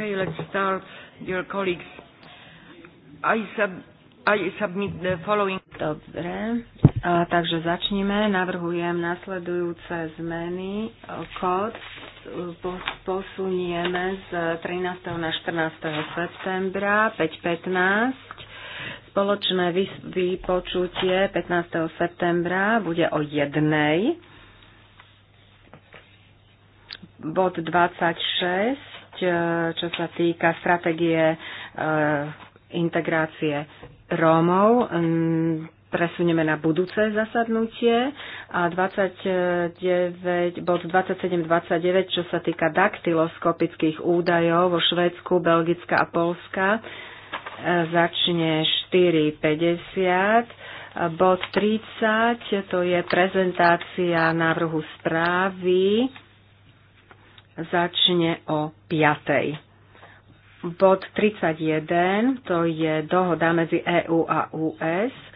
Okay, let's start, dear colleagues. I, sub, I submit the following... Dobre, a, takže začneme. Navrhujem nasledujúce zmeny. Kód posunieme z 13. na 14. septembra 5.15. Spoločné vypočutie 15. septembra bude o jednej bod 26 E, čo sa týka stratégie e, integrácie Rómov. Presunieme na budúce zasadnutie a 29, bod 27-29, čo sa týka daktyloskopických údajov vo Švedsku, Belgická a Polska, e, začne 4.50. Bod 30, to je prezentácia návrhu správy začne o 5. Bod 31, to je dohoda medzi EÚ a US, e,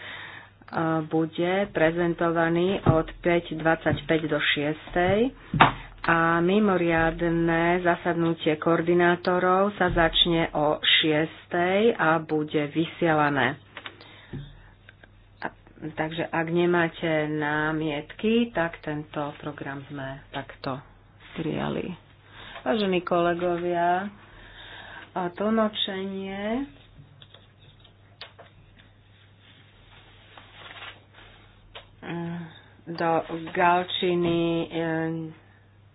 bude prezentovaný od 5.25 do 6. A mimoriadne zasadnutie koordinátorov sa začne o 6. a bude vysielané. Takže ak nemáte námietky, tak tento program sme takto prijali. Vážení kolegovia, a nočenie. do galčiny eh,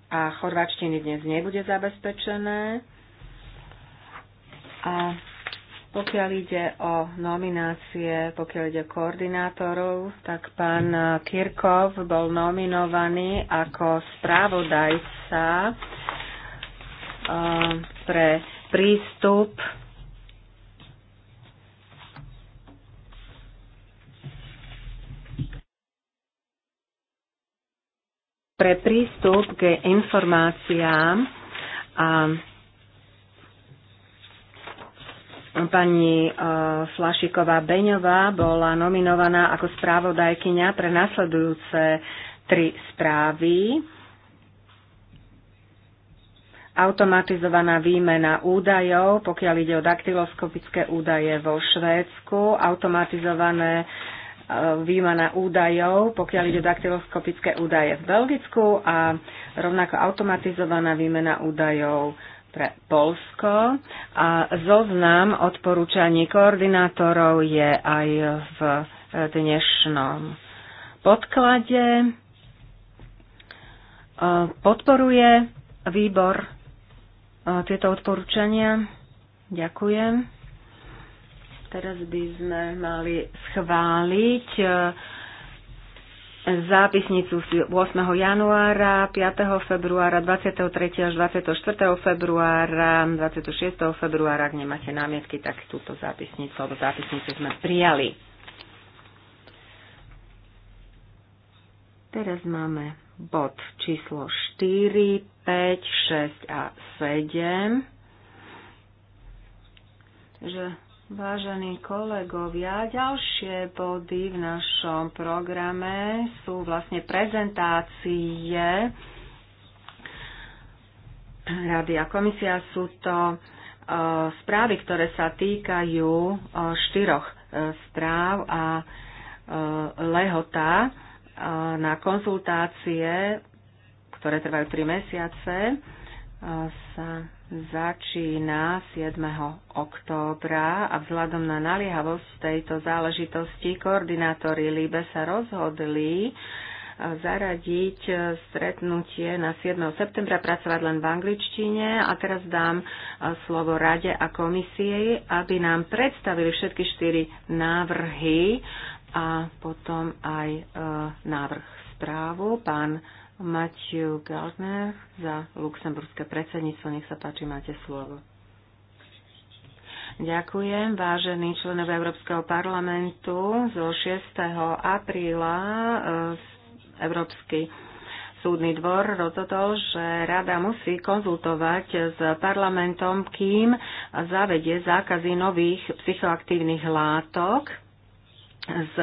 a chorvačtiny dnes nebude zabezpečené. A pokiaľ ide o nominácie, pokiaľ ide o koordinátorov, tak pán Kirkov bol nominovaný ako správodajca pre prístup pre prístup k informáciám a pani Flašiková Beňová bola nominovaná ako správodajkyňa pre nasledujúce tri správy automatizovaná výmena údajov, pokiaľ ide o daktyloskopické údaje vo Švédsku, automatizované e, výmena údajov, pokiaľ ide o daktyloskopické údaje v Belgicku a rovnako automatizovaná výmena údajov pre Polsko a zoznam odporúčaní koordinátorov je aj v e, dnešnom podklade. E, podporuje výbor tieto odporúčania. Ďakujem. Teraz by sme mali schváliť e, zápisnicu z 8. januára, 5. februára, 23. až 24. februára, 26. februára. Ak nemáte námietky, tak túto zápisnicu alebo zápisnicu sme prijali. Teraz máme bod číslo 4, 5, 6 a 7, že Vážení kolegovia, ďalšie body v našom programe sú vlastne prezentácie Rady a komisia. Sú to e, správy, ktoré sa týkajú e, štyroch e, správ a lehota na konzultácie, ktoré trvajú 3 mesiace, sa začína 7. októbra a vzhľadom na naliehavosť tejto záležitosti koordinátori Líbe sa rozhodli zaradiť stretnutie na 7. septembra, pracovať len v angličtine a teraz dám slovo Rade a komisii, aby nám predstavili všetky štyri návrhy a potom aj e, návrh správu. Pán Matthew Gardner za luxemburské predsedníctvo. Nech sa páči, máte slovo. Ďakujem, vážení členovia Európskeho parlamentu. Zo 6. apríla e, Európsky súdny dvor rozhodol, že rada musí konzultovať s parlamentom, kým zavedie zákazy nových psychoaktívnych látok z,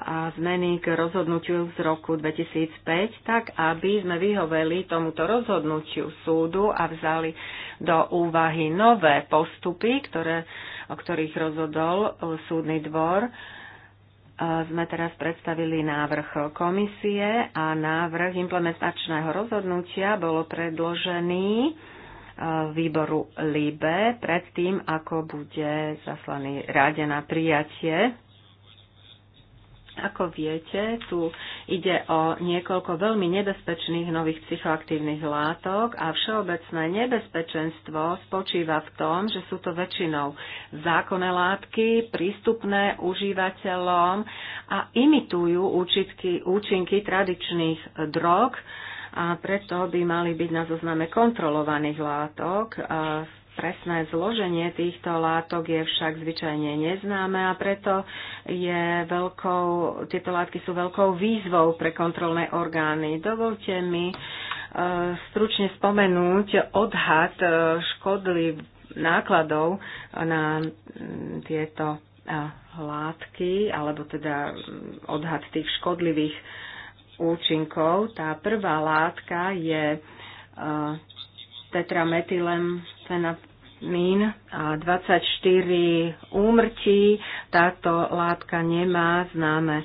a zmeny k rozhodnutiu z roku 2005, tak aby sme vyhoveli tomuto rozhodnutiu súdu a vzali do úvahy nové postupy, ktoré, o ktorých rozhodol e, súdny dvor. E, sme teraz predstavili návrh komisie a návrh implementačného rozhodnutia bolo predložený e, výboru LIBE predtým, ako bude zaslaný rade na prijatie ako viete, tu ide o niekoľko veľmi nebezpečných nových psychoaktívnych látok a všeobecné nebezpečenstvo spočíva v tom, že sú to väčšinou zákonné látky, prístupné užívateľom a imitujú účinky, účinky tradičných drog, a preto by mali byť na zozname kontrolovaných látok. V Presné zloženie týchto látok je však zvyčajne neznáme a preto je veľkou, tieto látky sú veľkou výzvou pre kontrolné orgány. Dovolte mi e, stručne spomenúť odhad e, škodlivých nákladov na tieto e, látky, alebo teda odhad tých škodlivých účinkov. Tá prvá látka je tetrametylem Min a 24 úmrtí. Táto látka nemá známe e,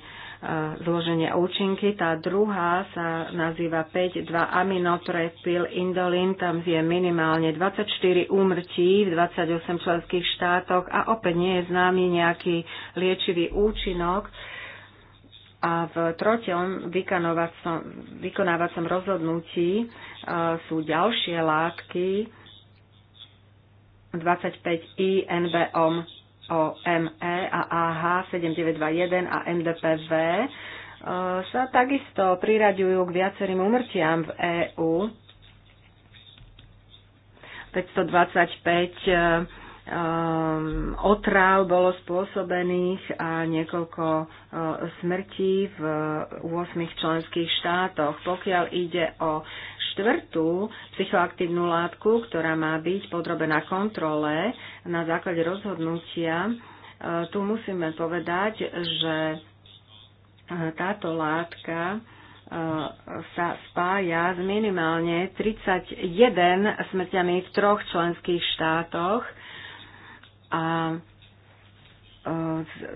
zloženie účinky. Tá druhá sa nazýva 52 aminotrepil indolin. Tam je minimálne 24 úmrtí v 28 členských štátoch a opäť nie je známy nejaký liečivý účinok. A v troťom vykonávacom rozhodnutí e, sú ďalšie látky, 25I NBOM OME a AH7921 a NDPV e, sa takisto priraďujú k viacerým umrtiam v EÚ. 525 um, otráv bolo spôsobených a niekoľko uh, smrtí v uh, 8 členských štátoch. Pokiaľ ide o štvrtú psychoaktívnu látku, ktorá má byť podrobená kontrole na základe rozhodnutia, e, tu musíme povedať, že e, táto látka e, sa spája s minimálne 31 smrťami v troch členských štátoch a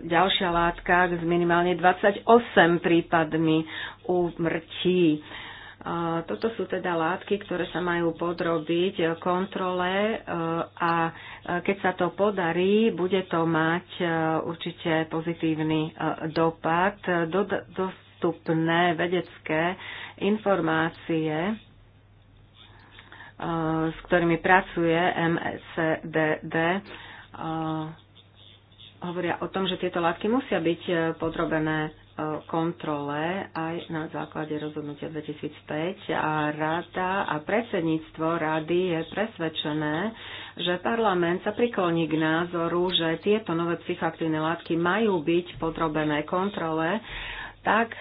ďalšia látka s minimálne 28 prípadmi úmrtí. Toto sú teda látky, ktoré sa majú podrobiť kontrole e, a e, keď sa to podarí, bude to mať e, určite pozitívny dopad. Dostupné vedecké informácie s ktorými pracuje MSDD, hovoria o tom, že tieto látky musia byť podrobené kontrole aj na základe rozhodnutia 2005 a rada a predsedníctvo rady je presvedčené, že parlament sa prikloní k názoru, že tieto nové psychoaktívne látky majú byť podrobené kontrole, tak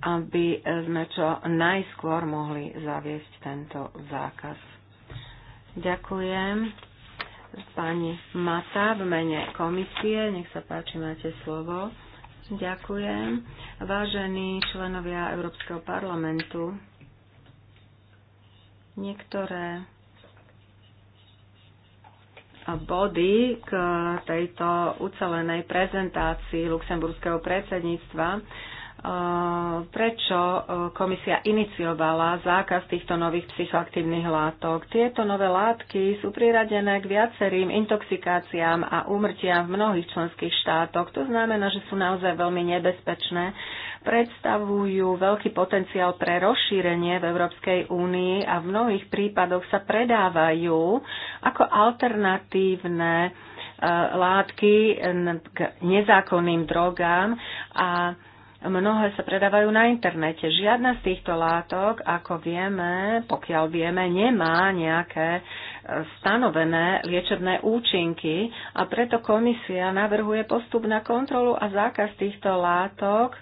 aby sme čo najskôr mohli zaviesť tento zákaz. Ďakujem. Pani Mata v mene komisie, nech sa páči, máte slovo. Ďakujem. Vážení členovia Európskeho parlamentu, niektoré body k tejto ucelenej prezentácii luxemburského predsedníctva prečo e, komisia iniciovala zákaz týchto nových psychoaktívnych látok. Tieto nové látky sú priradené k viacerým intoxikáciám a úmrtiam v mnohých členských štátoch. To znamená, že sú naozaj veľmi nebezpečné. Predstavujú veľký potenciál pre rozšírenie v Európskej únii a v mnohých prípadoch sa predávajú ako alternatívne e, látky k nezákonným drogám a Mnohé sa predávajú na internete. Žiadna z týchto látok, ako vieme, pokiaľ vieme, nemá nejaké e, stanovené liečebné účinky a preto komisia navrhuje postup na kontrolu a zákaz týchto látok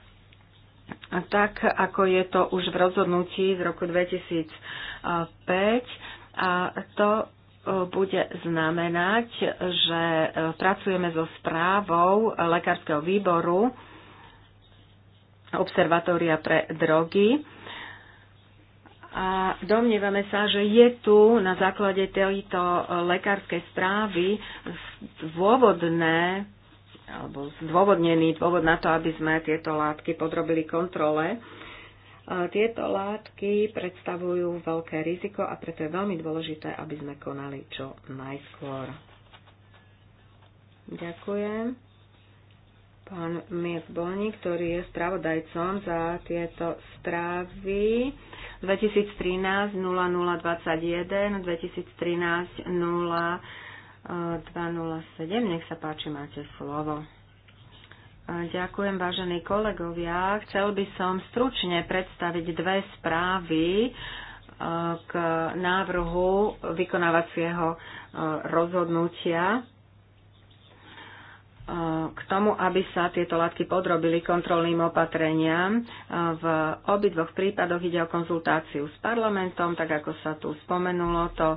tak, ako je to už v rozhodnutí z roku 2005 a to e, bude znamenať, že e, pracujeme so správou Lekárskeho výboru observatória pre drogy. A domnievame sa, že je tu na základe tejto lekárskej správy dôvodné alebo zdôvodnený dôvod na to, aby sme tieto látky podrobili kontrole. E, tieto látky predstavujú veľké riziko a preto je veľmi dôležité, aby sme konali čo najskôr. Ďakujem pán Miec ktorý je spravodajcom za tieto správy 2013-0021, 2013-0207. Eh, Nech sa páči, máte slovo. Eh, ďakujem, vážení kolegovia. Chcel by som stručne predstaviť dve správy eh, k návrhu vykonávacieho rozhodnutia k tomu, aby sa tieto látky podrobili kontrolným opatreniam. V obidvoch prípadoch ide o konzultáciu s parlamentom, tak ako sa tu spomenulo, to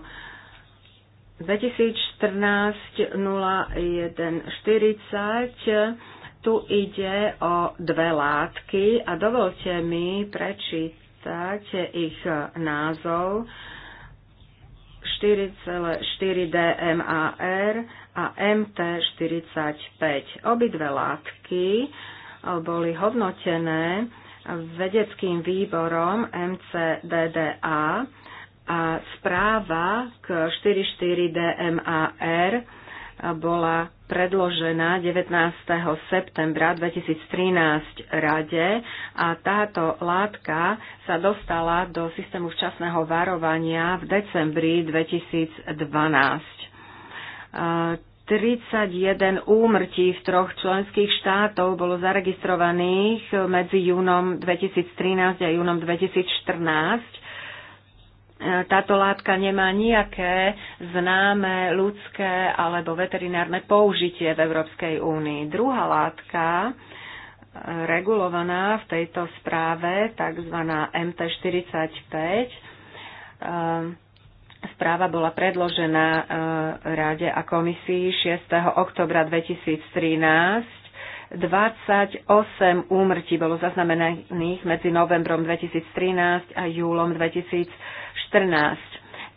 2014 40 tu ide o dve látky a dovolte mi prečítať ich názov 4,4 DMAR a MT45. Obidve látky eh, boli hodnotené vedeckým výborom MCDDA a správa k 44DMAR eh, bola predložená 19. septembra 2013 Rade a táto látka sa dostala do systému včasného varovania v decembri 2012 31 úmrtí v troch členských štátov bolo zaregistrovaných medzi júnom 2013 a júnom 2014. E, táto látka nemá nejaké známe ľudské alebo veterinárne použitie v Európskej únii. Druhá látka, e, regulovaná v tejto správe, tzv. MT45, Správa bola predložená e, Rade a komisii 6. oktobra 2013 28 úmrtí bolo zaznamenaných medzi novembrom 2013 a júlom 2014.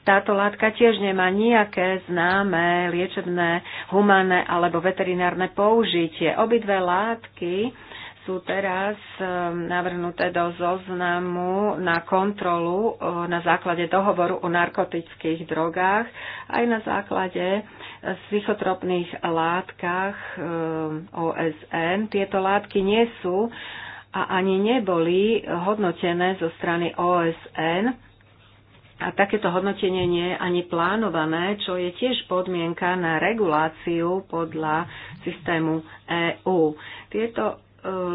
Táto látka tiež nemá nejaké známe liečebné, humánne alebo veterinárne použitie. Obidve látky sú teraz ehm, navrhnuté do zoznamu na kontrolu na základe dohovoru o narkotických drogách aj na základe e, psychotropných látkach ehm, OSN. Tieto látky nie sú a ani neboli hodnotené zo strany OSN. A takéto hodnotenie nie je ani plánované, čo je tiež podmienka na reguláciu podľa systému EÚ. Tieto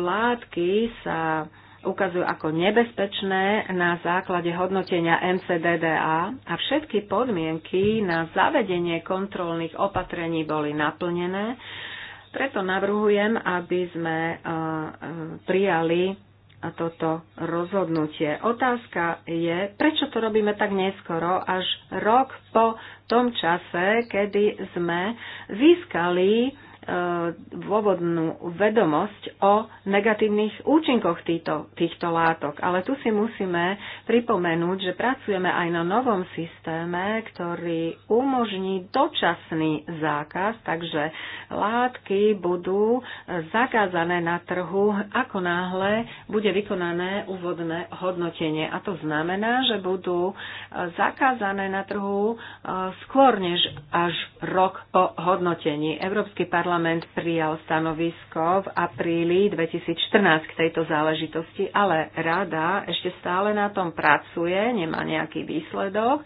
látky sa ukazujú ako nebezpečné na základe hodnotenia MCDDA a všetky podmienky na zavedenie kontrolných opatrení boli naplnené. Preto navrhujem, aby sme e, e, prijali toto rozhodnutie. Otázka je, prečo to robíme tak neskoro, až rok po tom čase, kedy sme získali dôvodnú vedomosť o negatívnych účinkoch týchto, týchto látok. Ale tu si musíme pripomenúť, že pracujeme aj na novom systéme, ktorý umožní dočasný zákaz, takže látky budú zakázané na trhu, ako náhle bude vykonané úvodné hodnotenie. A to znamená, že budú zakázané na trhu e, skôr než až rok po hodnotení. Európsky parlament parlament prijal stanovisko v apríli 2014 k tejto záležitosti, ale rada ešte stále na tom pracuje, nemá nejaký výsledok.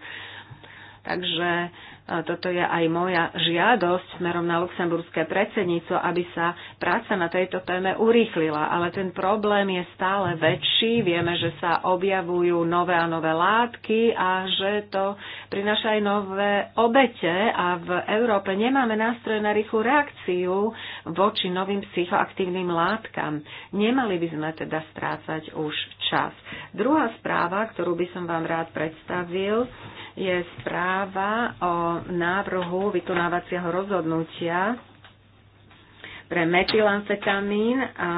Takže toto je aj moja žiadosť smerom na luxemburské predsedníctvo, aby sa práca na tejto téme urýchlila. Ale ten problém je stále väčší. Vieme, že sa objavujú nové a nové látky a že to prináša aj nové obete a v Európe nemáme nástroje na rýchlu reakciu voči novým psychoaktívnym látkam. Nemali by sme teda strácať už čas. Druhá správa, ktorú by som vám rád predstavil, je správa o návrhu vykonávacieho rozhodnutia pre metylamfetamín a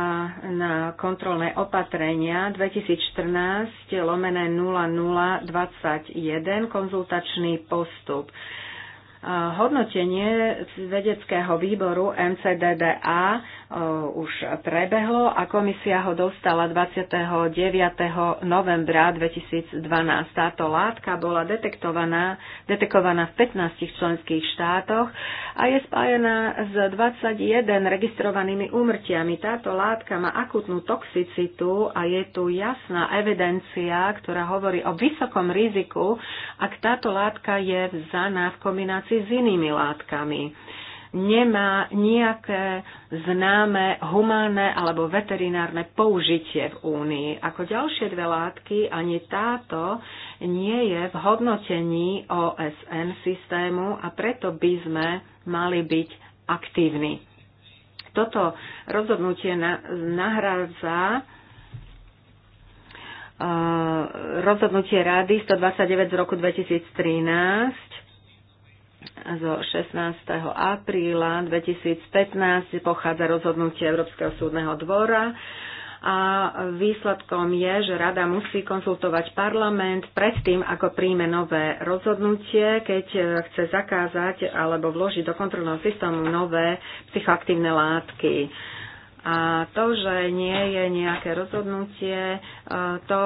na kontrolné opatrenia 2014 lomené 0021 konzultačný postup. Hodnotenie vedeckého výboru MCDDA Eh, už prebehlo a komisia ho dostala 29. novembra 2012. Táto látka bola detektovaná, detekovaná v 15 členských štátoch a je spájená s 21 registrovanými úmrtiami. Táto látka má akutnú toxicitu a je tu jasná evidencia, ktorá hovorí o vysokom riziku, ak táto látka je vzaná v kombinácii s inými látkami nemá nejaké známe humánne alebo veterinárne použitie v Únii. Ako ďalšie dve látky, ani táto nie je v hodnotení OSN systému a preto by sme mali byť aktívni. Toto rozhodnutie nahrádza e, rozhodnutie Rady 129 z roku 2013 zo 16. apríla 2015 pochádza rozhodnutie Európskeho súdneho dvora a výsledkom je, že rada musí konzultovať parlament predtým, ako príjme nové rozhodnutie, keď chce zakázať alebo vložiť do kontrolného systému nové psychoaktívne látky. A to, že nie je nejaké rozhodnutie, to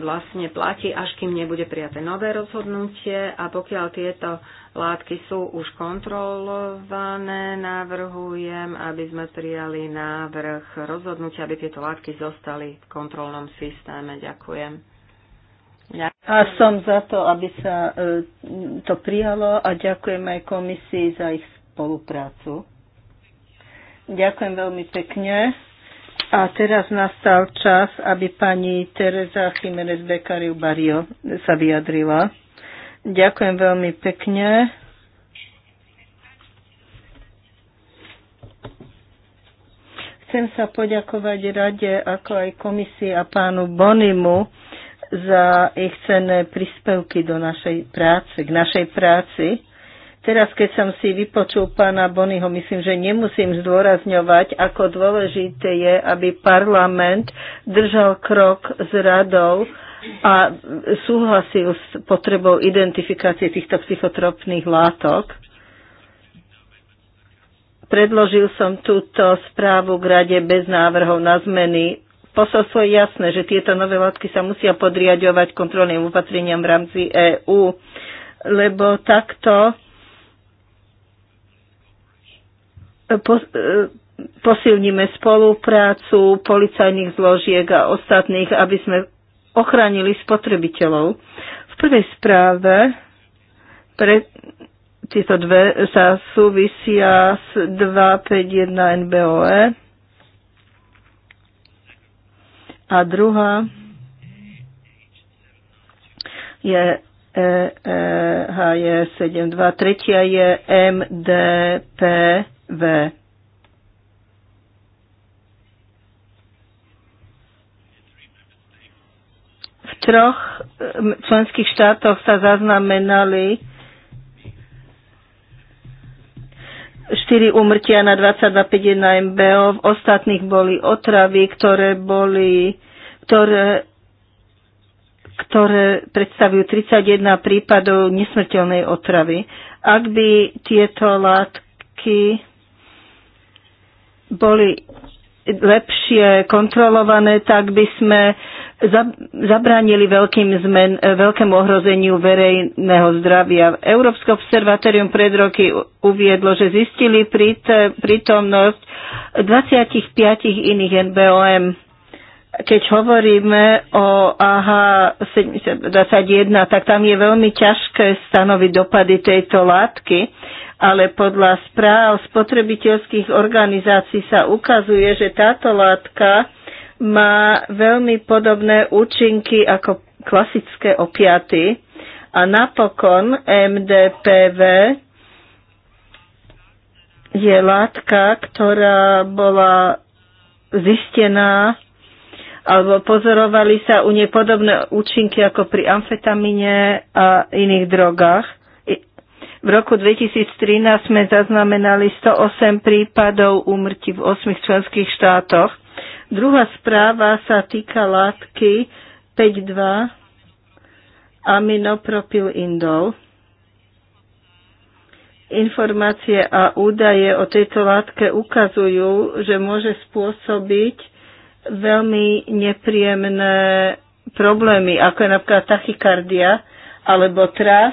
vlastne platí, až kým nebude prijaté nové rozhodnutie a pokiaľ tieto látky sú už kontrolované, navrhujem, aby sme prijali návrh rozhodnutia, aby tieto látky zostali v kontrolnom systéme. Ďakujem. A som za to, aby sa e, to prijalo a ďakujem aj komisii za ich spoluprácu. Ďakujem veľmi pekne. A teraz nastal čas, aby pani Teresa Jiménez Becariu Barrio sa vyjadrila. Ďakujem veľmi pekne. Chcem sa poďakovať rade, ako aj komisii a pánu Bonimu za ich cenné príspevky do našej práce, k našej práci. Teraz, keď som si vypočul pána Bonyho, myslím, že nemusím zdôrazňovať, ako dôležité je, aby parlament držal krok s radou a súhlasil s potrebou identifikácie týchto psychotropných látok. Predložil som túto správu k rade bez návrhov na zmeny. Posolstvo je jasné, že tieto nové látky sa musia podriadovať kontrolným opatreniam v rámci EÚ, lebo takto E, posilníme spoluprácu policajných zložiek a ostatných, aby sme ochránili spotrebiteľov. V prvej správe pre tieto dve sa súvisia s 251 NBOE a druhá je EHJ e 72, e tretia je MDP v v troch členských štátoch sa zaznamenali štyri umrtia na 22 MBO, v ostatných boli otravy, ktoré boli, ktoré, ktoré predstavujú 31 prípadov nesmrteľnej otravy. Ak by tieto látky boli lepšie kontrolované, tak by sme zabránili veľkým zmen, veľkému ohrozeniu verejného zdravia. Európske observatórium pred roky uviedlo, že zistili prítomnosť 25 iných NBOM. Keď hovoríme o AH-21, tak tam je veľmi ťažké stanoviť dopady tejto látky ale podľa správ spotrebiteľských organizácií sa ukazuje, že táto látka má veľmi podobné účinky ako klasické opiaty a napokon MDPV je látka, ktorá bola zistená alebo pozorovali sa u nej podobné účinky ako pri amfetamine a iných drogách. V roku 2013 sme zaznamenali 108 prípadov úmrtí v 8 členských štátoch. Druhá správa sa týka látky 5.2 aminopropylindol. Informácie a údaje o tejto látke ukazujú, že môže spôsobiť veľmi nepríjemné problémy, ako je napríklad tachykardia alebo tras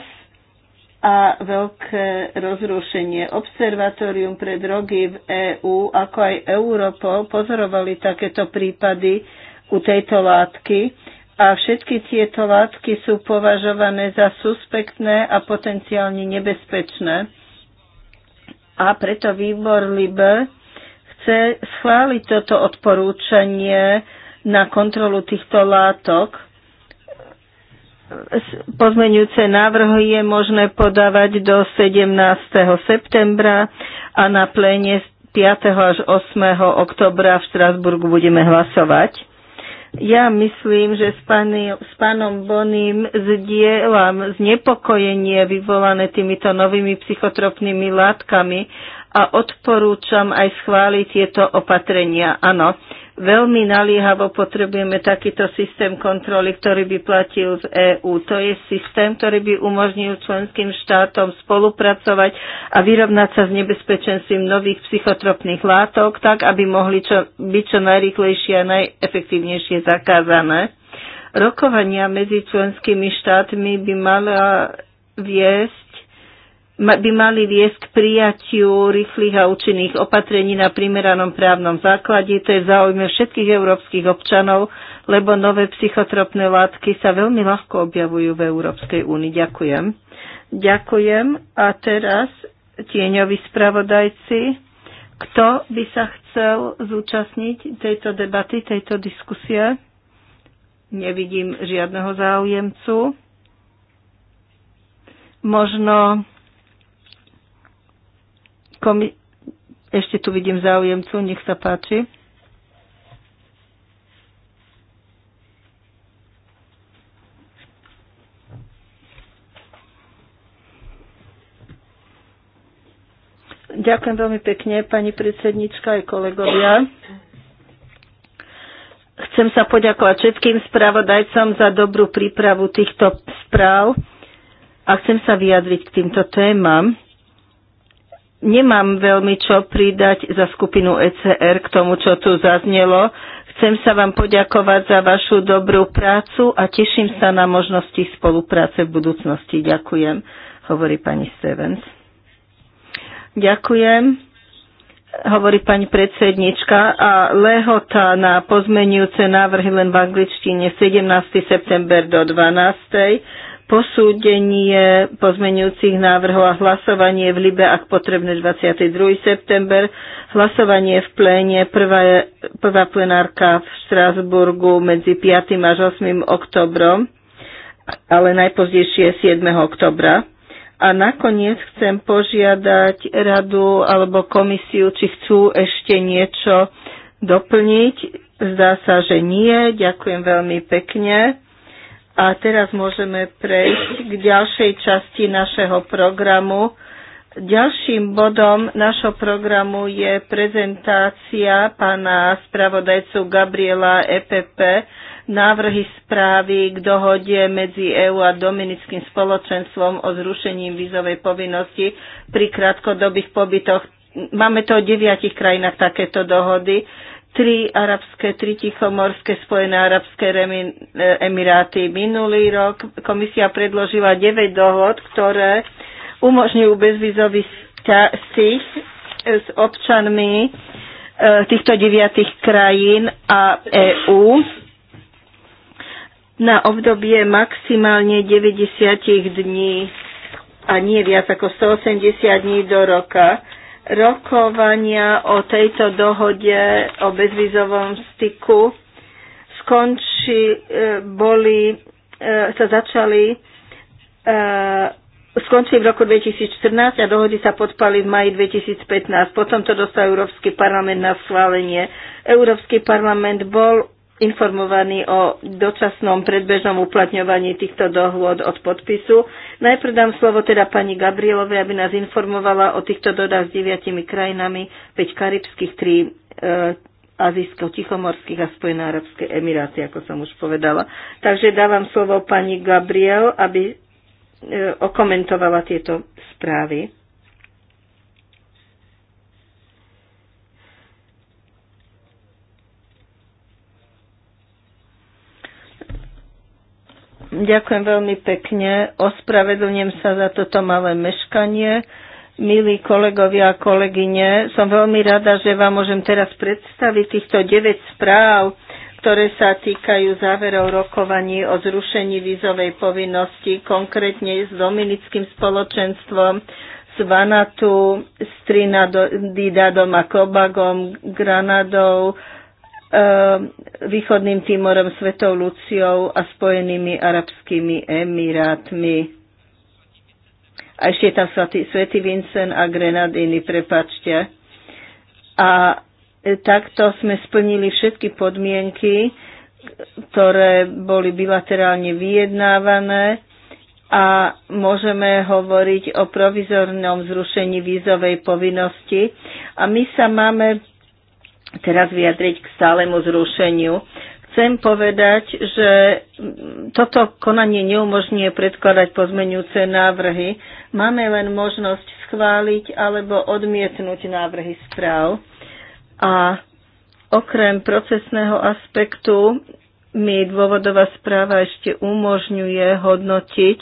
a veľké rozrušenie. Observatórium pre drogy v EÚ, ako aj Europol, pozorovali takéto prípady u tejto látky a všetky tieto látky sú považované za suspektné a potenciálne nebezpečné. A preto výbor LIBE chce schváliť toto odporúčanie na kontrolu týchto látok Pozmeňujúce návrhy je možné podávať do 17. septembra a na pléne 5. až 8. oktobra v Štrasburgu budeme hlasovať. Ja myslím, že s, pani, s pánom Bonim zdieľam znepokojenie vyvolané týmito novými psychotropnými látkami a odporúčam aj schváliť tieto opatrenia. Áno, veľmi naliehavo potrebujeme takýto systém kontroly, ktorý by platil v EÚ. To je systém, ktorý by umožnil členským štátom spolupracovať a vyrovnať sa s nebezpečenstvím nových psychotropných látok, tak aby mohli čo, byť čo najrychlejšie a najefektívnejšie zakázané. Rokovania medzi členskými štátmi by mala viesť by mali viesť k prijatiu rýchlych a účinných opatrení na primeranom právnom základe. To je v záujme všetkých európskych občanov, lebo nové psychotropné látky sa veľmi ľahko objavujú v Európskej únii. Ďakujem. Ďakujem. A teraz tieňoví spravodajci. Kto by sa chcel zúčastniť tejto debaty, tejto diskusie? Nevidím žiadneho záujemcu. Možno Komi- Ešte tu vidím záujemcu, nech sa páči. Ďakujem veľmi pekne, pani predsednička aj kolegovia. Chcem sa poďakovať všetkým spravodajcom za dobrú prípravu týchto správ a chcem sa vyjadriť k týmto témam. Nemám veľmi čo pridať za skupinu ECR k tomu, čo tu zaznelo. Chcem sa vám poďakovať za vašu dobrú prácu a teším sa na možnosti spolupráce v budúcnosti. Ďakujem, hovorí pani Stevens. Ďakujem, hovorí pani predsednička. A lehota na pozmenujúce návrhy len v angličtine 17. september do 12 posúdenie pozmenujúcich návrhov a hlasovanie v Libe, ak potrebné, 22. september, hlasovanie v pléne, prvá, prvá plenárka v Štrásburgu medzi 5. až 8. oktobrom, ale najpozdejšie 7. oktobra. A nakoniec chcem požiadať radu alebo komisiu, či chcú ešte niečo doplniť. Zdá sa, že nie. Ďakujem veľmi pekne. A teraz môžeme prejsť k ďalšej časti našeho programu. Ďalším bodom našho programu je prezentácia pána spravodajcu Gabriela EPP návrhy správy k dohode medzi EÚ a Dominickým spoločenstvom o zrušení vízovej povinnosti pri krátkodobých pobytoch. Máme to o deviatich krajinách takéto dohody tri arabské, tri tichomorské spojené arabské e, emiráty. Minulý rok komisia predložila 9 dohod, ktoré umožňujú bezvizový styk s občanmi e, týchto deviatých krajín a EÚ na obdobie maximálne 90 dní a nie viac ako 180 dní do roka. Rokovania o tejto dohode o bezvizovom styku skonči, e, boli, e, sa začali e, skončili v roku 2014 a dohody sa podpali v maji 2015. Potom to dostal Európsky parlament na schválenie. Európsky parlament bol informovaní o dočasnom predbežnom uplatňovaní týchto dohôd od podpisu. Najprv dám slovo teda pani Gabrielove, aby nás informovala o týchto dodách s deviatimi krajinami, 5 karibských, 3 e, azijsko-tichomorských a Spojené arabské emiráty, ako som už povedala. Takže dávam slovo pani Gabriel, aby e, okomentovala tieto správy. Ďakujem veľmi pekne. Ospravedlňujem sa za toto malé meškanie. Milí kolegovia a kolegyne, som veľmi rada, že vám môžem teraz predstaviť týchto 9 správ, ktoré sa týkajú záverov rokovaní o zrušení vízovej povinnosti, konkrétne s Dominickým spoločenstvom, s Vanatu, s Trinidadom a Kobagom, Granadou, Eh, východným Timorom, Svetou Luciou a Spojenými arabskými emirátmi. A ešte je tam svatý, Svetý Vincent a Grenadiny, prepačte. A eh, takto sme splnili všetky podmienky, ktoré boli bilaterálne vyjednávané a môžeme hovoriť o provizornom zrušení vízovej povinnosti. A my sa máme teraz vyjadriť k stálemu zrušeniu. Chcem povedať, že toto konanie neumožňuje predkladať pozmenujúce návrhy. Máme len možnosť schváliť alebo odmietnúť návrhy správ. A okrem procesného aspektu mi dôvodová správa ešte umožňuje hodnotiť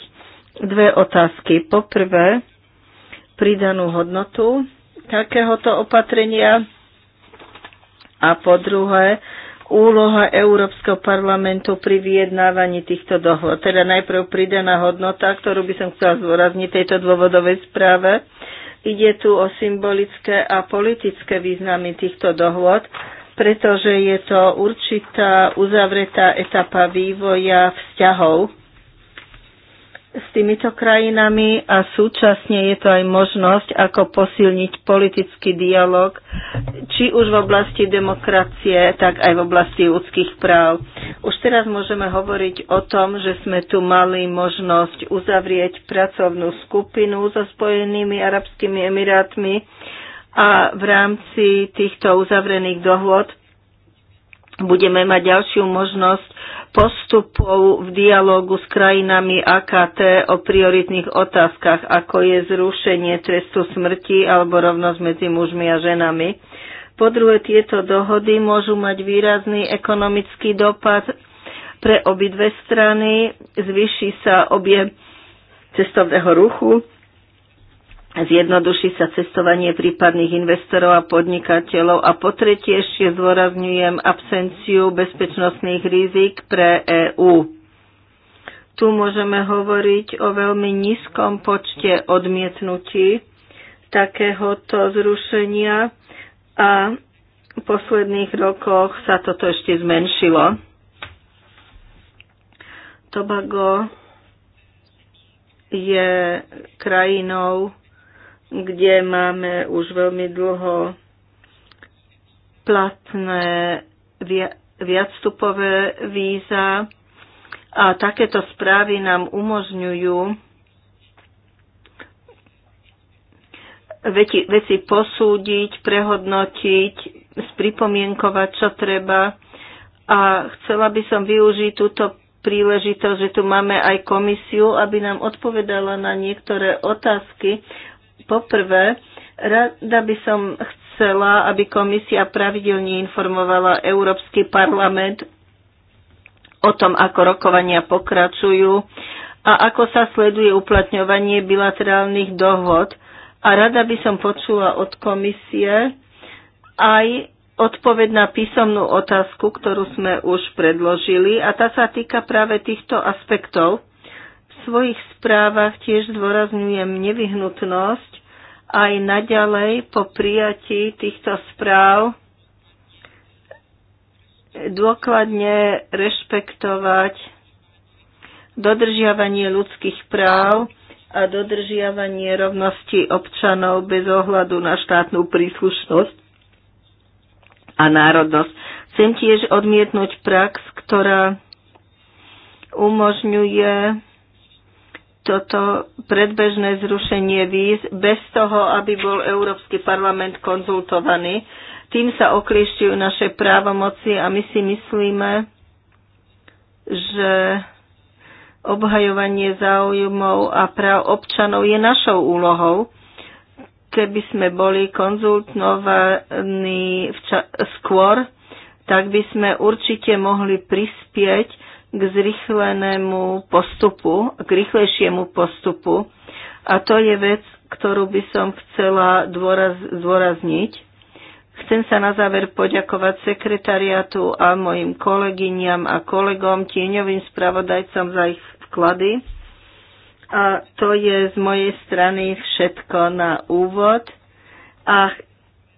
dve otázky. Poprvé, pridanú hodnotu takéhoto opatrenia a po druhé, úloha Európskeho parlamentu pri vyjednávaní týchto dohod. Teda najprv pridaná hodnota, ktorú by som chcela zvorazniť tejto dôvodovej správe. Ide tu o symbolické a politické významy týchto dohôd, pretože je to určitá uzavretá etapa vývoja vzťahov s týmito krajinami a súčasne je to aj možnosť, ako posilniť politický dialog, či už v oblasti demokracie, tak aj v oblasti ľudských práv. Už teraz môžeme hovoriť o tom, že sme tu mali možnosť uzavrieť pracovnú skupinu so Spojenými arabskými emirátmi a v rámci týchto uzavrených dohôd budeme mať ďalšiu možnosť postupov v dialógu s krajinami AKT o prioritných otázkach, ako je zrušenie trestu smrti alebo rovnosť medzi mužmi a ženami. Po druhé, tieto dohody môžu mať výrazný ekonomický dopad pre obidve strany, zvyší sa objem cestovného ruchu, zjednoduší sa cestovanie prípadných investorov a podnikateľov a po tretie ešte zdôrazňujem absenciu bezpečnostných rizik pre EÚ. Tu môžeme hovoriť o veľmi nízkom počte odmietnutí takéhoto zrušenia a v posledných rokoch sa toto ešte zmenšilo. Tobago je krajinou, kde máme už veľmi dlho platné viacstupové víza a takéto správy nám umožňujú veci, veci posúdiť, prehodnotiť, spripomienkovať, čo treba. A chcela by som využiť túto príležitosť, že tu máme aj komisiu, aby nám odpovedala na niektoré otázky, Poprvé, rada by som chcela, aby komisia pravidelne informovala Európsky parlament o tom, ako rokovania pokračujú a ako sa sleduje uplatňovanie bilaterálnych dohod. A rada by som počula od komisie aj odpoveď na písomnú otázku, ktorú sme už predložili a tá sa týka práve týchto aspektov svojich správach tiež zdôrazňujem nevyhnutnosť aj naďalej po prijatí týchto správ dôkladne rešpektovať dodržiavanie ľudských práv a dodržiavanie rovnosti občanov bez ohľadu na štátnu príslušnosť a národnosť. Chcem tiež odmietnúť prax, ktorá umožňuje toto predbežné zrušenie víz bez toho, aby bol Európsky parlament konzultovaný. Tým sa okliešťujú naše právomoci a my si myslíme, že obhajovanie záujmov a práv občanov je našou úlohou. Keby sme boli konzultovaní skôr, tak by sme určite mohli prispieť k zrychlenému postupu, k rýchlejšiemu postupu. A to je vec, ktorú by som chcela dôraz, zdôrazniť. Chcem sa na záver poďakovať sekretariatu a mojim kolegyňam a kolegom, tieňovým spravodajcom za ich vklady. A to je z mojej strany všetko na úvod. A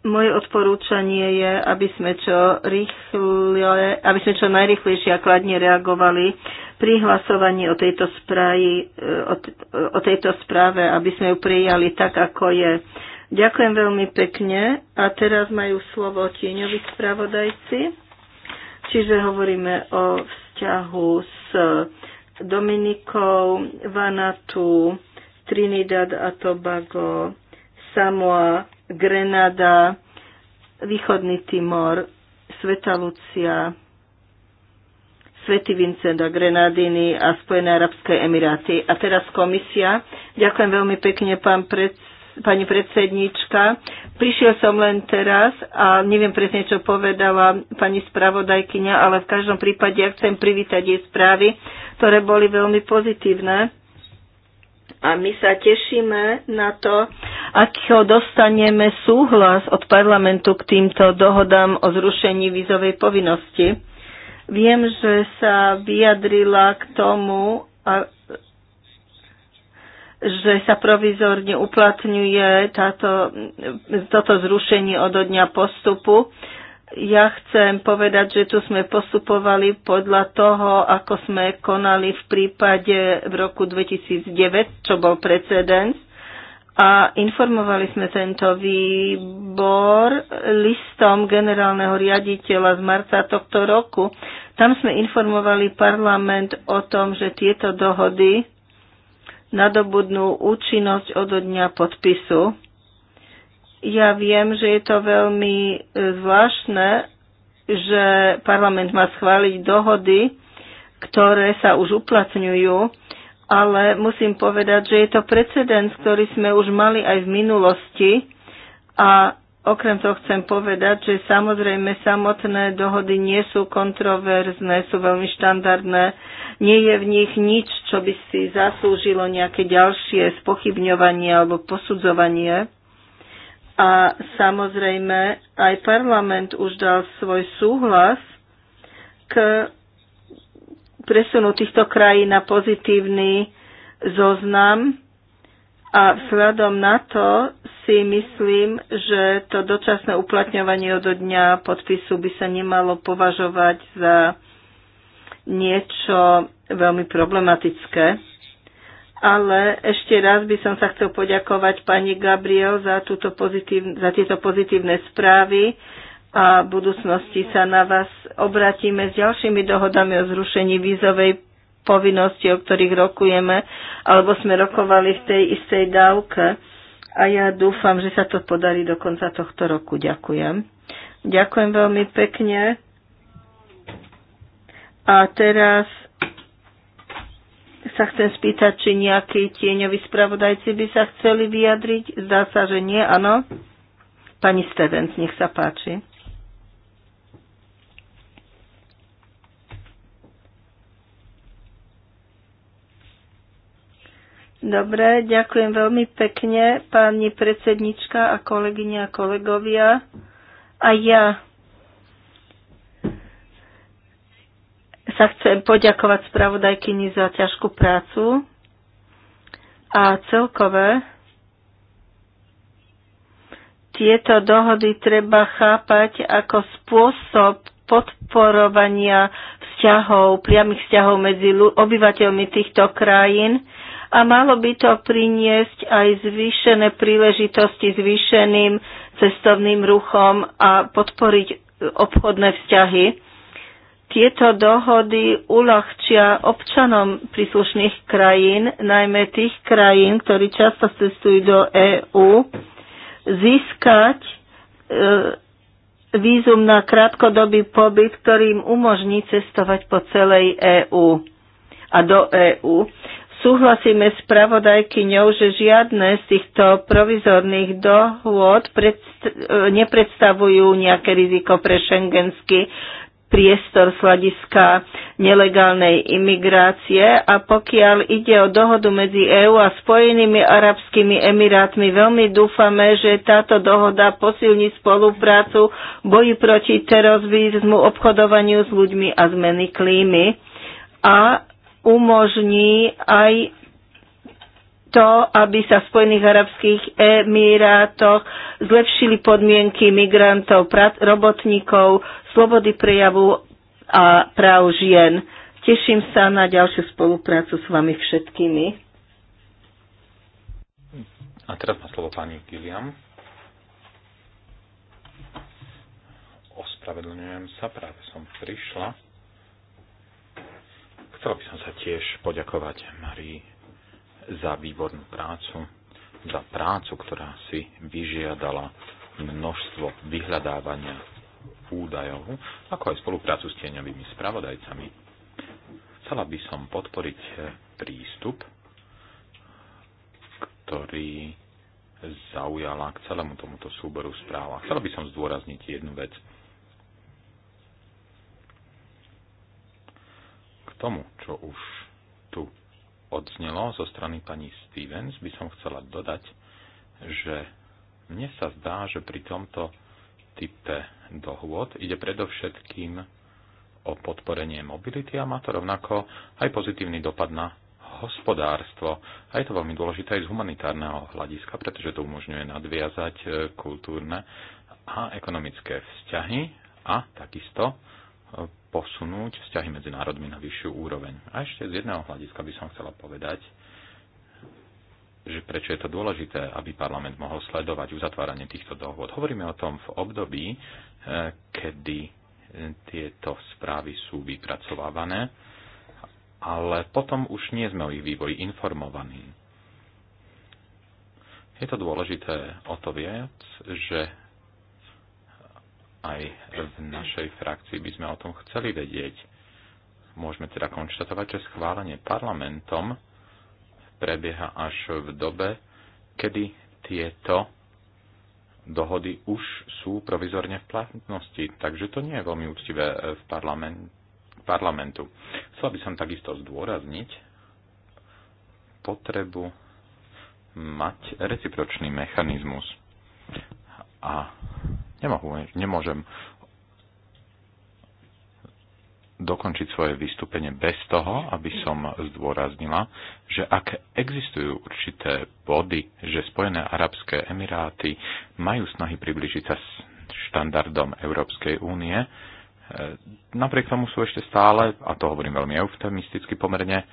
moje odporúčanie je, aby sme čo, rýchle, aby sme čo najrychlejšie a kladne reagovali pri hlasovaní o tejto, správi, o, o tejto správe, aby sme ju prijali tak, ako je. Ďakujem veľmi pekne a teraz majú slovo tieňoví spravodajci, čiže hovoríme o vzťahu s Dominikou, Vanatu, Trinidad a Tobago, Samoa, Grenada, Východný Timor, Sveta Lucia, Svetý Vincent a Grenadiny a Spojené arabské emiráty. A teraz komisia. Ďakujem veľmi pekne, pán pred, pani predsednička. Prišiel som len teraz a neviem presne, čo povedala pani spravodajkyňa, ale v každom prípade ja chcem privítať jej správy, ktoré boli veľmi pozitívne. A my sa tešíme na to, akého dostaneme súhlas od parlamentu k týmto dohodám o zrušení vízovej povinnosti. Viem, že sa vyjadrila k tomu, a, že sa provizorne uplatňuje táto, toto zrušenie od dňa postupu ja chcem povedať, že tu sme postupovali podľa toho, ako sme konali v prípade v roku 2009, čo bol precedens. A informovali sme tento výbor listom generálneho riaditeľa z marca tohto roku. Tam sme informovali parlament o tom, že tieto dohody nadobudnú účinnosť od dňa podpisu ja viem, že je to veľmi e, zvláštne, že parlament má schváliť dohody, ktoré sa už uplatňujú, ale musím povedať, že je to precedens, ktorý sme už mali aj v minulosti a okrem toho chcem povedať, že samozrejme samotné dohody nie sú kontroverzné, sú veľmi štandardné, nie je v nich nič, čo by si zaslúžilo nejaké ďalšie spochybňovanie alebo posudzovanie. A samozrejme, aj parlament už dal svoj súhlas k presunu týchto krajín na pozitívny zoznam. A vzhľadom na to si myslím, že to dočasné uplatňovanie od dňa podpisu by sa nemalo považovať za niečo veľmi problematické. Ale ešte raz by som sa chcel poďakovať pani Gabriel za, túto pozitív, za tieto pozitívne správy a v budúcnosti sa na vás obratíme s ďalšími dohodami o zrušení vízovej povinnosti, o ktorých rokujeme, alebo sme rokovali v tej istej dávke. A ja dúfam, že sa to podarí do konca tohto roku. Ďakujem. Ďakujem veľmi pekne. A teraz sa chcem spýtať, či nejakí tieňoví spravodajci by sa chceli vyjadriť. Zdá sa, že nie, áno. Pani Stevens, nech sa páči. Dobre, ďakujem veľmi pekne, pani predsednička a kolegyne a kolegovia. A ja sa chcem poďakovať spravodajkyni za ťažkú prácu a celkové tieto dohody treba chápať ako spôsob podporovania vzťahov, priamých vzťahov medzi obyvateľmi týchto krajín a malo by to priniesť aj zvýšené príležitosti zvýšeným cestovným ruchom a podporiť obchodné vzťahy. Tieto dohody uľahčia občanom príslušných krajín, najmä tých krajín, ktorí často cestujú do EÚ, získať e, vízum na krátkodobý pobyt, ktorý im umožní cestovať po celej EÚ a do EÚ. Súhlasíme s pravodajkyňou, že žiadne z týchto provizorných dohôd predst- e, nepredstavujú nejaké riziko pre šengenský priestor z hľadiska nelegálnej imigrácie a pokiaľ ide o dohodu medzi EÚ a Spojenými arabskými emirátmi, veľmi dúfame, že táto dohoda posilní spoluprácu boji proti terorizmu, obchodovaniu s ľuďmi a zmeny klímy a umožní aj to, aby sa v Spojených arabských emirátoch zlepšili podmienky migrantov, robotníkov, slobody prejavu a práv žien. Teším sa na ďalšiu spoluprácu s vami všetkými. A teraz má slovo pani Gilliam. Ospravedlňujem sa, práve som prišla. Chcel by som sa tiež poďakovať Marii za výbornú prácu, za prácu, ktorá si vyžiadala množstvo vyhľadávania údajov, hm? ako aj spoluprácu s tieňovými spravodajcami. Chcela by som podporiť eh, prístup, ktorý zaujala k celému tomuto súboru správ. chcela by som zdôrazniť jednu vec. K tomu, čo už tu odznelo zo strany pani Stevens, by som chcela dodať, že mne sa zdá, že pri tomto type dohôd ide predovšetkým o podporenie mobility a má to rovnako aj pozitívny dopad na hospodárstvo. A je to veľmi dôležité aj z humanitárneho hľadiska, pretože to umožňuje nadviazať e, kultúrne a ekonomické vzťahy a takisto e, posunúť vzťahy medzi národmi na vyššiu úroveň. A ešte z jedného hľadiska by som chcela povedať, že prečo je to dôležité, aby parlament mohol sledovať uzatváranie týchto dohôd. Hovoríme o tom v období, eh, kedy eh, tieto správy sú vypracovávané, ale potom už nie sme o ich vývoji informovaní. Je to dôležité o to viac, že aj v našej frakcii by sme o tom chceli vedieť. Môžeme teda konštatovať, že schválenie parlamentom prebieha až v dobe, kedy tieto dohody už sú provizorne v platnosti, takže to nie je veľmi úctivé eh, v parlament, parlamentu. Chcel by som takisto zdôrazniť potrebu mať recipročný mechanizmus. A nemohu, nemôžem dokončiť svoje vystúpenie bez toho, aby som zdôraznila, že ak existujú určité body, že Spojené arabské emiráty majú snahy približiť sa štandardom Európskej únie, e, napriek tomu sú ešte stále, a to hovorím veľmi eufemisticky, pomerne e,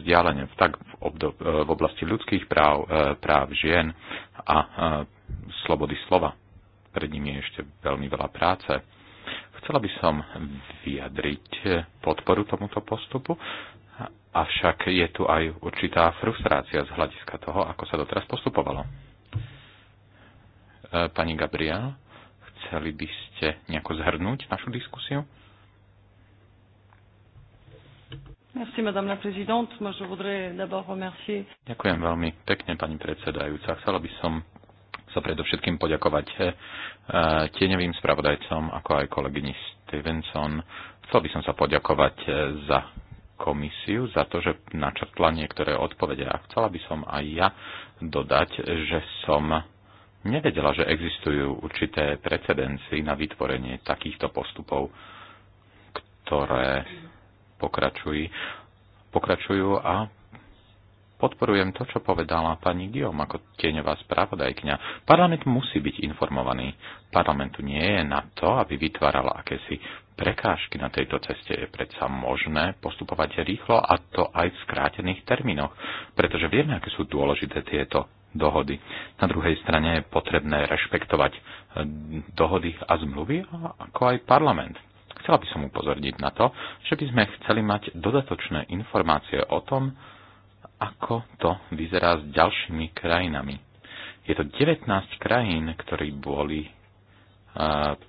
vzdialené v, tak v, obdob, e, v oblasti ľudských práv, práv žien a slobody slova. Pred nimi je ešte veľmi veľa práce. Chcela by som vyjadriť podporu tomuto postupu, avšak je tu aj určitá frustrácia z hľadiska toho, ako sa doteraz postupovalo. E, pani Gabriel, chceli by ste nejako zhrnúť našu diskusiu? Merci, madame la présidente. Moi, je voudrais d'abord remercier. Ďakujem veľmi pekne, pani predsedajúca. Chcela by som sa predovšetkým poďakovať eh, eh, tieňovým spravodajcom, ako aj kolegyni Stevenson. Chcel by som sa poďakovať eh, za komisiu, za to, že načrtla niektoré odpovede. A chcela by som aj ja dodať, že som nevedela, že existujú určité precedenci na vytvorenie takýchto postupov, ktoré pokračujú, pokračujú a podporujem to, čo povedala pani Guillaume ako tieňová spravodajkňa. Parlament musí byť informovaný. Parlamentu nie je na to, aby vytváral akési prekážky na tejto ceste je predsa možné postupovať rýchlo a to aj v skrátených termínoch, pretože vieme, aké sú dôležité tieto dohody. Na druhej strane je potrebné rešpektovať eh, dohody a zmluvy, ako aj parlament. Chcela by som upozorniť na to, že by sme chceli mať dodatočné informácie o tom, ako to vyzerá s ďalšími krajinami. Je to 19 krajín, ktorí boli e,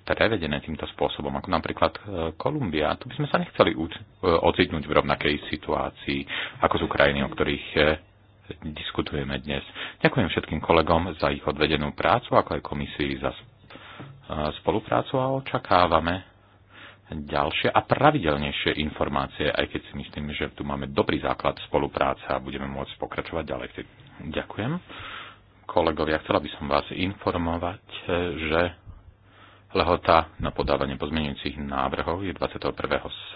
prevedené týmto spôsobom, ako napríklad e, Kolumbia. Tu by sme sa nechceli e, ocitnúť v rovnakej situácii, ako sú krajiny, o ktorých diskutujeme dnes. Ďakujem všetkým kolegom za ich odvedenú prácu, ako aj komisii za spoluprácu a očakávame ďalšie a pravidelnejšie informácie, aj keď si myslím, že tu máme dobrý základ spolupráce a budeme môcť pokračovať ďalej. Ďakujem. Kolegovia, chcela by som vás informovať, že lehota na podávanie pozmeňujúcich návrhov je 21.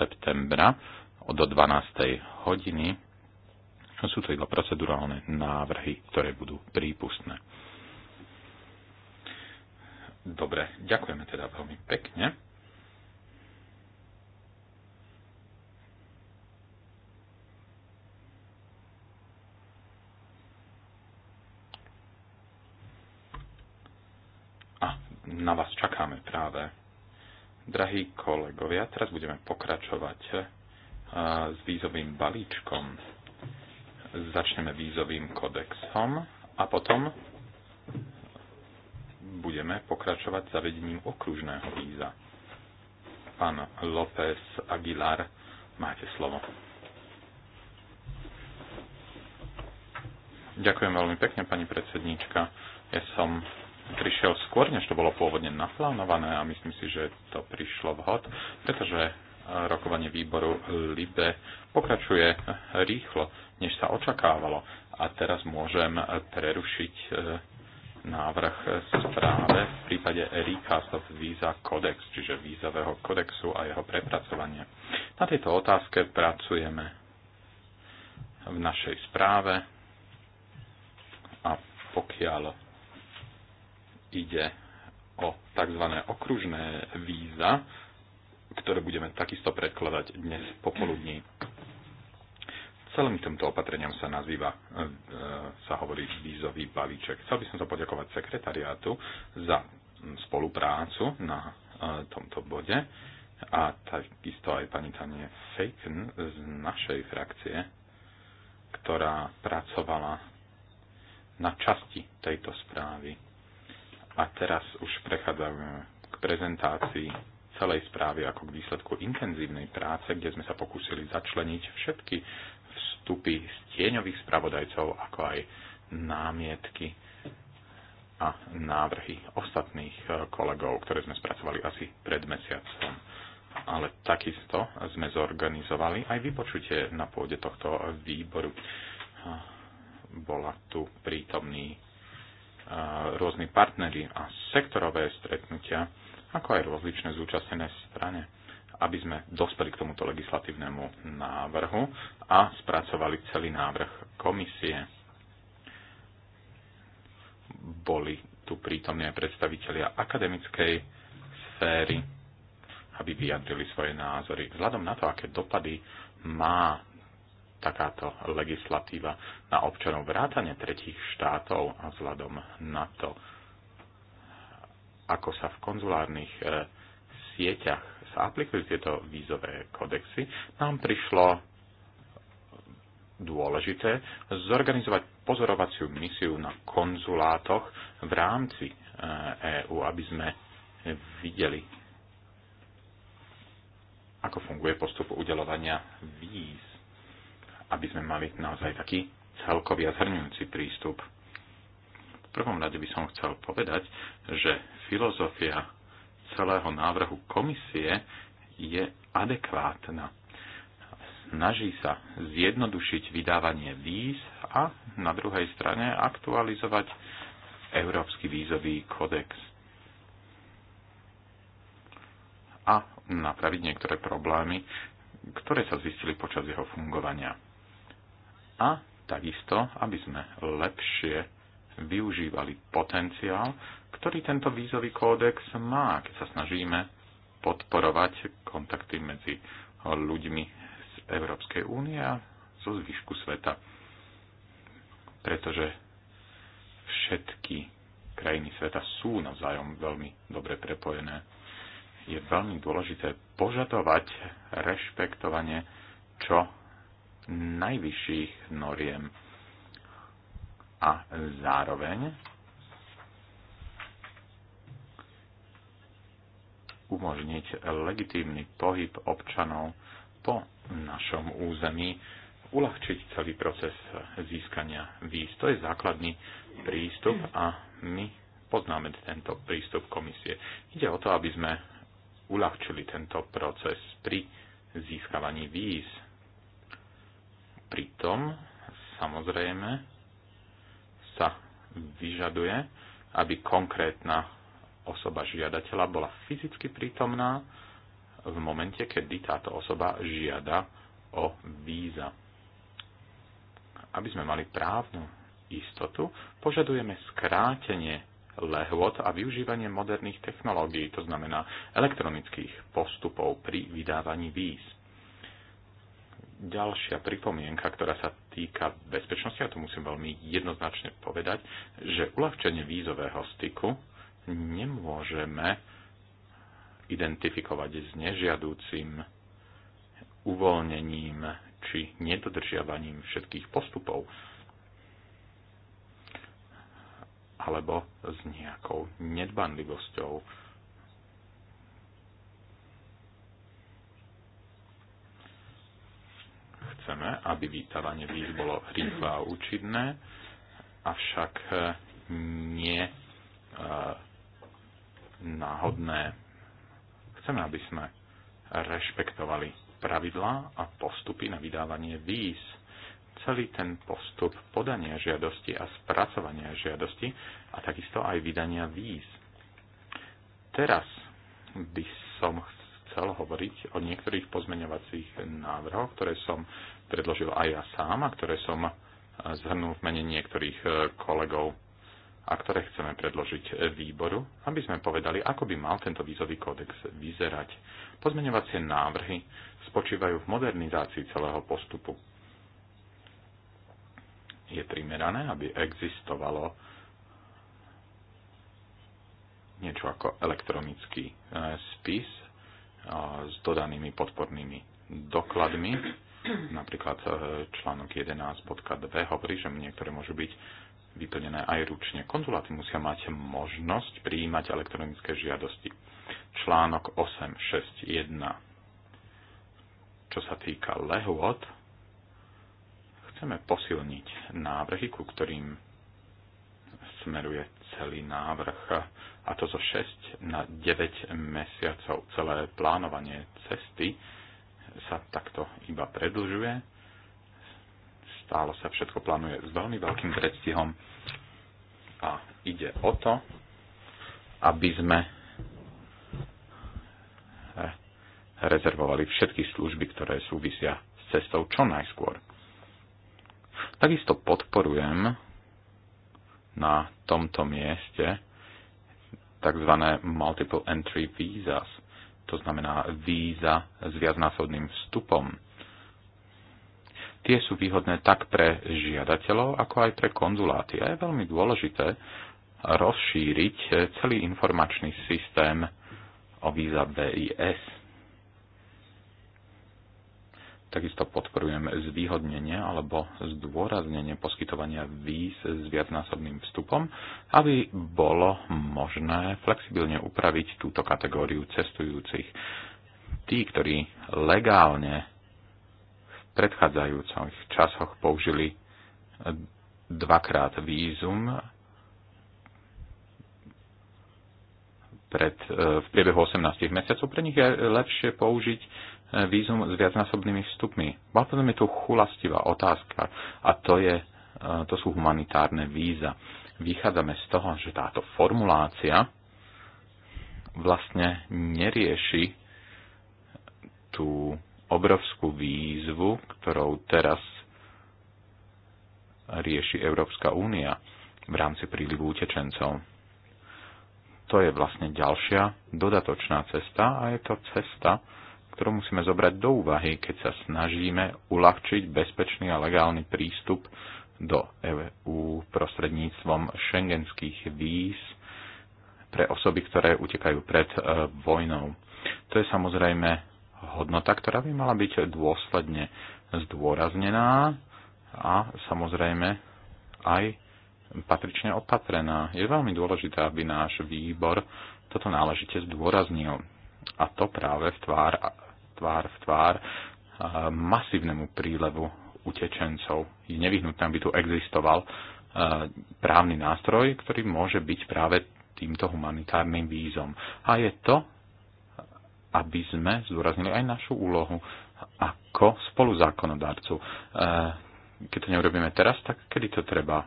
septembra od 12. hodiny. Sú to iba procedurálne návrhy, ktoré budú prípustné. Dobre, ďakujeme teda veľmi pekne. na vás čakáme práve. Drahí kolegovia, teraz budeme pokračovať eh, s vízovým balíčkom. Začneme vízovým kodexom a potom budeme pokračovať zavedením okružného víza. Pán López Aguilar, máte slovo. Ďakujem veľmi pekne, pani predsedníčka. Ja som prišiel skôr, než to bolo pôvodne naplánované a myslím si, že to prišlo vhod, pretože e, rokovanie výboru LIBE pokračuje rýchlo, než sa očakávalo. A teraz môžem prerušiť e, návrh správe v prípade Recast of Visa Codex, čiže vízového kodexu a jeho prepracovanie. Na tejto otázke pracujeme v našej správe a pokiaľ ide o tzv. okružné víza, ktoré budeme takisto predkladať dnes popoludní. Celým týmto opatreniam sa nazýva, e, sa hovorí vízový balíček. Chcel by som sa poďakovať sekretariátu za spoluprácu na e, tomto bode a takisto aj pani Tanie Fejken z našej frakcie, ktorá pracovala na časti tejto správy a teraz už prechádzam k prezentácii celej správy ako k výsledku intenzívnej práce, kde sme sa pokúsili začleniť všetky vstupy z tieňových spravodajcov, ako aj námietky a návrhy ostatných e, kolegov, ktoré sme spracovali asi pred mesiacom. Ale takisto sme zorganizovali aj vypočutie na pôde tohto výboru. Bola tu prítomný rôzni partnery a sektorové stretnutia, ako aj rozličné zúčastnené strane, aby sme dospeli k tomuto legislatívnemu návrhu a spracovali celý návrh komisie. Boli tu prítomne aj predstavitelia akademickej sféry, aby vyjadrili svoje názory. Vzhľadom na to, aké dopady má takáto legislatíva na občanov vrátane tretich štátov a vzhľadom na to, ako sa v konzulárnych e, sieťach sa aplikujú tieto vízové kodexy, nám prišlo dôležité zorganizovať pozorovaciu misiu na konzulátoch v rámci EÚ, e aby sme videli, ako funguje postup udelovania víz aby sme mali naozaj taký celkový a zhrňujúci prístup. V prvom rade by som chcel povedať, že filozofia celého návrhu komisie je adekvátna. Snaží sa zjednodušiť vydávanie víz a na druhej strane aktualizovať Európsky vízový kodex a napraviť niektoré problémy, ktoré sa zistili počas jeho fungovania a takisto, aby sme lepšie využívali potenciál, ktorý tento vízový kódex má, keď sa snažíme podporovať kontakty medzi ľuďmi z Európskej únie a zo zvyšku sveta. Pretože všetky krajiny sveta sú navzájom veľmi dobre prepojené. Je veľmi dôležité požadovať rešpektovanie čo najvyšších noriem. A zároveň umožniť legitímny pohyb občanov po našom území, uľahčiť celý proces získania víz. To je základný prístup a my poznáme tento prístup komisie. Ide o to, aby sme uľahčili tento proces pri získavaní víz pritom samozrejme sa vyžaduje, aby konkrétna osoba žiadateľa bola fyzicky prítomná v momente, kedy táto osoba žiada o víza. Aby sme mali právnu istotu, požadujeme skrátenie lehôd a využívanie moderných technológií, to znamená elektronických postupov pri vydávaní víz. Ďalšia pripomienka, ktorá sa týka bezpečnosti, a to musím veľmi jednoznačne povedať, že uľahčenie vízového styku nemôžeme identifikovať s nežiadúcim uvoľnením či nedodržiavaním všetkých postupov alebo s nejakou nedbanlivosťou Chceme, aby vytávanie víz bolo rýchle a účinné, avšak e, nie e, náhodné. Chceme, aby sme rešpektovali pravidlá a postupy na vydávanie víz. Celý ten postup podania žiadosti a spracovania žiadosti a takisto aj vydania víz. Teraz by som chcel chcel hovoriť o niektorých pozmeňovacích návrhoch, ktoré som predložil aj ja sám a ktoré som e, zhrnul v mene niektorých e, kolegov a ktoré chceme predložiť e, výboru, aby sme povedali, ako by mal tento vízový kódex vyzerať. Pozmeňovacie návrhy spočívajú v modernizácii celého postupu. Je primerané, aby existovalo niečo ako elektronický spis, s dodanými podpornými dokladmi. Napríklad e, článok 11.2 hovorí, že niektoré môžu byť vyplnené aj ručne. Konzuláty musia mať možnosť prijímať elektronické žiadosti. Článok 8.6.1 Čo sa týka lehôd, chceme posilniť návrhy, ku ktorým smeruje celý návrh a to zo 6 na 9 mesiacov. Celé plánovanie cesty sa takto iba predlžuje. Stále sa všetko plánuje s veľmi veľkým predstihom a ide o to, aby sme eh, rezervovali všetky služby, ktoré súvisia s cestou čo najskôr. Takisto podporujem na tomto mieste tzv. multiple entry visas, to znamená víza s viacnásobným vstupom. Tie sú výhodné tak pre žiadateľov, ako aj pre konzuláty. A je veľmi dôležité rozšíriť celý informačný systém o víza BIS. Takisto podporujem zvýhodnenie alebo zdôraznenie poskytovania víz s viacnásobným vstupom, aby bolo možné flexibilne upraviť túto kategóriu cestujúcich. Tí, ktorí legálne v predchádzajúcich časoch použili dvakrát vízum pred, eh, v priebehu 18 mesiacov, pre nich je lepšie použiť vízum s viacnásobnými vstupmi. Bola potom je tu chulastivá otázka a to, je, e, to sú humanitárne víza. Vychádzame z toho, že táto formulácia vlastne nerieši tú obrovskú výzvu, ktorou teraz rieši Európska únia v rámci prílivu utečencov. To je vlastne ďalšia dodatočná cesta a je to cesta, ktorú musíme zobrať do úvahy, keď sa snažíme uľahčiť bezpečný a legálny prístup do EU prostredníctvom šengenských víz pre osoby, ktoré utekajú pred e, vojnou. To je samozrejme hodnota, ktorá by mala byť dôsledne zdôraznená a samozrejme aj patrične opatrená. Je veľmi dôležité, aby náš výbor toto náležite zdôraznil. A to práve v tvár, tvár v tvár e, masívnemu prílevu utečencov. Je nevyhnutné, aby tu existoval e, právny nástroj, ktorý môže byť práve týmto humanitárnym vízom. A je to, aby sme zdôraznili aj našu úlohu ako spoluzákonodarcu. E, keď to neurobíme teraz, tak kedy to treba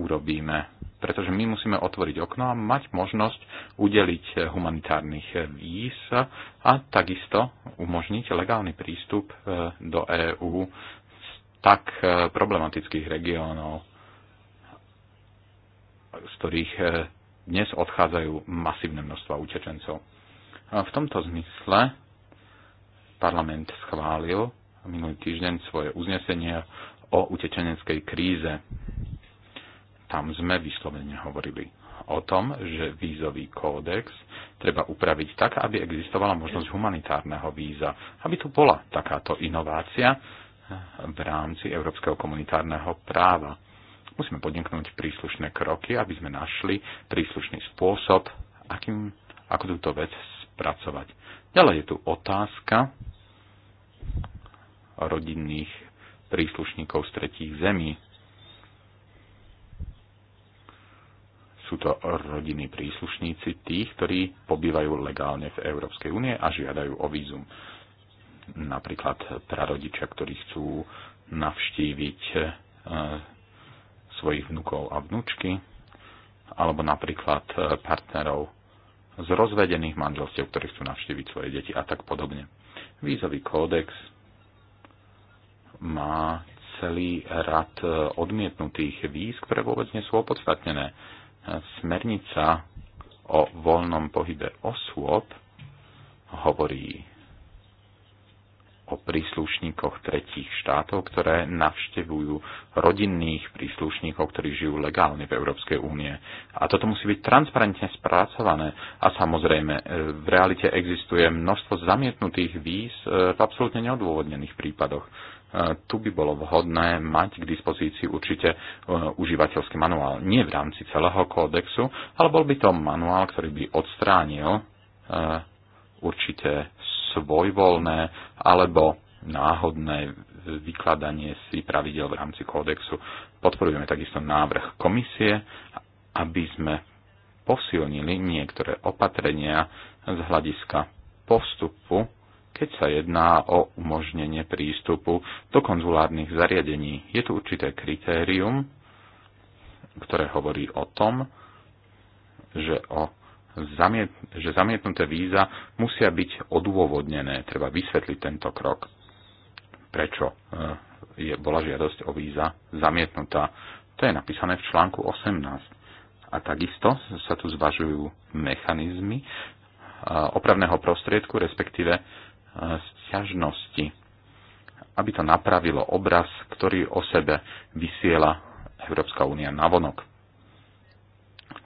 urobíme pretože my musíme otvoriť okno a mať možnosť udeliť humanitárnych víz a takisto umožniť legálny prístup e, do EÚ z tak e, problematických regiónov, z ktorých e, dnes odchádzajú masívne množstva utečencov. V tomto zmysle parlament schválil minulý týždeň svoje uznesenie o utečeneckej kríze tam sme vyslovene hovorili o tom, že vízový kódex treba upraviť tak, aby existovala možnosť humanitárneho víza, aby tu bola takáto inovácia v rámci európskeho komunitárneho práva. Musíme podniknúť príslušné kroky, aby sme našli príslušný spôsob, akým, ako túto vec spracovať. Ďalej je tu otázka rodinných príslušníkov z tretích zemí. Sú to rodiny príslušníci tých, ktorí pobývajú legálne v Európskej únie a žiadajú o vízum. Napríklad prarodičia, ktorí chcú navštíviť e, svojich vnukov a vnúčky, alebo napríklad e, partnerov z rozvedených manželstiev, ktorí chcú navštíviť svoje deti a tak podobne. Vízový kódex má celý rad e, odmietnutých víz, ktoré vôbec nie sú opodstatnené. Smernica o voľnom pohybe osôb hovorí o príslušníkoch tretích štátov, ktoré navštevujú rodinných príslušníkov, ktorí žijú legálne v Európskej únie. A toto musí byť transparentne spracované. A samozrejme, e, v realite existuje množstvo zamietnutých víz e, v absolútne neodôvodnených prípadoch tu by bolo vhodné mať k dispozícii určite e, užívateľský manuál. Nie v rámci celého kódexu, ale bol by to manuál, ktorý by odstránil e, určité svojvoľné alebo náhodné vykladanie si pravidel v rámci kódexu. Podporujeme takisto návrh komisie, aby sme posilnili niektoré opatrenia z hľadiska postupu keď sa jedná o umožnenie prístupu do konzulárnych zariadení. Je tu určité kritérium, ktoré hovorí o tom, že, o zamiet, že zamietnuté víza musia byť odôvodnené. Treba vysvetliť tento krok, prečo e, je, bola žiadosť o víza zamietnutá. To je napísané v článku 18. A takisto sa tu zvažujú mechanizmy e, opravného prostriedku, respektíve sťažnosti, aby to napravilo obraz, ktorý o sebe vysiela Európska únia navonok.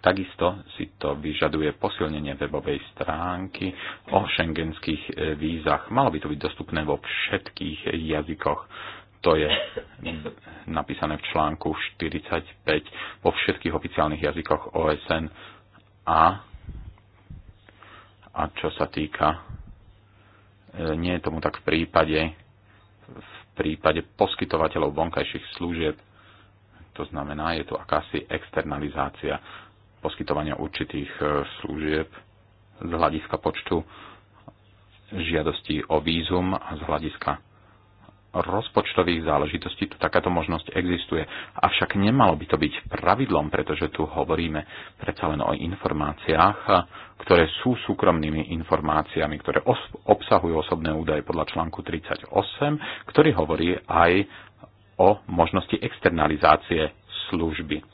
Takisto si to vyžaduje posilnenie webovej stránky o šengenských e, vízach. Malo by to byť dostupné vo všetkých jazykoch. To je napísané v článku 45 vo všetkých oficiálnych jazykoch OSN a, a čo sa týka E, nie je tomu tak v prípade, v prípade poskytovateľov vonkajších služieb. To znamená, je tu akási externalizácia poskytovania určitých e, služieb z hľadiska počtu žiadostí o vízum a z hľadiska rozpočtových záležitostí tu takáto možnosť existuje. Avšak nemalo by to byť pravidlom, pretože tu hovoríme predsa len o informáciách, ktoré sú súkromnými informáciami, ktoré os- obsahujú osobné údaje podľa článku 38, ktorý hovorí aj o možnosti externalizácie služby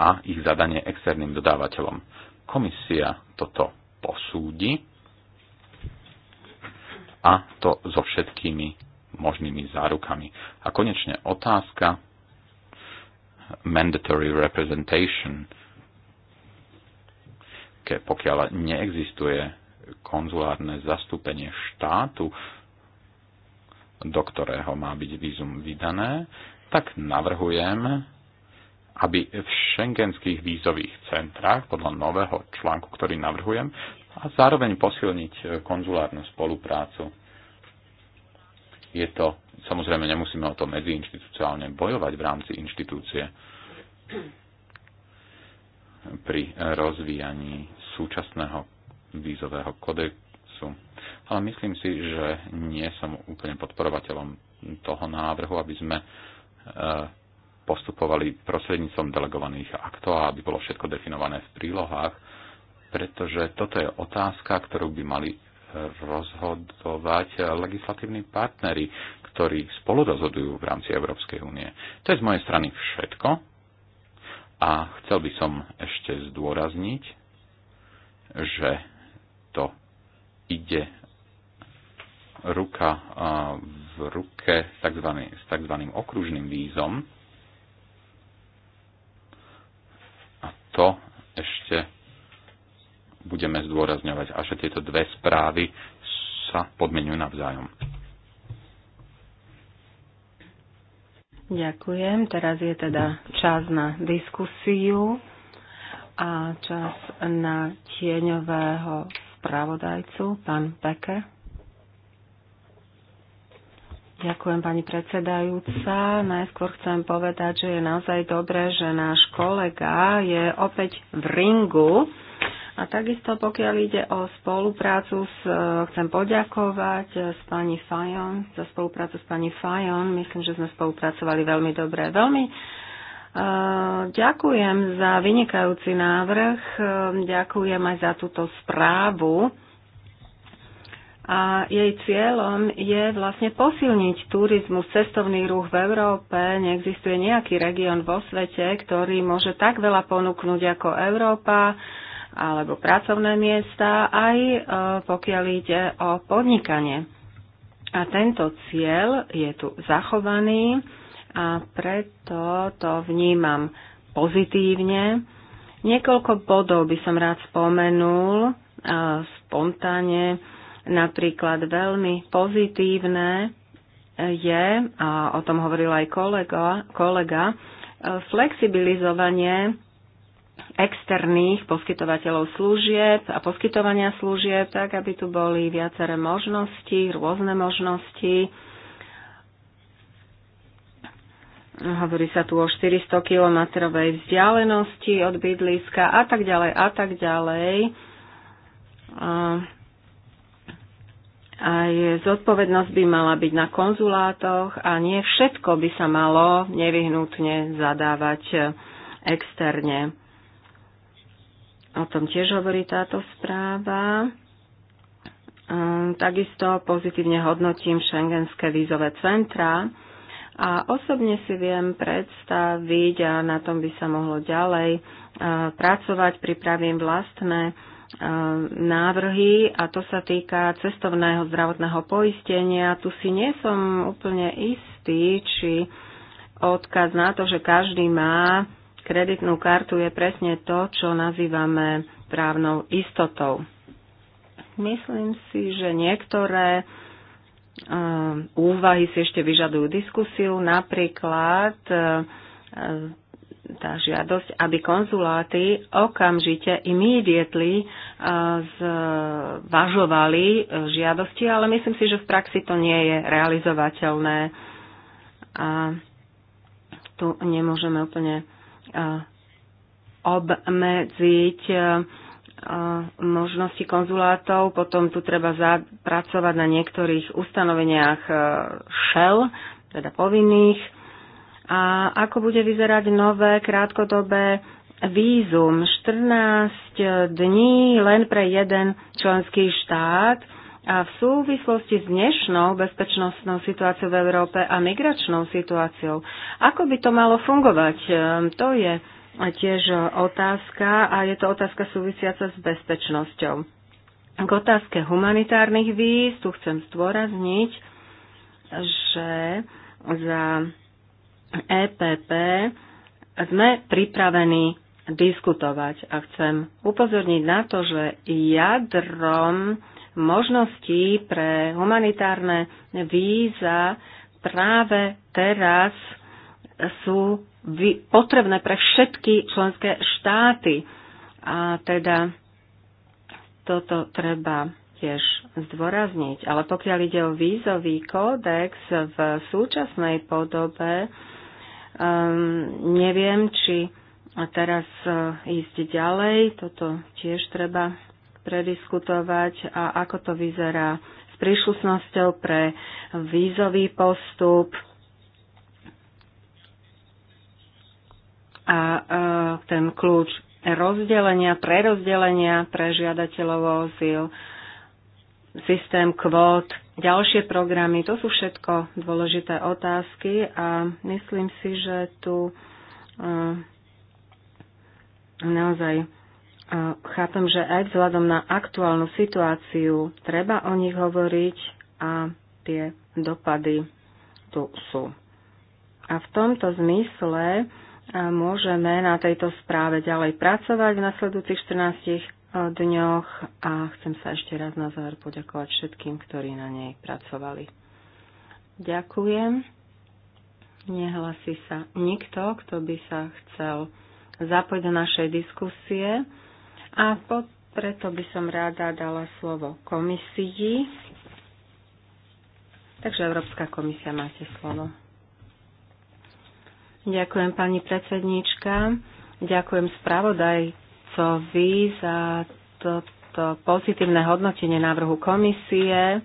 a ich zadanie externým dodávateľom. Komisia toto posúdi a to so všetkými možnými zárukami. A konečne otázka mandatory representation, ke, pokiaľ neexistuje konzulárne zastúpenie štátu, do ktorého má byť vízum vydané, tak navrhujem, aby v šengenských vízových centrách podľa nového článku, ktorý navrhujem, a zároveň posilniť konzulárnu spoluprácu je to, samozrejme nemusíme o to medziinstitucionálne bojovať v rámci inštitúcie pri rozvíjaní súčasného vízového kodexu. Ale myslím si, že nie som úplne podporovateľom toho návrhu, aby sme eh, postupovali prostredníctvom delegovaných aktov a aby bolo všetko definované v prílohách, pretože toto je otázka, ktorú by mali rozhodovať legislatívni partnery, ktorí spolu rozhodujú v rámci Európskej únie. To je z mojej strany všetko a chcel by som ešte zdôrazniť, že to ide ruka v ruke s tzv. S tzv. okružným vízom a to ešte budeme zdôrazňovať a že tieto dve správy sa podmenujú navzájom. Ďakujem. Teraz je teda čas na diskusiu a čas na tieňového spravodajcu, pán Peke. Ďakujem, pani predsedajúca. Najskôr chcem povedať, že je naozaj dobré, že náš kolega je opäť v ringu a takisto, pokiaľ ide o spoluprácu, s, e, chcem poďakovať e, s pani Fajon, za spoluprácu s pani Fajon. Myslím, že sme spolupracovali veľmi dobre. Veľmi e, ďakujem za vynikajúci návrh, ďakujem aj za túto správu. A jej cieľom je vlastne posilniť turizmus, cestovný ruch v Európe. Neexistuje nejaký región vo svete, ktorý môže tak veľa ponúknuť ako Európa alebo pracovné miesta, aj e, pokiaľ ide o podnikanie. A tento cieľ je tu zachovaný a preto to vnímam pozitívne. Niekoľko bodov by som rád spomenul e, spontáne, napríklad veľmi pozitívne je, a o tom hovoril aj kolega, kolega e, flexibilizovanie externých poskytovateľov služieb a poskytovania služieb, tak aby tu boli viaceré možnosti, rôzne možnosti. Hovorí sa tu o 400 km vzdialenosti od bydliska a tak ďalej a tak ďalej. Aj zodpovednosť by mala byť na konzulátoch a nie všetko by sa malo nevyhnutne zadávať externe. O tom tiež hovorí táto správa. Ehm, takisto pozitívne hodnotím šengenské vízové centra a osobne si viem predstaviť, a na tom by sa mohlo ďalej ehm, pracovať, pripravím vlastné ehm, návrhy a to sa týka cestovného zdravotného poistenia. Tu si nie som úplne istý, či odkaz na to, že každý má kreditnú kartu je presne to, čo nazývame právnou istotou. Myslím si, že niektoré e, úvahy si ešte vyžadujú diskusiu, napríklad e, e, tá žiadosť, aby konzuláty okamžite, immediately zvažovali žiadosti, ale myslím si, že v praxi to nie je realizovateľné. A tu nemôžeme úplne Eh, obmedziť eh, eh, možnosti konzulátov. Potom tu treba zapracovať na niektorých ustanoveniach šel, teda povinných. A ako bude vyzerať nové krátkodobé vízum? 14 dní len pre jeden členský štát – a v súvislosti s dnešnou bezpečnostnou situáciou v Európe a migračnou situáciou, ako by to malo fungovať? Ehm, to je tiež otázka a je to otázka súvisiaca s bezpečnosťou. K otázke humanitárnych výz, tu chcem zdôrazniť, že za EPP sme pripravení diskutovať a chcem upozorniť na to, že jadrom možností pre humanitárne víza práve teraz sú potrebné pre všetky členské štáty. A teda toto treba tiež zdôrazniť. Ale pokiaľ ide o vízový kódex v súčasnej podobe, um, neviem, či teraz eh, ísť ďalej. Toto tiež treba prediskutovať a ako to vyzerá s príšlusnosťou pre vízový postup a e, ten kľúč rozdelenia, prerozdelenia pre žiadateľov o azyl, systém kvót, ďalšie programy, to sú všetko dôležité otázky a myslím si, že tu e, naozaj chápem, že aj vzhľadom na aktuálnu situáciu treba o nich hovoriť a tie dopady tu sú. A v tomto zmysle e, môžeme na tejto správe ďalej pracovať v nasledujúcich 14 e, dňoch a chcem sa ešte raz na záver poďakovať všetkým, ktorí na nej pracovali. Ďakujem. Nehlasí sa nikto, kto by sa chcel zapojiť do našej diskusie. A pod, preto by som ráda dala slovo komisii. Takže Európska komisia máte slovo. Ďakujem pani predsedníčka. Ďakujem spravodajcovi za toto pozitívne hodnotenie návrhu komisie.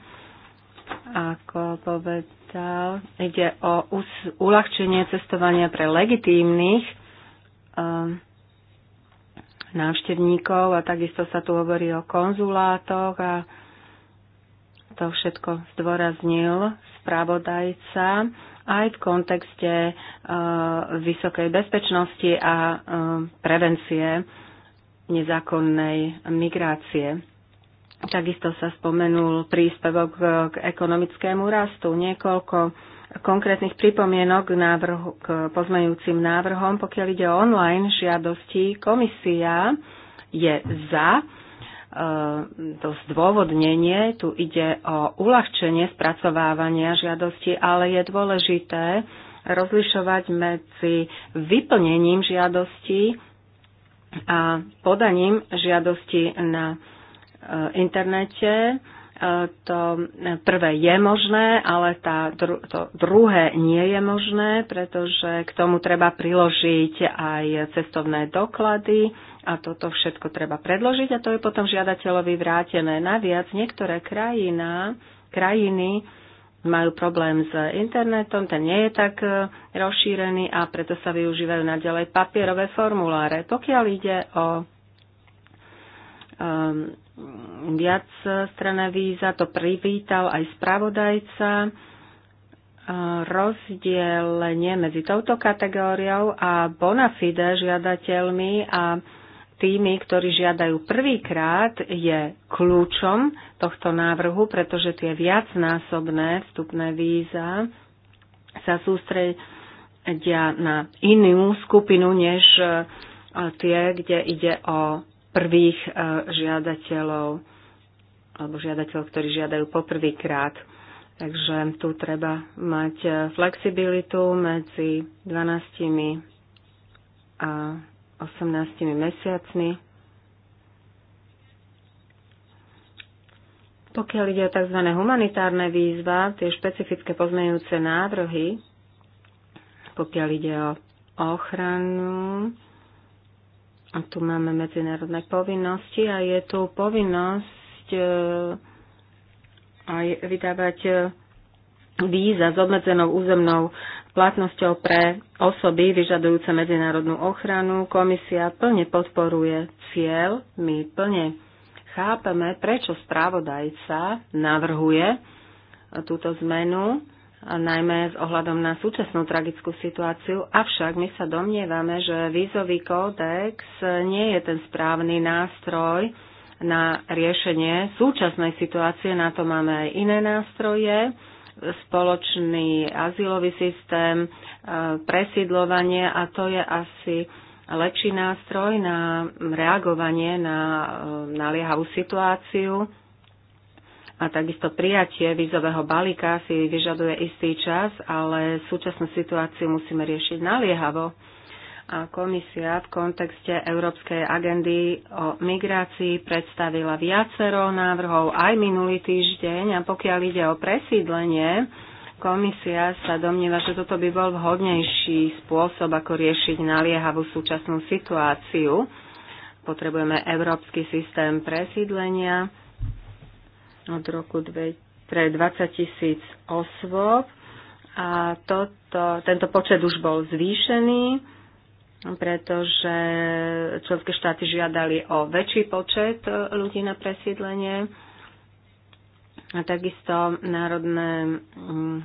Ako povedal, ide o uľahčenie cestovania pre legitímnych ehm, návštevníkov a takisto sa tu hovorí o konzulátoch a to všetko zdôraznil spravodajca aj v kontekste uh, e, vysokej bezpečnosti a uh, prevencie nezákonnej migrácie. Takisto sa spomenul príspevok k ekonomickému rastu. Niekoľko konkrétnych pripomienok k, návrhu, k pozmeňujúcim návrhom. Pokiaľ ide o online žiadosti, komisia je za e, to zdôvodnenie. Tu ide o uľahčenie spracovávania žiadosti, ale je dôležité rozlišovať medzi vyplnením žiadosti a podaním žiadosti na e, internete to prvé je možné, ale tá, dru to druhé nie je možné, pretože k tomu treba priložiť aj cestovné doklady a toto všetko treba predložiť a to je potom žiadateľovi vrátené. Naviac niektoré krajina, krajiny majú problém s internetom, ten nie je tak e, rozšírený a preto sa využívajú naďalej papierové formuláre. Pokiaľ ide o Ehm, viac strana víza, to privítal aj spravodajca. Ehm, rozdielenie medzi touto kategóriou a bona fide žiadateľmi a tými, ktorí žiadajú prvýkrát, je kľúčom tohto návrhu, pretože tie viacnásobné vstupné víza sa sústredia na inú skupinu než e, tie, kde ide o prvých eh, žiadateľov alebo žiadateľov, ktorí žiadajú poprvýkrát. Takže tu treba mať eh, flexibilitu medzi 12 a 18 mesiacmi. Pokiaľ ide o tzv. humanitárne výzva, tie špecifické pozmeňujúce návrhy, pokiaľ ide o ochranu a tu máme medzinárodné povinnosti a je tu povinnosť e, aj vydávať e, víza s obmedzenou územnou platnosťou pre osoby vyžadujúce medzinárodnú ochranu. Komisia plne podporuje cieľ. My plne chápeme, prečo správodajca navrhuje túto zmenu najmä s ohľadom na súčasnú tragickú situáciu. Avšak my sa domnievame, že vízový kódex nie je ten správny nástroj na riešenie súčasnej situácie. Na to máme aj iné nástroje, spoločný azylový systém, e, presídlovanie a to je asi lepší nástroj na reagovanie na e, naliehavú situáciu a takisto prijatie vízového balíka si vyžaduje istý čas, ale súčasnú situáciu musíme riešiť naliehavo. A komisia v kontexte Európskej agendy o migrácii predstavila viacero návrhov aj minulý týždeň a pokiaľ ide o presídlenie, komisia sa domnieva, že toto by bol vhodnejší spôsob, ako riešiť naliehavú súčasnú situáciu. Potrebujeme európsky systém presídlenia, od roku dve, pre 20 tisíc osôb a toto, tento počet už bol zvýšený, pretože členské štáty žiadali o väčší počet ľudí na presídlenie a takisto národné mm, e,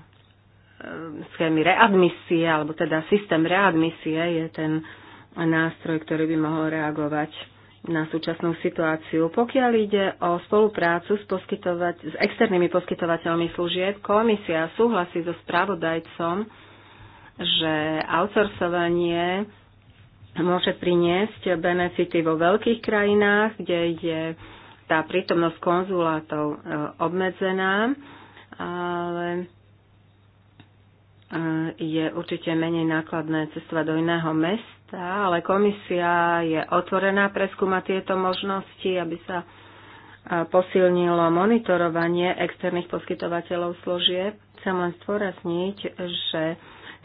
schémy readmisie, alebo teda systém readmisie je ten nástroj, ktorý by mohol reagovať na súčasnú situáciu. Pokiaľ ide o spoluprácu s, poskytovať, s externými poskytovateľmi služieb, komisia súhlasí so správodajcom, že outsourcovanie môže priniesť benefity vo veľkých krajinách, kde je tá prítomnosť konzulátov e, obmedzená, ale e, je určite menej nákladné cestovať do iného mesta ale komisia je otvorená preskúmať tieto možnosti, aby sa posilnilo monitorovanie externých poskytovateľov služieb. Chcem len stvorazniť, že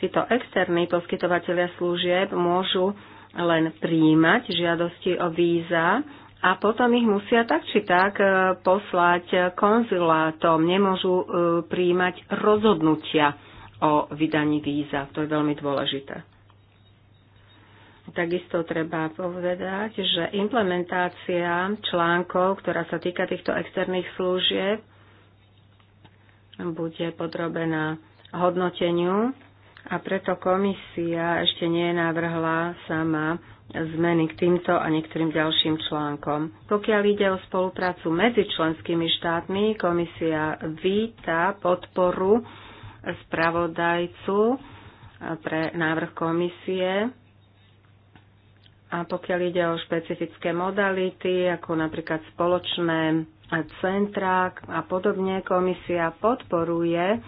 títo externí poskytovateľia služieb môžu len príjmať žiadosti o víza a potom ich musia tak či tak e, poslať konzulátom. Nemôžu e, príjmať rozhodnutia o vydaní víza. To je veľmi dôležité. Takisto treba povedať, že implementácia článkov, ktorá sa týka týchto externých služieb, bude podrobená hodnoteniu a preto komisia ešte navrhla sama zmeny k týmto a niektorým ďalším článkom. Pokiaľ ide o spoluprácu medzi členskými štátmi, komisia víta podporu spravodajcu pre návrh komisie a pokiaľ ide o špecifické modality, ako napríklad spoločné centra a podobne, komisia podporuje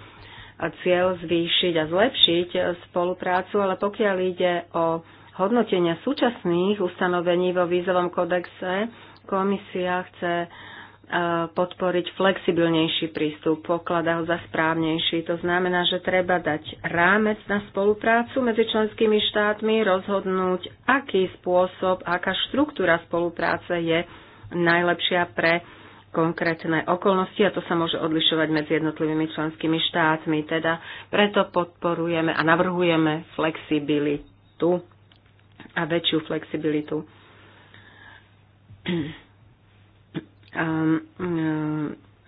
cieľ zvýšiť a zlepšiť spoluprácu, ale pokiaľ ide o hodnotenia súčasných ustanovení vo vízovom kodexe, komisia chce podporiť flexibilnejší prístup, pokladá ho za správnejší. To znamená, že treba dať rámec na spoluprácu medzi členskými štátmi, rozhodnúť, aký spôsob, aká štruktúra spolupráce je najlepšia pre konkrétne okolnosti a to sa môže odlišovať medzi jednotlivými členskými štátmi. Teda preto podporujeme a navrhujeme flexibilitu a väčšiu flexibilitu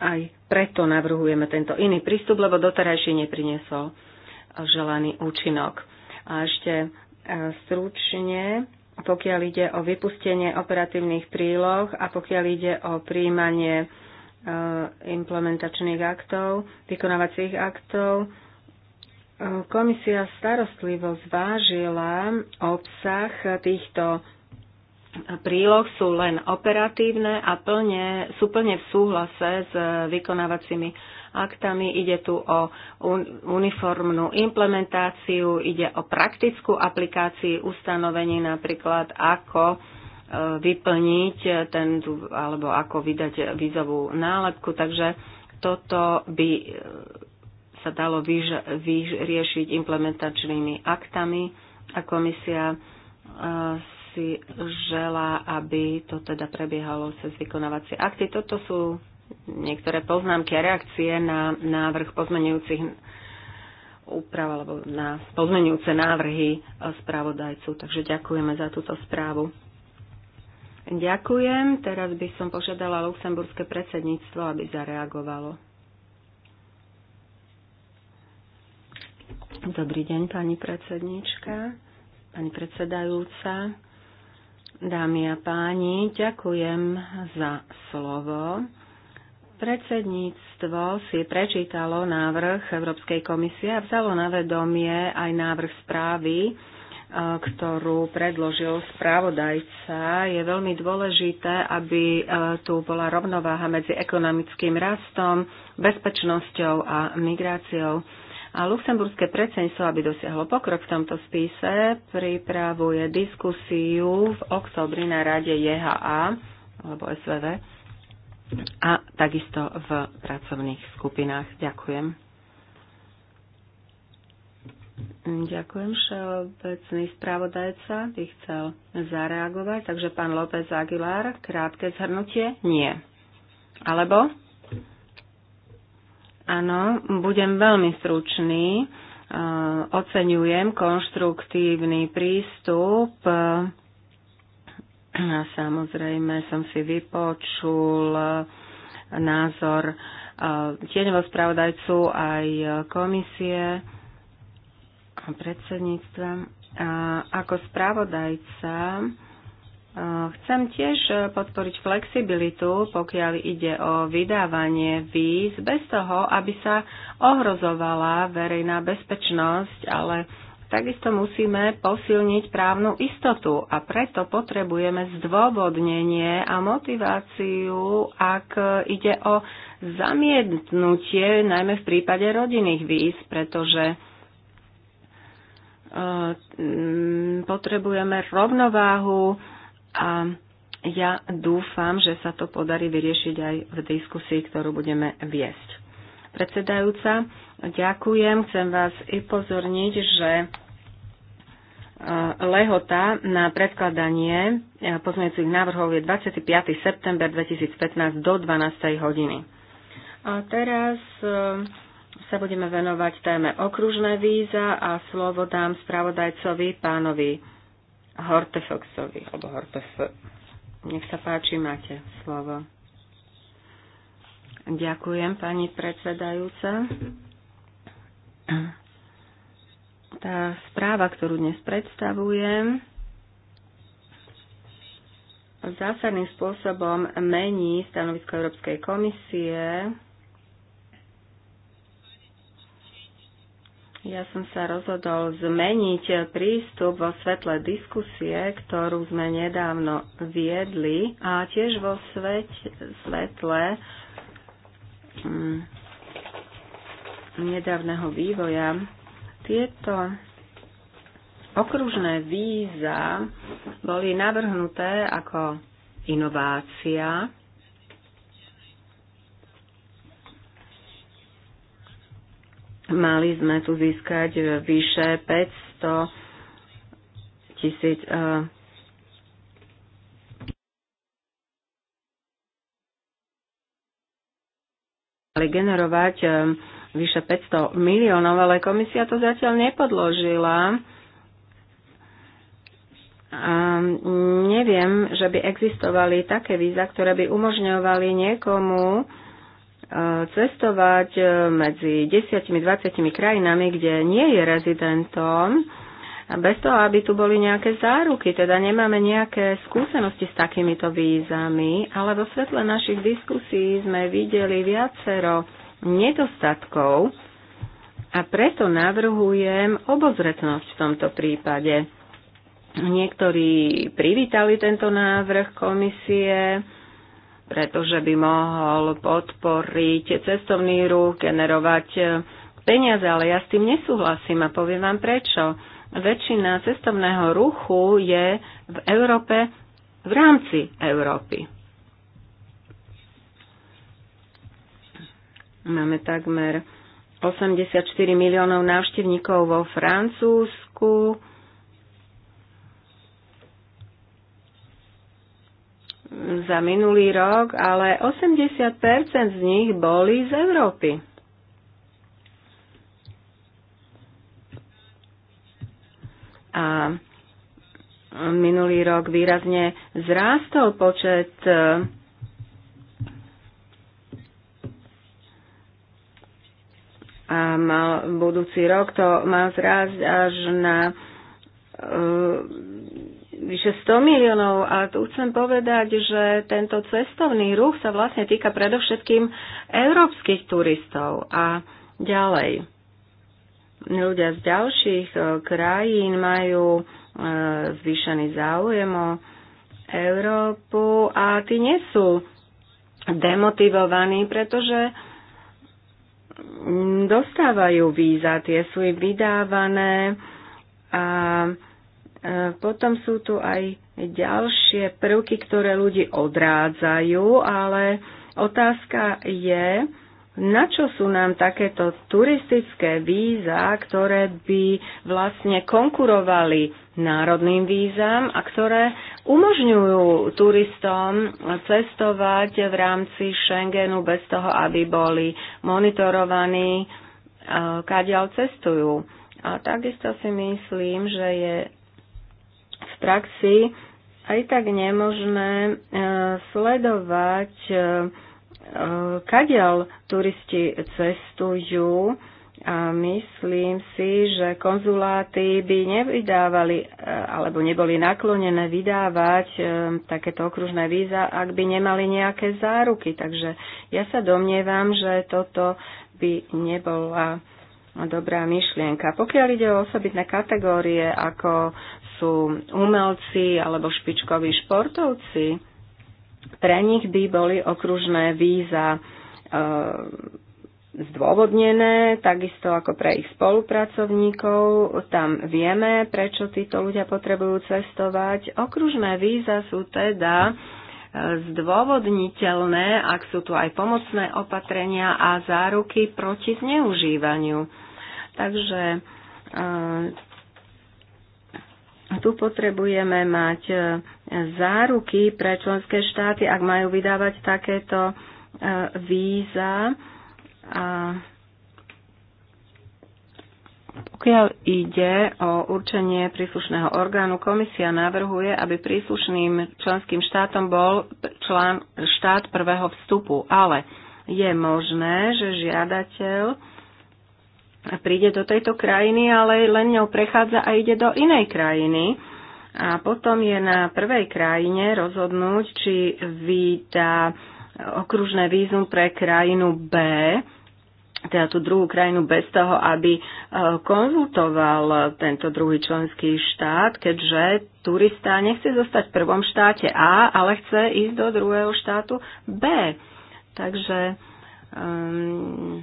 aj preto navrhujeme tento iný prístup, lebo doterajšie nepriniesol želaný účinok. A ešte e, stručne, pokiaľ ide o vypustenie operatívnych príloh a pokiaľ ide o príjmanie e, implementačných aktov, vykonávacích aktov, e, komisia starostlivo zvážila obsah týchto príloh sú len operatívne a plne, sú plne v súhlase s vykonávacími aktami. Ide tu o uniformnú implementáciu, ide o praktickú aplikáciu ustanovení napríklad ako e, vyplniť ten, alebo ako vydať vízovú nálepku. Takže toto by e, sa dalo vyriešiť implementačnými aktami a komisia e, si žela, aby to teda prebiehalo cez vykonávacie akty. Toto sú niektoré poznámky a reakcie na návrh pozmenujúcich úprav alebo na pozmenujúce návrhy správodajcu. Takže ďakujeme za túto správu. Ďakujem. Teraz by som požiadala luxemburské predsedníctvo, aby zareagovalo. Dobrý deň, pani predsednička, pani predsedajúca. Dámy a páni, ďakujem za slovo. Predsedníctvo si prečítalo návrh Európskej komisie a vzalo na vedomie aj návrh správy, e, ktorú predložil správodajca. Je veľmi dôležité, aby e, tu bola rovnováha medzi ekonomickým rastom, bezpečnosťou a migráciou. A luxemburské predsedníctvo, aby dosiahlo pokrok v tomto spise, pripravuje diskusiu v oktobri na rade JHA alebo SVV a takisto v pracovných skupinách. Ďakujem. Ďakujem, všeobecný správodajca by chcel zareagovať. Takže pán López Aguilar, krátke zhrnutie? Nie. Alebo? Áno, budem veľmi stručný. E, oceňujem konštruktívny prístup. E, a samozrejme som si vypočul názor e, tieňového spravodajcu aj komisie a predsedníctva. A ako spravodajca Chcem tiež e, podporiť flexibilitu, pokiaľ ide o vydávanie víz, bez toho, aby sa ohrozovala verejná bezpečnosť, ale takisto musíme posilniť právnu istotu a preto potrebujeme zdôvodnenie a motiváciu, ak ide o zamietnutie, najmä v prípade rodinných víz, pretože e, potrebujeme rovnováhu a ja dúfam, že sa to podarí vyriešiť aj v diskusii, ktorú budeme viesť. Predsedajúca, ďakujem. Chcem vás upozorniť, že e, lehota na predkladanie e, pozmeňujúcich návrhov je 25. september 2015 do 12. hodiny. A teraz e, sa budeme venovať téme okružné víza a slovo dám spravodajcovi pánovi Hortefoxovi, alebo Hortef. Nech sa páči, máte slovo. Ďakujem, pani predsedajúca. Tá správa, ktorú dnes predstavujem, zásadným spôsobom mení stanovisko Európskej komisie Ja som sa rozhodol zmeniť prístup vo svetle diskusie, ktorú sme nedávno viedli a tiež vo sveť, svetle mm, nedávneho vývoja. Tieto okružné víza boli navrhnuté ako inovácia Mali sme tu získať e, vyše 500 tisíc e, mali generovať e, vyše 500 miliónov, ale komisia to zatiaľ nepodložila. A neviem, že by existovali také víza, ktoré by umožňovali niekomu cestovať e, medzi 10-20 krajinami, kde nie je rezidentom, bez toho, aby tu boli nejaké záruky, teda nemáme nejaké skúsenosti s takýmito vízami, ale vo svetle našich diskusí sme videli viacero nedostatkov a preto navrhujem obozretnosť v tomto prípade. Niektorí privítali tento návrh komisie, pretože by mohol podporiť cestovný ruch, generovať peniaze, ale ja s tým nesúhlasím a poviem vám prečo. Väčšina cestovného ruchu je v Európe v rámci Európy. Máme takmer 84 miliónov návštevníkov vo Francúzsku, za minulý rok, ale 80 z nich boli z Európy. A minulý rok výrazne zrástol počet a mal budúci rok to má zrásť až na vyše 100 miliónov. A tu chcem povedať, že tento cestovný ruch sa vlastne týka predovšetkým európskych turistov a ďalej. Ľudia z ďalších e, krajín majú e, zvýšený záujem o Európu a tí nie sú demotivovaní, pretože dostávajú víza, tie sú im vydávané a E, potom sú tu aj ďalšie prvky, ktoré ľudí odrádzajú, ale otázka je, na čo sú nám takéto turistické víza, ktoré by vlastne konkurovali národným vízam a ktoré umožňujú turistom cestovať v rámci Schengenu bez toho, aby boli monitorovaní, e, kadiaľ cestujú. A takisto si myslím, že je v praxi aj tak nemožné e, sledovať, e, e, kadiaľ turisti cestujú a myslím si, že konzuláty by nevydávali alebo neboli naklonené vydávať takéto okružné víza, ak by nemali nejaké záruky. Takže ja sa domnievam, že toto by nebola dobrá myšlienka. Pokiaľ ide o osobitné kategórie ako sú umelci alebo špičkoví športovci, pre nich by boli okružné víza e, zdôvodnené, takisto ako pre ich spolupracovníkov. Tam vieme, prečo títo ľudia potrebujú cestovať. Okružné víza sú teda e, zdôvodniteľné, ak sú tu aj pomocné opatrenia a záruky proti zneužívaniu. Takže e, a tu potrebujeme mať e, záruky pre členské štáty, ak majú vydávať takéto e, víza. A pokiaľ ide o určenie príslušného orgánu, komisia navrhuje, aby príslušným členským štátom bol člán, štát prvého vstupu, ale je možné, že žiadateľ príde do tejto krajiny, ale len ňou prechádza a ide do inej krajiny. A potom je na prvej krajine rozhodnúť, či vydá okružné vízum pre krajinu B, teda tú druhú krajinu bez toho, aby e, konzultoval tento druhý členský štát, keďže turista nechce zostať v prvom štáte A, ale chce ísť do druhého štátu B. Takže um,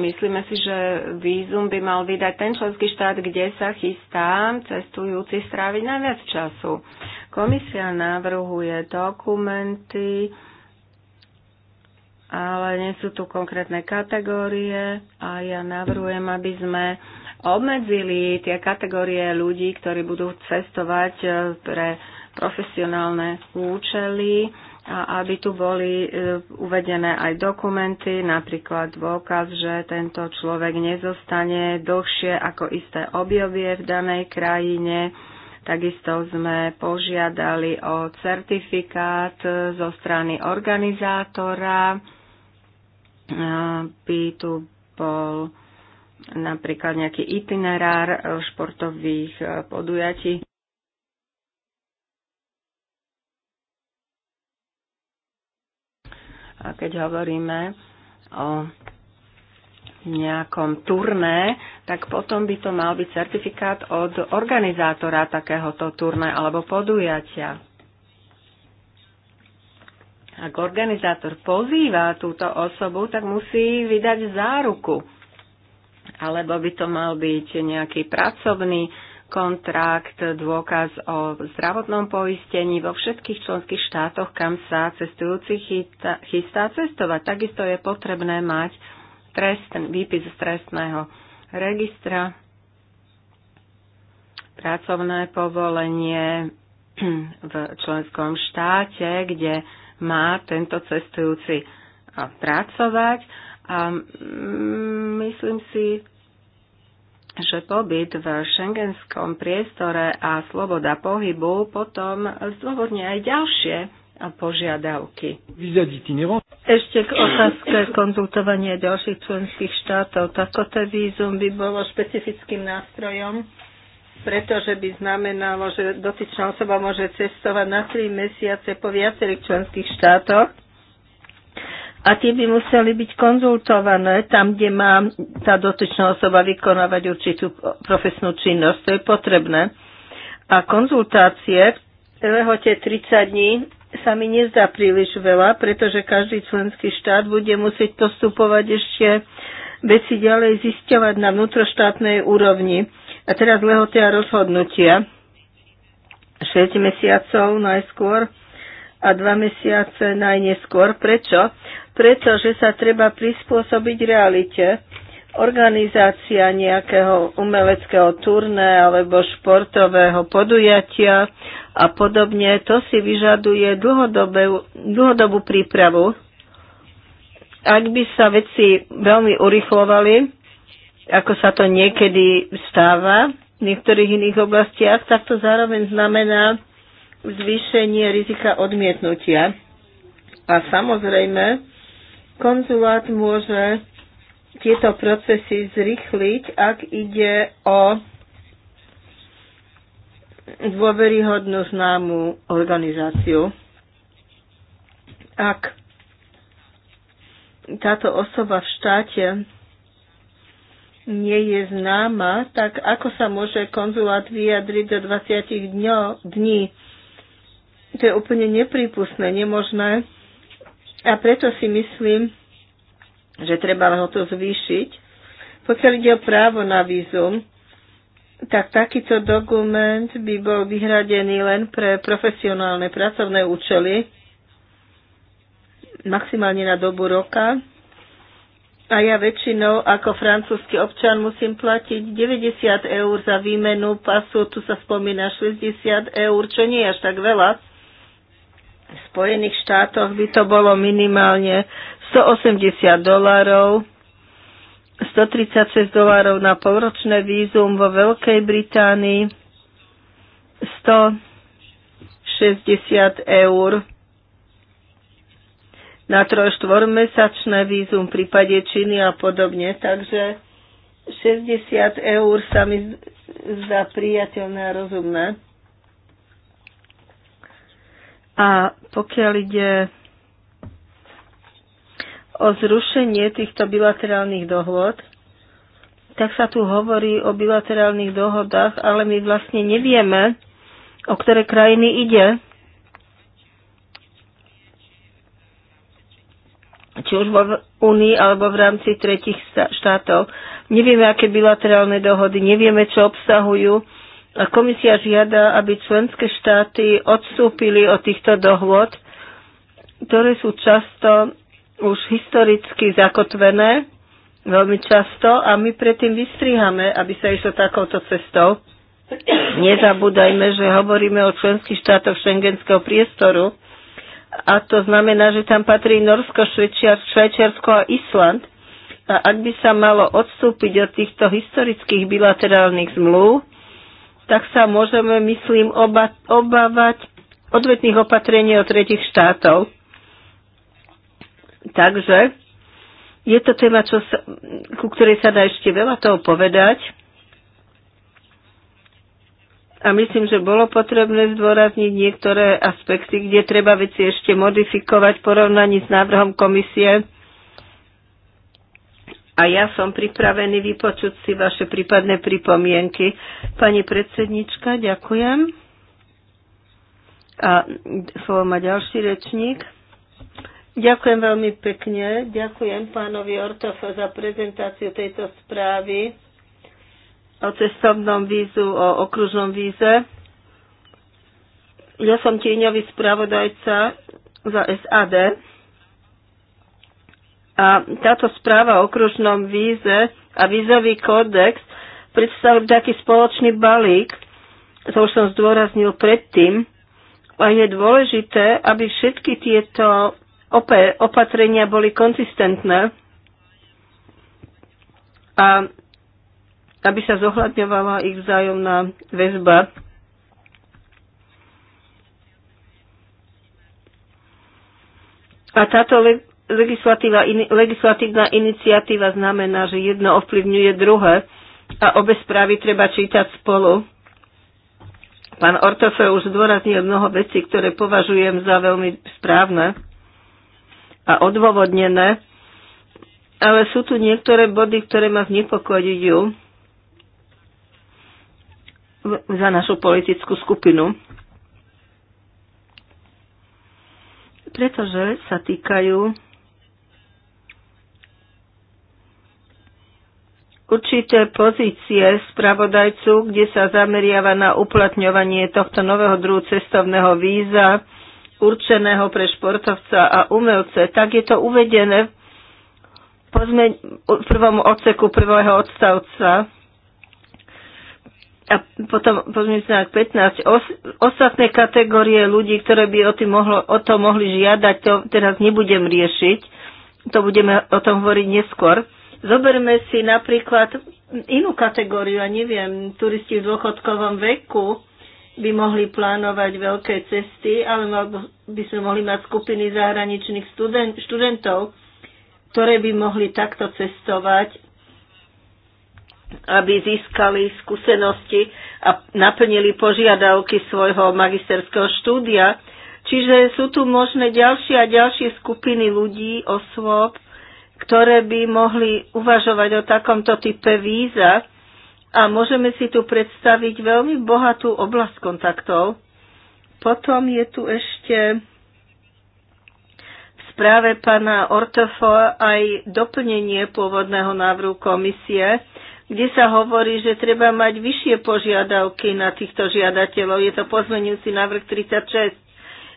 Myslíme si, že vízum by mal vydať ten členský štát, kde sa chystá cestujúci stráviť najviac času. Komisia navrhuje dokumenty, ale nie sú tu konkrétne kategórie a ja navrhujem, aby sme obmedzili tie kategórie ľudí, ktorí budú cestovať eh, pre profesionálne účely a aby tu boli e, uvedené aj dokumenty, napríklad dôkaz, že tento človek nezostane dlhšie ako isté objavie v danej krajine. Takisto sme požiadali o certifikát e, zo strany organizátora, e, by tu bol napríklad nejaký itinerár športových podujatí. A keď hovoríme o nejakom turné, tak potom by to mal byť certifikát od organizátora takéhoto turné alebo podujatia. Ak organizátor pozýva túto osobu, tak musí vydať záruku. Alebo by to mal byť nejaký pracovný kontrakt, dôkaz o zdravotnom poistení vo všetkých členských štátoch, kam sa cestujúci chystá cestovať. Takisto je potrebné mať trest, výpis z trestného registra, pracovné povolenie v členskom štáte, kde má tento cestujúci pracovať. A mm, myslím si, že pobyt v šengenskom priestore a sloboda pohybu potom zdôvodne aj ďalšie požiadavky. Ešte k otázke konzultovania ďalších členských štátov. Takoto vízum by bolo špecifickým nástrojom, pretože by znamenalo, že dotyčná osoba môže cestovať na 3 mesiace po viacerých členských štátoch a tie by museli byť konzultované tam, kde má tá dotyčná osoba vykonávať určitú profesnú činnosť. To je potrebné. A konzultácie v lehote 30 dní sa mi nezdá príliš veľa, pretože každý členský štát bude musieť postupovať ešte veci ďalej zisťovať na vnútroštátnej úrovni. A teraz lehoty a rozhodnutia. 6 mesiacov najskôr a dva mesiace najneskôr. Prečo? Preto, že sa treba prispôsobiť realite. Organizácia nejakého umeleckého turné alebo športového podujatia a podobne, to si vyžaduje dlhodobú, dlhodobú prípravu. Ak by sa veci veľmi urychlovali, ako sa to niekedy stáva v niektorých iných oblastiach, tak to zároveň znamená, zvýšenie rizika odmietnutia. A samozrejme, konzulát môže tieto procesy zrychliť, ak ide o dôveryhodnú známu organizáciu. Ak táto osoba v štáte nie je známa, tak ako sa môže konzulát vyjadriť do 20 dňo, dní? To je úplne neprípustné, nemožné. A preto si myslím, že treba ho to zvýšiť. Pokiaľ ide o právo na vízum, tak takýto dokument by bol vyhradený len pre profesionálne pracovné účely, maximálne na dobu roka. A ja väčšinou ako francúzsky občan musím platiť 90 eur za výmenu pasu, tu sa spomína 60 eur, čo nie je až tak veľa. V Spojených štátoch by to bolo minimálne 180 dolarov, 136 dolárov na polročné vízum vo Veľkej Británii, 160 eur na trojštvormesačné vízum v prípade Číny a podobne. Takže 60 eur sa mi zdá priateľné a rozumné. A pokiaľ ide o zrušenie týchto bilaterálnych dohôd, tak sa tu hovorí o bilaterálnych dohodách, ale my vlastne nevieme, o ktoré krajiny ide. či už vo Unii alebo v rámci tretich štátov. Nevieme, aké bilaterálne dohody, nevieme, čo obsahujú, Komisia žiada, aby členské štáty odstúpili od týchto dohôd, ktoré sú často už historicky zakotvené, veľmi často, a my predtým vystrihame, aby sa išlo takouto cestou. Nezabúdajme, že hovoríme o členských štátoch šengenského priestoru, a to znamená, že tam patrí Norsko, Švajčiarsko a Island. A ak by sa malo odstúpiť od týchto historických bilaterálnych zmluv, tak sa môžeme, myslím, oba, obávať odvetných opatrení od tretich štátov. Takže je to téma, čo sa, ku ktorej sa dá ešte veľa toho povedať. A myslím, že bolo potrebné zdôrazniť niektoré aspekty, kde treba veci ešte modifikovať v porovnaní s návrhom komisie a ja som pripravený vypočuť si vaše prípadné pripomienky. Pani predsednička, ďakujem. A slovo má ďalší rečník. Ďakujem veľmi pekne. Ďakujem pánovi Ortofa za prezentáciu tejto správy o cestovnom vízu, o okružnom víze. Ja som tieňový spravodajca za SAD a táto správa o okružnom víze a vízový kódex predstavujú taký spoločný balík, to už som zdôraznil predtým, a je dôležité, aby všetky tieto opatrenia boli konzistentné a aby sa zohľadňovala ich vzájomná väzba. A táto legislatíva, in, legislatívna iniciatíva znamená, že jedno ovplyvňuje druhé a obe správy treba čítať spolu. Pán Ortofe už zdôraznil mnoho vecí, ktoré považujem za veľmi správne a odôvodnené, ale sú tu niektoré body, ktoré ma znepokojujú za našu politickú skupinu. pretože sa týkajú určité pozície spravodajcu, kde sa zameriava na uplatňovanie tohto nového druhu cestovného víza určeného pre športovca a umelce. Tak je to uvedené v, prvom odseku prvého odstavca a potom pozmeňujúci 15. Os, ostatné kategórie ľudí, ktoré by o, tým mohlo, o to mohli žiadať, to teraz nebudem riešiť. To budeme o tom hovoriť neskôr. Zoberme si napríklad inú kategóriu, a neviem, turisti v dôchodkovom veku by mohli plánovať veľké cesty, ale by sme mohli mať skupiny zahraničných student, študentov, ktoré by mohli takto cestovať aby získali skúsenosti a naplnili požiadavky svojho magisterského štúdia. Čiže sú tu možné ďalšie a ďalšie skupiny ľudí, osôb, ktoré by mohli uvažovať o takomto type víza a môžeme si tu predstaviť veľmi bohatú oblasť kontaktov. Potom je tu ešte v správe pána Ortofo aj doplnenie pôvodného návrhu komisie, kde sa hovorí, že treba mať vyššie požiadavky na týchto žiadateľov. Je to pozmenujúci návrh 36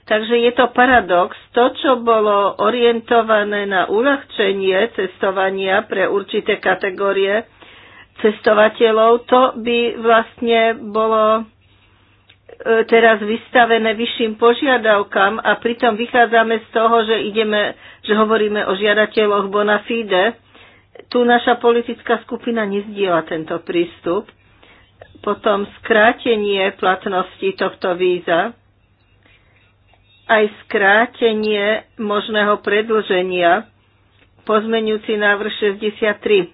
Takže je to paradox. To, čo bolo orientované na uľahčenie cestovania pre určité kategórie cestovateľov, to by vlastne bolo e, teraz vystavené vyšším požiadavkám a pritom vychádzame z toho, že ideme, že hovoríme o žiadateľoch bona fide. Tu naša politická skupina nezdiela tento prístup. Potom skrátenie platnosti tohto víza aj skrátenie možného predlženia. Pozmeňujúci návrh 63.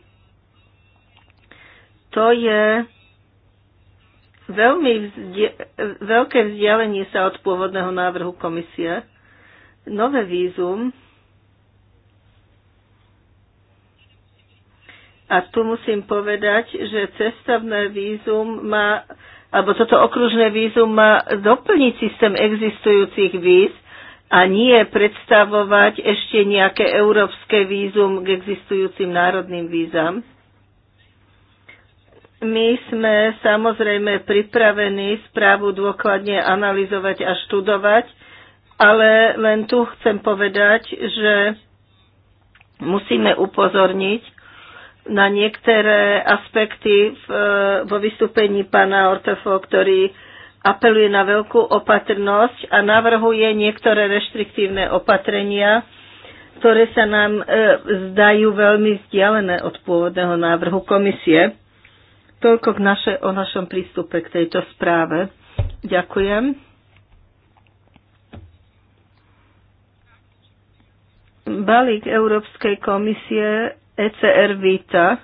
To je veľmi vzdia- veľké vzdialenie sa od pôvodného návrhu komisie. Nové vízum. A tu musím povedať, že cestovné vízum má alebo toto okružné vízum má doplniť systém existujúcich víz a nie predstavovať ešte nejaké európske vízum k existujúcim národným vízam. My sme samozrejme pripravení správu dôkladne analyzovať a študovať, ale len tu chcem povedať, že musíme upozorniť, na niektoré aspekty v, e, vo vystúpení pána Ortefo, ktorý apeluje na veľkú opatrnosť a navrhuje niektoré reštriktívne opatrenia, ktoré sa nám e, zdajú veľmi vzdialené od pôvodného návrhu komisie. Toľko k naše, o našom prístupe k tejto správe. Ďakujem. balík Európskej komisie ECR Vita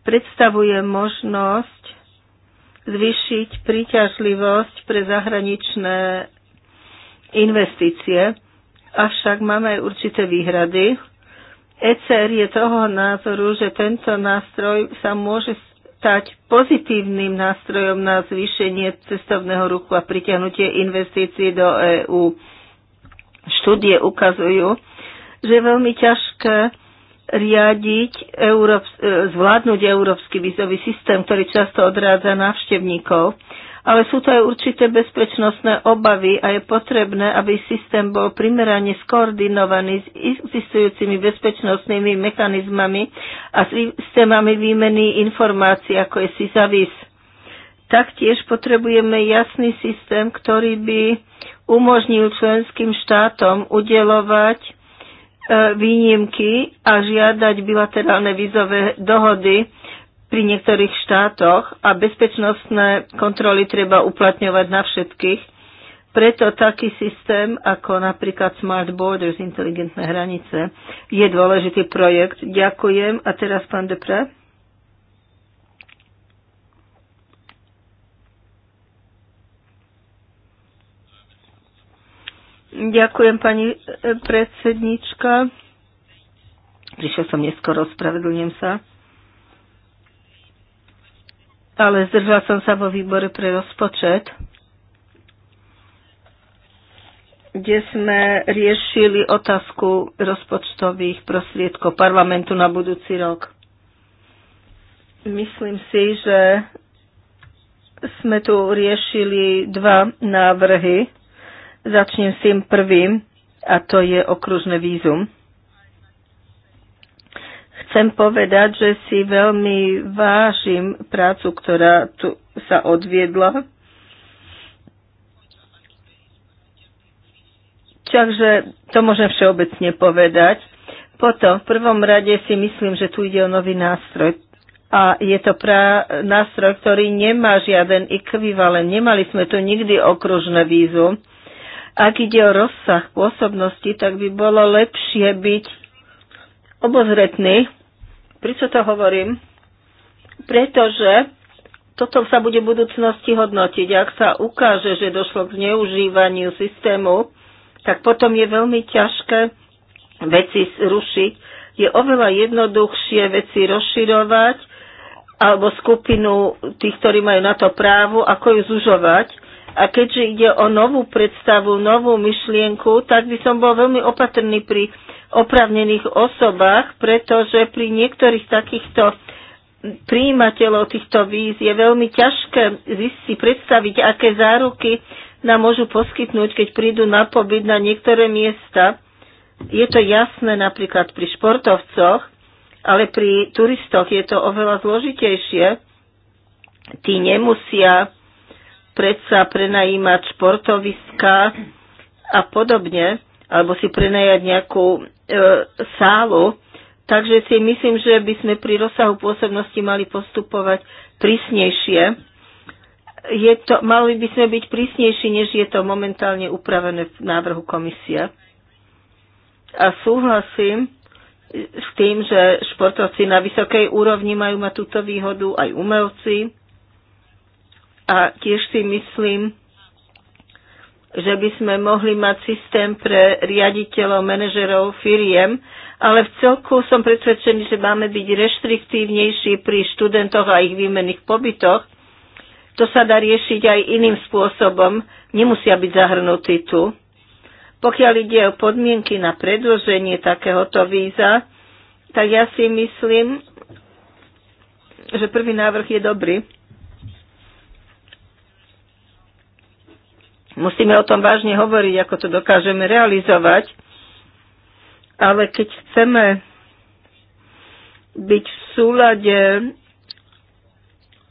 predstavuje možnosť zvýšiť príťažlivosť pre zahraničné investície, avšak máme aj určité výhrady. ECR je toho názoru, že tento nástroj sa môže stať pozitívnym nástrojom na zvýšenie cestovného ruchu a priťahnutie investícií do EÚ. Štúdie ukazujú, že je veľmi ťažké riadiť, Európs- e, zvládnuť európsky vízový systém, ktorý často odrádza návštevníkov. Ale sú to aj určité bezpečnostné obavy a je potrebné, aby systém bol primerane skoordinovaný s existujúcimi bezpečnostnými mechanizmami a systémami výmeny informácií, ako je SISAVIS. Taktiež potrebujeme jasný systém, ktorý by umožnil členským štátom udelovať E, výnimky a žiadať bilaterálne vízové dohody pri niektorých štátoch a bezpečnostné kontroly treba uplatňovať na všetkých. Preto taký systém ako napríklad Smart Borders, inteligentné hranice, je dôležitý projekt. Ďakujem. A teraz pán Depre. Ďakujem, pani e, predsednička. Prišiel som neskoro, spravedlňujem sa. Ale zdržal som sa vo výbore pre rozpočet, kde sme riešili otázku rozpočtových prostriedkov parlamentu na budúci rok. Myslím si, že sme tu riešili dva návrhy Začnem s tým prvým, a to je okružné vízum. Chcem povedať, že si veľmi vážim prácu, ktorá tu sa odviedla. Takže to môžem všeobecne povedať. Potom, v prvom rade si myslím, že tu ide o nový nástroj, a je to pra- nástroj, ktorý nemá žiaden ekvivalent. Nemali sme tu nikdy okružné vízum. Ak ide o rozsah pôsobnosti, tak by bolo lepšie byť obozretný. Prečo to hovorím? Pretože toto sa bude v budúcnosti hodnotiť. Ak sa ukáže, že došlo k zneužívaniu systému, tak potom je veľmi ťažké veci zrušiť. Je oveľa jednoduchšie veci rozširovať alebo skupinu tých, ktorí majú na to právo, ako ju zužovať. A keďže ide o novú predstavu, novú myšlienku, tak by som bol veľmi opatrný pri opravnených osobách, pretože pri niektorých takýchto príjimateľov týchto víz je veľmi ťažké si predstaviť, aké záruky nám môžu poskytnúť, keď prídu na pobyt na niektoré miesta. Je to jasné napríklad pri športovcoch, ale pri turistoch je to oveľa zložitejšie. Tí nemusia predsa prenajímať športoviska a podobne, alebo si prenajať nejakú e, sálu. Takže si myslím, že by sme pri rozsahu pôsobnosti mali postupovať prísnejšie. Je to, mali by sme byť prísnejší, než je to momentálne upravené v návrhu komisie. A súhlasím s tým, že športovci na vysokej úrovni majú mať túto výhodu, aj umelci, a tiež si myslím, že by sme mohli mať systém pre riaditeľov, manažerov, firiem, ale v celku som presvedčený, že máme byť reštriktívnejší pri študentoch a ich výmenných pobytoch. To sa dá riešiť aj iným spôsobom, nemusia byť zahrnutí tu. Pokiaľ ide o podmienky na predloženie takéhoto víza, tak ja si myslím, že prvý návrh je dobrý Musíme o tom vážne hovoriť, ako to dokážeme realizovať. Ale keď chceme byť v súlade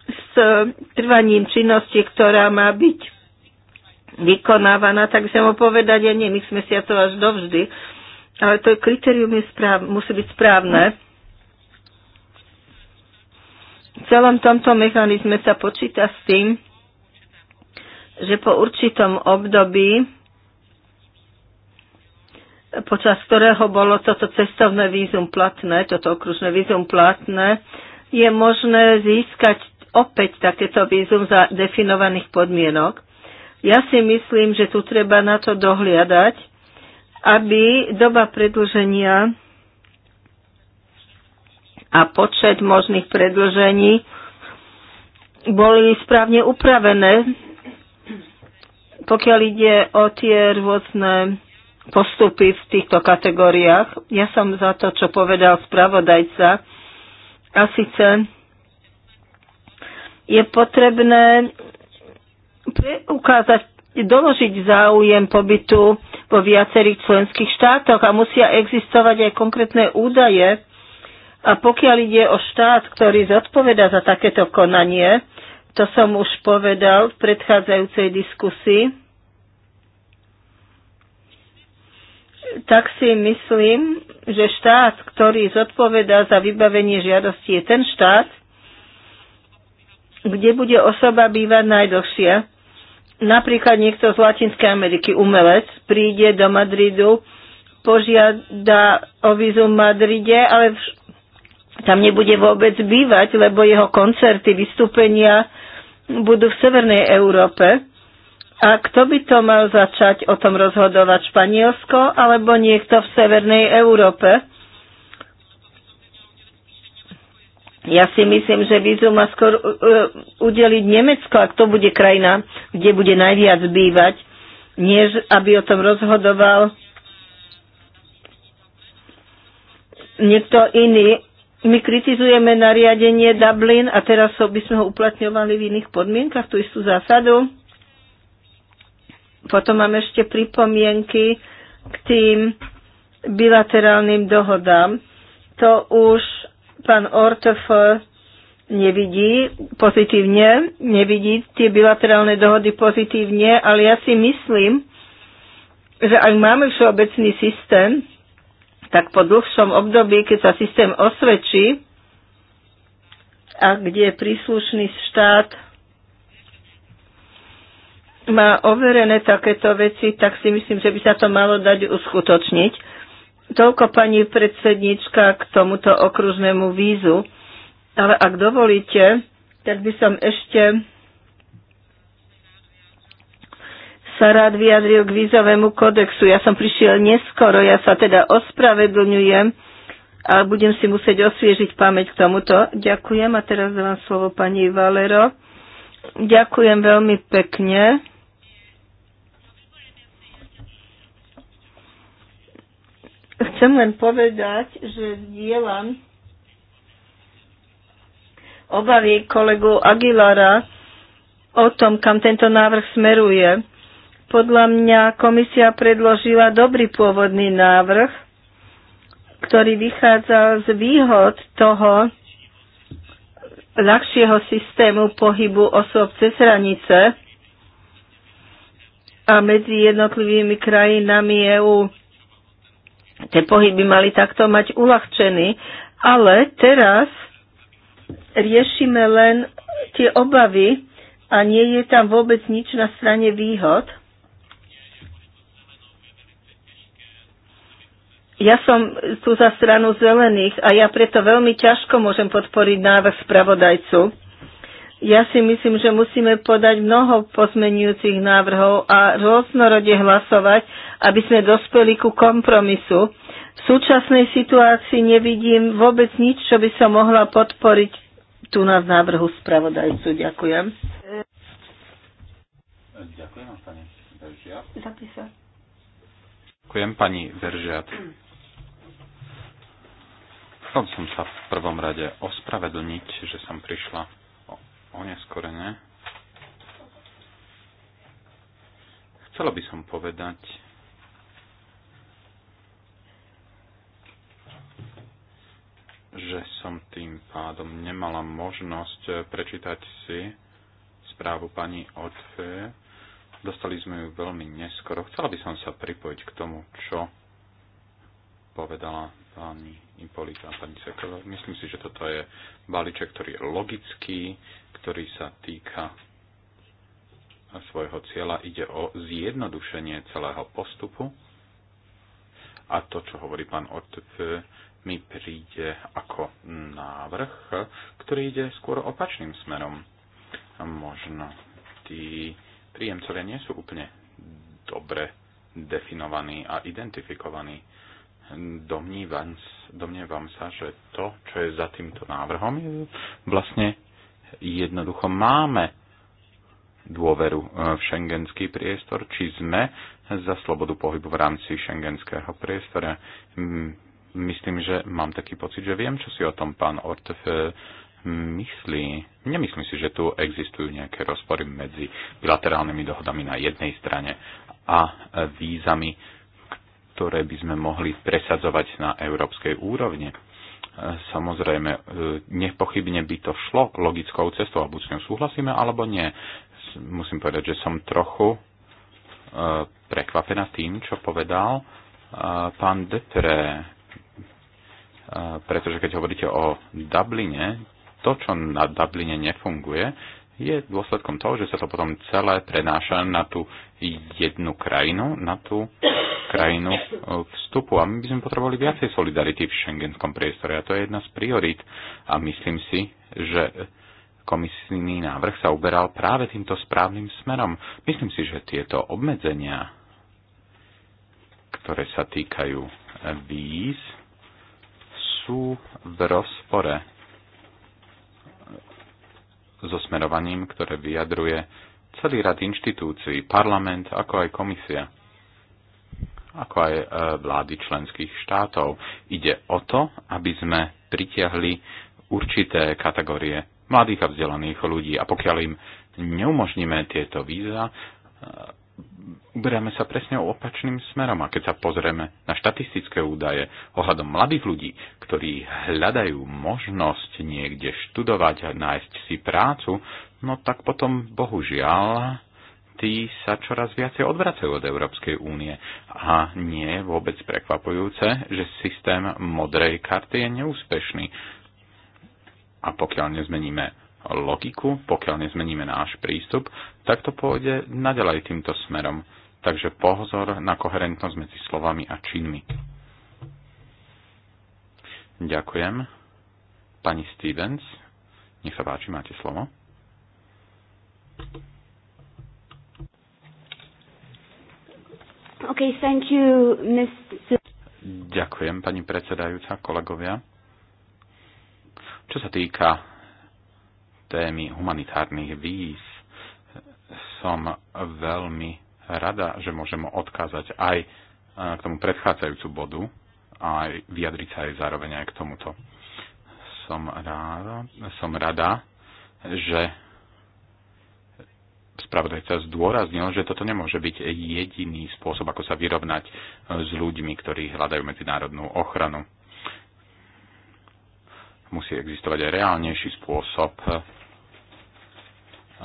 s trvaním činnosti, ktorá má byť vykonávaná, tak by sme mu povedať, ja nie, my sme si to až dovždy. Ale to kritérium je správ, musí byť správne. V celom tomto mechanizme sa počíta s tým, že po určitom období, počas ktorého bolo toto cestovné vízum platné, toto okružné vízum platné, je možné získať opäť takéto vízum za definovaných podmienok. Ja si myslím, že tu treba na to dohliadať, aby doba predlženia a počet možných predlžení boli správne upravené pokiaľ ide o tie rôzne postupy v týchto kategóriách, ja som za to, čo povedal spravodajca, a síce je potrebné ukázať, doložiť záujem pobytu vo viacerých členských štátoch a musia existovať aj konkrétne údaje. A pokiaľ ide o štát, ktorý zodpoveda za takéto konanie, to som už povedal v predchádzajúcej diskusii. Tak si myslím, že štát, ktorý zodpovedá za vybavenie žiadosti, je ten štát, kde bude osoba bývať najdlhšia. Napríklad niekto z Latinskej Ameriky, umelec, príde do Madridu, požiada o vízum v Madride, ale tam nebude vôbec bývať, lebo jeho koncerty, vystúpenia budú v Severnej Európe. A kto by to mal začať o tom rozhodovať? Španielsko alebo niekto v Severnej Európe? Ja si myslím, že vízu má skôr e, udeliť Nemecko, ak to bude krajina, kde bude najviac bývať, než aby o tom rozhodoval niekto iný my kritizujeme nariadenie Dublin a teraz by sme ho uplatňovali v iných podmienkach, tú istú zásadu. Potom máme ešte pripomienky k tým bilaterálnym dohodám. To už pán Ortof nevidí pozitívne, nevidí tie bilaterálne dohody pozitívne, ale ja si myslím, že ak máme všeobecný systém, tak po dlhšom období, keď sa systém osvedčí a kde príslušný štát má overené takéto veci, tak si myslím, že by sa to malo dať uskutočniť. Toľko pani predsednička k tomuto okružnému vízu. Ale ak dovolíte, tak by som ešte sa rád vyjadril k vízovému kodexu. Ja som prišiel neskoro, ja sa teda ospravedlňujem, ale budem si musieť osviežiť pamäť k tomuto. Ďakujem a teraz dávam slovo pani Valero. Ďakujem veľmi pekne. Chcem len povedať, že zdieľam obavy kolegu Aguilara o tom, kam tento návrh smeruje. Podľa mňa komisia predložila dobrý pôvodný návrh, ktorý vychádza z výhod toho ľahšieho systému pohybu osôb cez hranice a medzi jednotlivými krajinami EÚ. Tie pohyby mali takto mať uľahčený, ale teraz riešime len tie obavy a nie je tam vôbec nič na strane výhod. Ja som tu za stranu zelených a ja preto veľmi ťažko môžem podporiť návrh spravodajcu. Ja si myslím, že musíme podať mnoho pozmenujúcich návrhov a rôznorode hlasovať, aby sme dospeli ku kompromisu. V súčasnej situácii nevidím vôbec nič, čo by som mohla podporiť tu na návrhu spravodajcu. Ďakujem. Ďakujem, pani Veržiat. Ďakujem, pani Veržiat. Chcel som sa v prvom rade ospravedlniť, že som prišla oneskorene. Chcela by som povedať, že som tým pádom nemala možnosť eh, prečítať si správu pani Otfe. Dostali sme ju veľmi neskoro. Chcela by som sa pripojiť k tomu, čo povedala pani Impolita a pani Sekova. Myslím si, že toto je balíček, ktorý je logický, ktorý sa týka svojho cieľa. Ide o zjednodušenie celého postupu a to, čo hovorí pán Ortev, mi príde ako návrh, ktorý ide skôr opačným smerom. Možno tí príjemcovia nie sú úplne dobre definovaní a identifikovaní domnívam, domnievam sa, že to, čo je za týmto návrhom, je vlastne jednoducho máme dôveru e, v šengenský priestor, či sme za slobodu pohybu v rámci šengenského priestora. Myslím, že mám taký pocit, že viem, čo si o tom pán Ortef e, myslí. Nemyslím si, že tu existujú nejaké rozpory medzi bilaterálnymi dohodami na jednej strane a e, vízami ktoré by sme mohli presadzovať na európskej úrovne, Samozrejme, e, nepochybne by to šlo logickou cestou, a buď s ňou súhlasíme, alebo nie. Musím povedať, že som trochu e, prekvapená tým, čo povedal e, pán Detre, pretože keď hovoríte o Dubline, to, čo na Dubline nefunguje, je dôsledkom toho, že sa to potom celé prenáša na tú jednu krajinu, na tú krajinu e, vstupu. A my by sme potrebovali viacej solidarity v šengenskom priestore. A to je jedna z priorit. A myslím si, že komisijný návrh sa uberal práve týmto správnym smerom. Myslím si, že tieto obmedzenia, ktoré sa týkajú víz, sú v rozpore so smerovaním, ktoré vyjadruje celý rad inštitúcií, parlament, ako aj komisia ako aj e, vlády členských štátov. Ide o to, aby sme pritiahli určité kategórie mladých a vzdelaných ľudí. A pokiaľ im neumožníme tieto víza, e, uberáme sa presne opačným smerom. A keď sa pozrieme na štatistické údaje ohľadom mladých ľudí, ktorí hľadajú možnosť niekde študovať a nájsť si prácu, no tak potom bohužiaľ tí sa čoraz viacej odvracajú od Európskej únie. A nie je vôbec prekvapujúce, že systém modrej karty je neúspešný. A pokiaľ nezmeníme logiku, pokiaľ nezmeníme náš prístup, tak to pôjde naďalej týmto smerom. Takže pozor na koherentnosť medzi slovami a činmi. Ďakujem. Pani Stevens, nech sa páči, máte slovo. Okay, thank you, Ďakujem, pani predsedajúca, kolegovia. Čo sa týka témy humanitárnych víz, som veľmi rada, že môžem odkázať aj e, k tomu predchádzajúcu bodu a vyjadriť sa aj zároveň aj k tomuto. Som rada, som rada že Spravodajca zdôraznil, že toto nemôže byť jediný spôsob, ako sa vyrovnať e, s ľuďmi, ktorí hľadajú medzinárodnú ochranu. Musí existovať aj reálnejší spôsob e,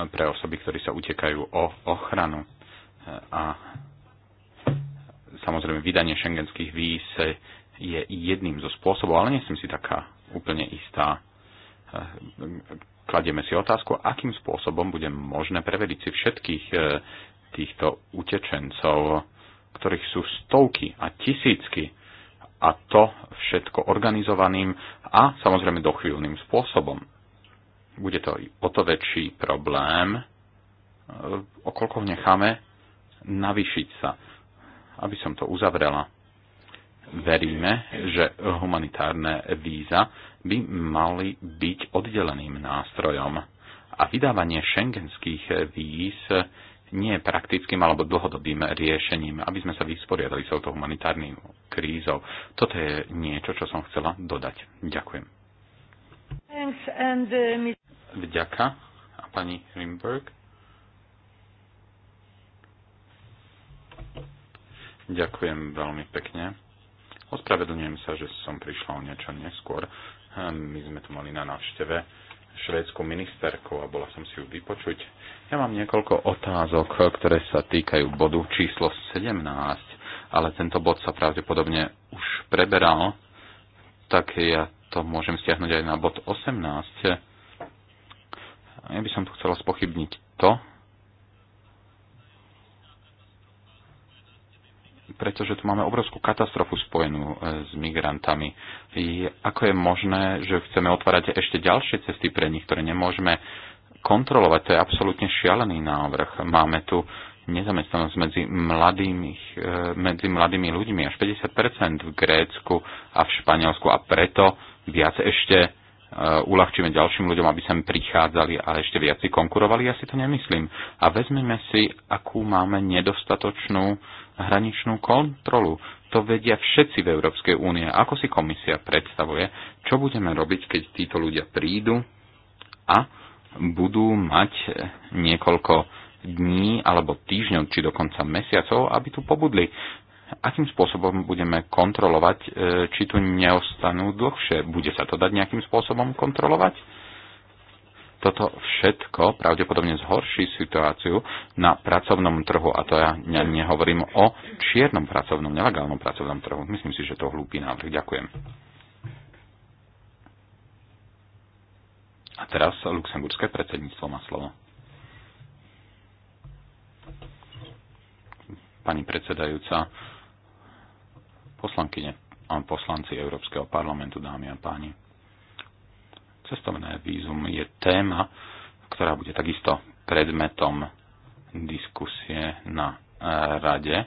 pre osoby, ktorí sa utekajú o ochranu. E, a samozrejme vydanie šengenských víz je jedným zo spôsobov, ale nie som si taká úplne istá kladieme si otázku, akým spôsobom bude možné prevediť si všetkých e, týchto utečencov, ktorých sú stovky a tisícky, a to všetko organizovaným a samozrejme dochvíľným spôsobom. Bude to o to väčší problém, e, okolko necháme navyšiť sa. Aby som to uzavrela, veríme, že humanitárne víza by mali byť oddeleným nástrojom a vydávanie šengenských víz nie praktickým alebo dlhodobým riešením, aby sme sa vysporiadali s touto humanitárnou krízou. Toto je niečo, čo som chcela dodať. Ďakujem. Uh, Vďaka. A pani Rimberg? Ďakujem veľmi pekne. Ospravedlňujem sa, že som prišla o niečo neskôr. My sme tu mali na návšteve švédsku ministerku a bola som si ju vypočuť. Ja mám niekoľko otázok, ktoré sa týkajú bodu číslo 17, ale tento bod sa pravdepodobne už preberal, tak ja to môžem stiahnuť aj na bod 18. Ja by som tu chcela spochybniť to, pretože tu máme obrovskú katastrofu spojenú e, s migrantami. I ako je možné, že chceme otvárať ešte ďalšie cesty pre nich, ktoré nemôžeme kontrolovať? To je absolútne šialený návrh. Máme tu nezamestnanosť medzi mladými, e, medzi mladými ľuďmi až 50% v Grécku a v Španielsku a preto viac ešte e, uľahčíme ďalším ľuďom, aby sem prichádzali a ešte viac si konkurovali, ja si to nemyslím. A vezmeme si, akú máme nedostatočnú hraničnú kontrolu. To vedia všetci v Európskej únie. Ako si komisia predstavuje, čo budeme robiť, keď títo ľudia prídu a budú mať niekoľko dní alebo týždňov, či dokonca mesiacov, aby tu pobudli. Akým spôsobom budeme kontrolovať, e, či tu neostanú dlhšie? Bude sa to dať nejakým spôsobom kontrolovať? Toto všetko pravdepodobne zhorší situáciu na pracovnom trhu a to ja nehovorím o čiernom pracovnom, nelegálnom pracovnom trhu. Myslím si, že to hlúpy návrh. Ďakujem. A teraz luxemburské predsedníctvo má slovo. Pani predsedajúca, poslankyne a poslanci Európskeho parlamentu, dámy a páni. Cestovné vízum je téma, ktorá bude takisto predmetom diskusie na rade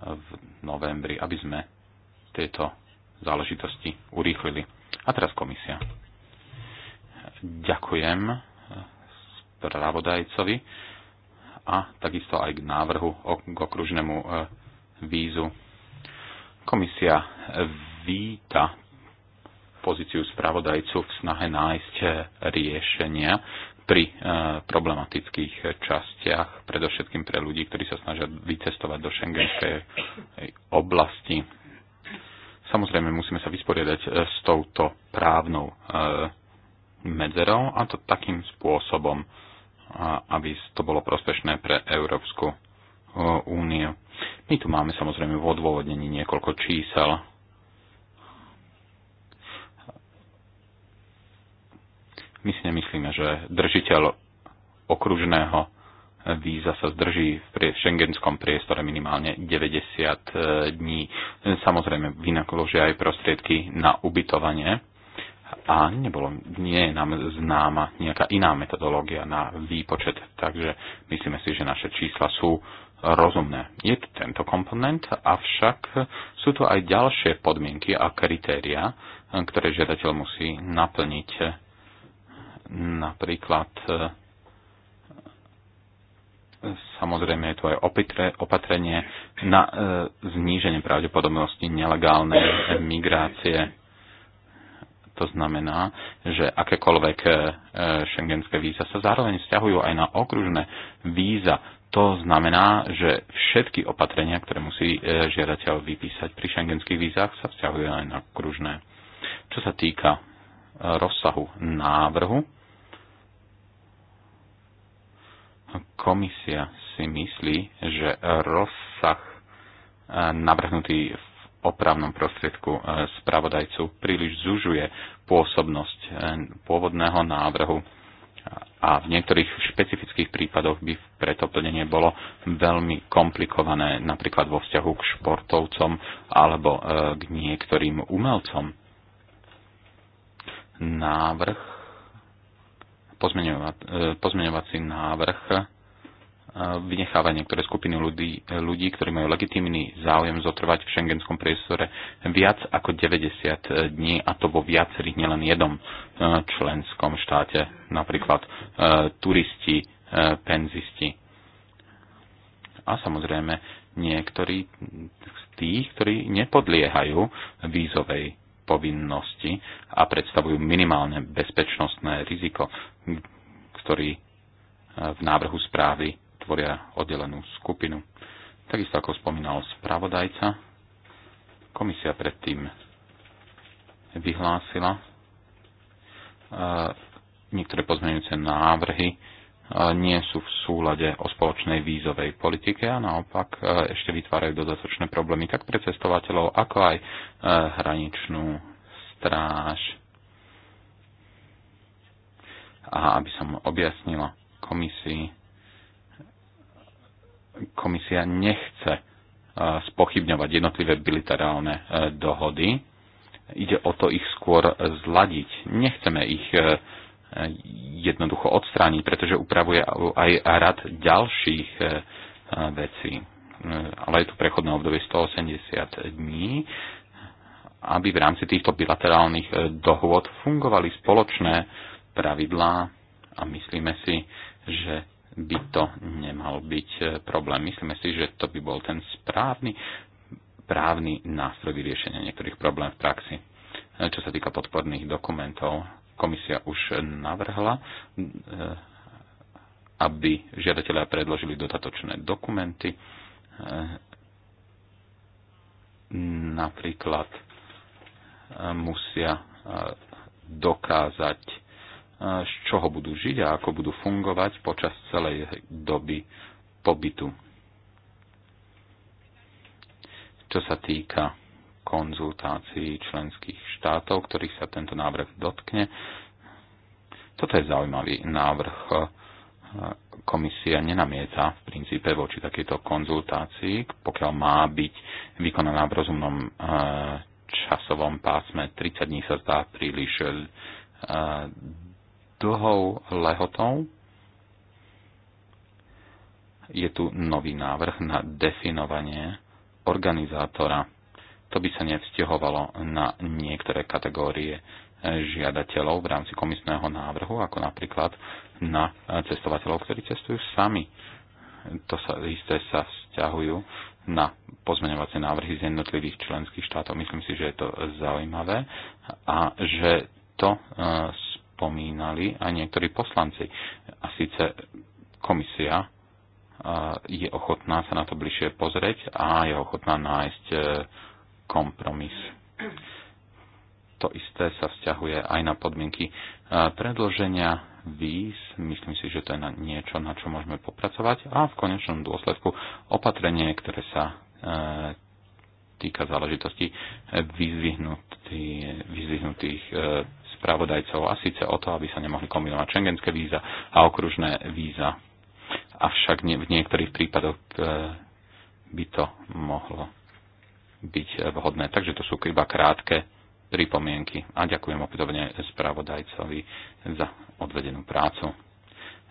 v novembri, aby sme tieto záležitosti urýchlili. A teraz komisia. Ďakujem spravodajcovi a takisto aj k návrhu k okružnému e, vízu. Komisia víta pozíciu spravodajcu v snahe nájsť riešenia pri e, problematických častiach, predovšetkým pre ľudí, ktorí sa snažia vycestovať do šengenskej oblasti. Samozrejme, musíme sa vysporiadať e, s touto právnou e, medzerou a to takým spôsobom, aby to bolo prospešné pre Európsku úniu. My tu máme samozrejme v odôvodnení niekoľko čísel, My si nemyslíme, že držiteľ okružného víza sa zdrží v šengenskom priestore minimálne 90 e, dní. Samozrejme, vynakoložia aj prostriedky na ubytovanie a nebolo, nie je nám známa nejaká iná metodológia na výpočet, takže myslíme si, že naše čísla sú rozumné. Je to tento komponent, avšak sú to aj ďalšie podmienky a kritéria, ktoré žiadateľ musí naplniť Napríklad e, samozrejme je to aj opitre, opatrenie na e, zníženie pravdepodobnosti nelegálnej migrácie. To znamená, že akékoľvek e, šengenské víza sa zároveň vzťahujú aj na okružné víza. To znamená, že všetky opatrenia, ktoré musí e, žiadateľ vypísať pri šengenských vízach, sa vzťahujú aj na okružné. Čo sa týka e, rozsahu návrhu, komisia si myslí, že rozsah e, navrhnutý v opravnom prostriedku e, spravodajcu príliš zužuje pôsobnosť e, pôvodného návrhu a v niektorých špecifických prípadoch by preto plnenie bolo veľmi komplikované, napríklad vo vzťahu k športovcom alebo k niektorým umelcom. Návrh E, pozmeňovací návrh e, vynecháva niektoré skupiny ľudí, ľudí, ktorí majú legitímny záujem zotrvať v šengenskom priestore viac ako 90 dní, a to vo viacerých, nielen jednom e, členskom štáte, napríklad turisti, penzisti. A samozrejme niektorí z tých, ktorí nepodliehajú vízovej povinnosti a predstavujú minimálne bezpečnostné riziko, ktorý e, v návrhu správy tvoria oddelenú skupinu. Takisto ako spomínal spravodajca, komisia predtým vyhlásila e, niektoré pozmeňujúce návrhy nie sú v súlade o spoločnej vízovej politike a naopak e, ešte vytvárajú dodatočné problémy tak pre cestovateľov, ako aj e, hraničnú stráž. A aby som objasnila komisii, komisia nechce e, spochybňovať jednotlivé bilaterálne dohody. Ide o to ich skôr zladiť. Nechceme ich jednoducho odstrániť, pretože upravuje aj rad ďalších e, e, vecí. E, ale je tu prechodné obdobie 180 dní, aby v rámci týchto bilaterálnych dohôd fungovali spoločné pravidlá a myslíme si, že by to nemal byť problém. Myslíme si, že to by bol ten správny právny nástroj vyriešenia niektorých problém v praxi. Čo sa týka podporných dokumentov, komisia už navrhla, e, aby žiadatelia predložili dodatočné dokumenty, e, napríklad e, musia dokázať, z čoho budú žiť a ako budú fungovať počas celej doby pobytu. Čo sa týka konzultácií členských štátov, ktorých sa tento návrh dotkne. Toto je zaujímavý návrh. Komisia nenamieta v princípe voči takejto konzultácii, pokiaľ má byť vykonaná v rozumnom e, časovom pásme. 30 dní sa zdá príliš e, dlhou lehotou. Je tu nový návrh na definovanie organizátora to by sa nevzťahovalo na niektoré kategórie eh, žiadateľov v rámci komisného návrhu, ako napríklad na eh, cestovateľov, ktorí cestujú sami. To sa, isté sa vzťahujú na pozmeňovacie návrhy z jednotlivých členských štátov. Myslím si, že je to zaujímavé a že to eh, spomínali aj niektorí poslanci. A síce komisia je ochotná sa na to bližšie pozrieť a je ochotná nájsť kompromis. To isté sa vzťahuje aj na podmienky e, predloženia víz. Myslím si, že to je niečo, na čo môžeme popracovať. A v konečnom dôsledku opatrenie, ktoré sa e, týka záležitosti vyzvihnutých, e, spravodajcov, a síce o to, aby sa nemohli kombinovať šengenské víza a okružné víza. Avšak v niektorých prípadoch by to mohlo byť vhodné. Takže to sú iba krátke pripomienky a ďakujem opätovne spravodajcovi za odvedenú prácu.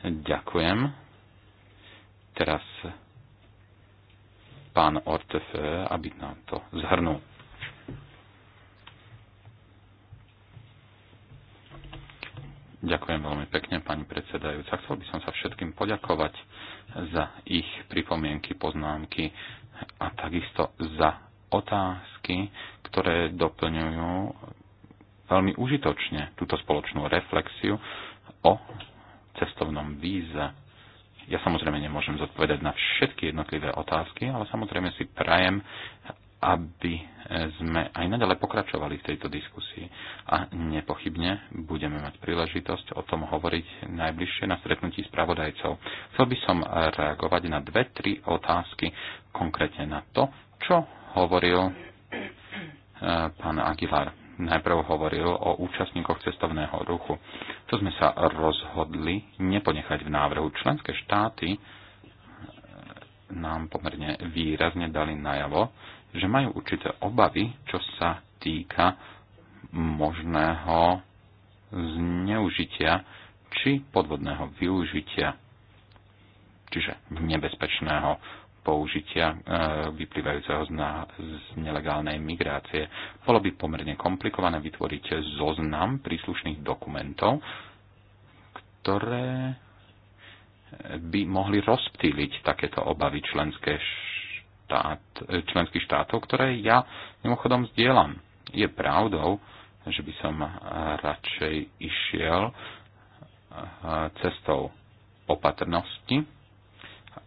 Ďakujem. Teraz pán Ortef, aby nám to zhrnul. Ďakujem veľmi pekne, pani predsedajúca. Chcel by som sa všetkým poďakovať za ich pripomienky, poznámky a takisto za otázky, ktoré doplňujú veľmi užitočne túto spoločnú reflexiu o cestovnom víze. Ja samozrejme nemôžem zodpovedať na všetky jednotlivé otázky, ale samozrejme si prajem, aby sme aj naďalej pokračovali v tejto diskusii. A nepochybne budeme mať príležitosť o tom hovoriť najbližšie na stretnutí spravodajcov. Chcel by som reagovať na dve, tri otázky, konkrétne na to, čo hovoril eh, pán Aguilar. Najprv hovoril o účastníkoch cestovného ruchu. To sme sa rozhodli neponechať v návrhu. Členské štáty eh, nám pomerne výrazne dali najavo, že majú určité obavy, čo sa týka možného zneužitia či podvodného využitia, čiže nebezpečného použitia e, vyplývajúceho z, na, z nelegálnej migrácie. Bolo by pomerne komplikované vytvoriť zoznam príslušných dokumentov, ktoré by mohli rozptýliť takéto obavy členské štát, členských štátov, ktoré ja mimochodom zdieľam. Je pravdou, že by som radšej išiel e, cestou opatrnosti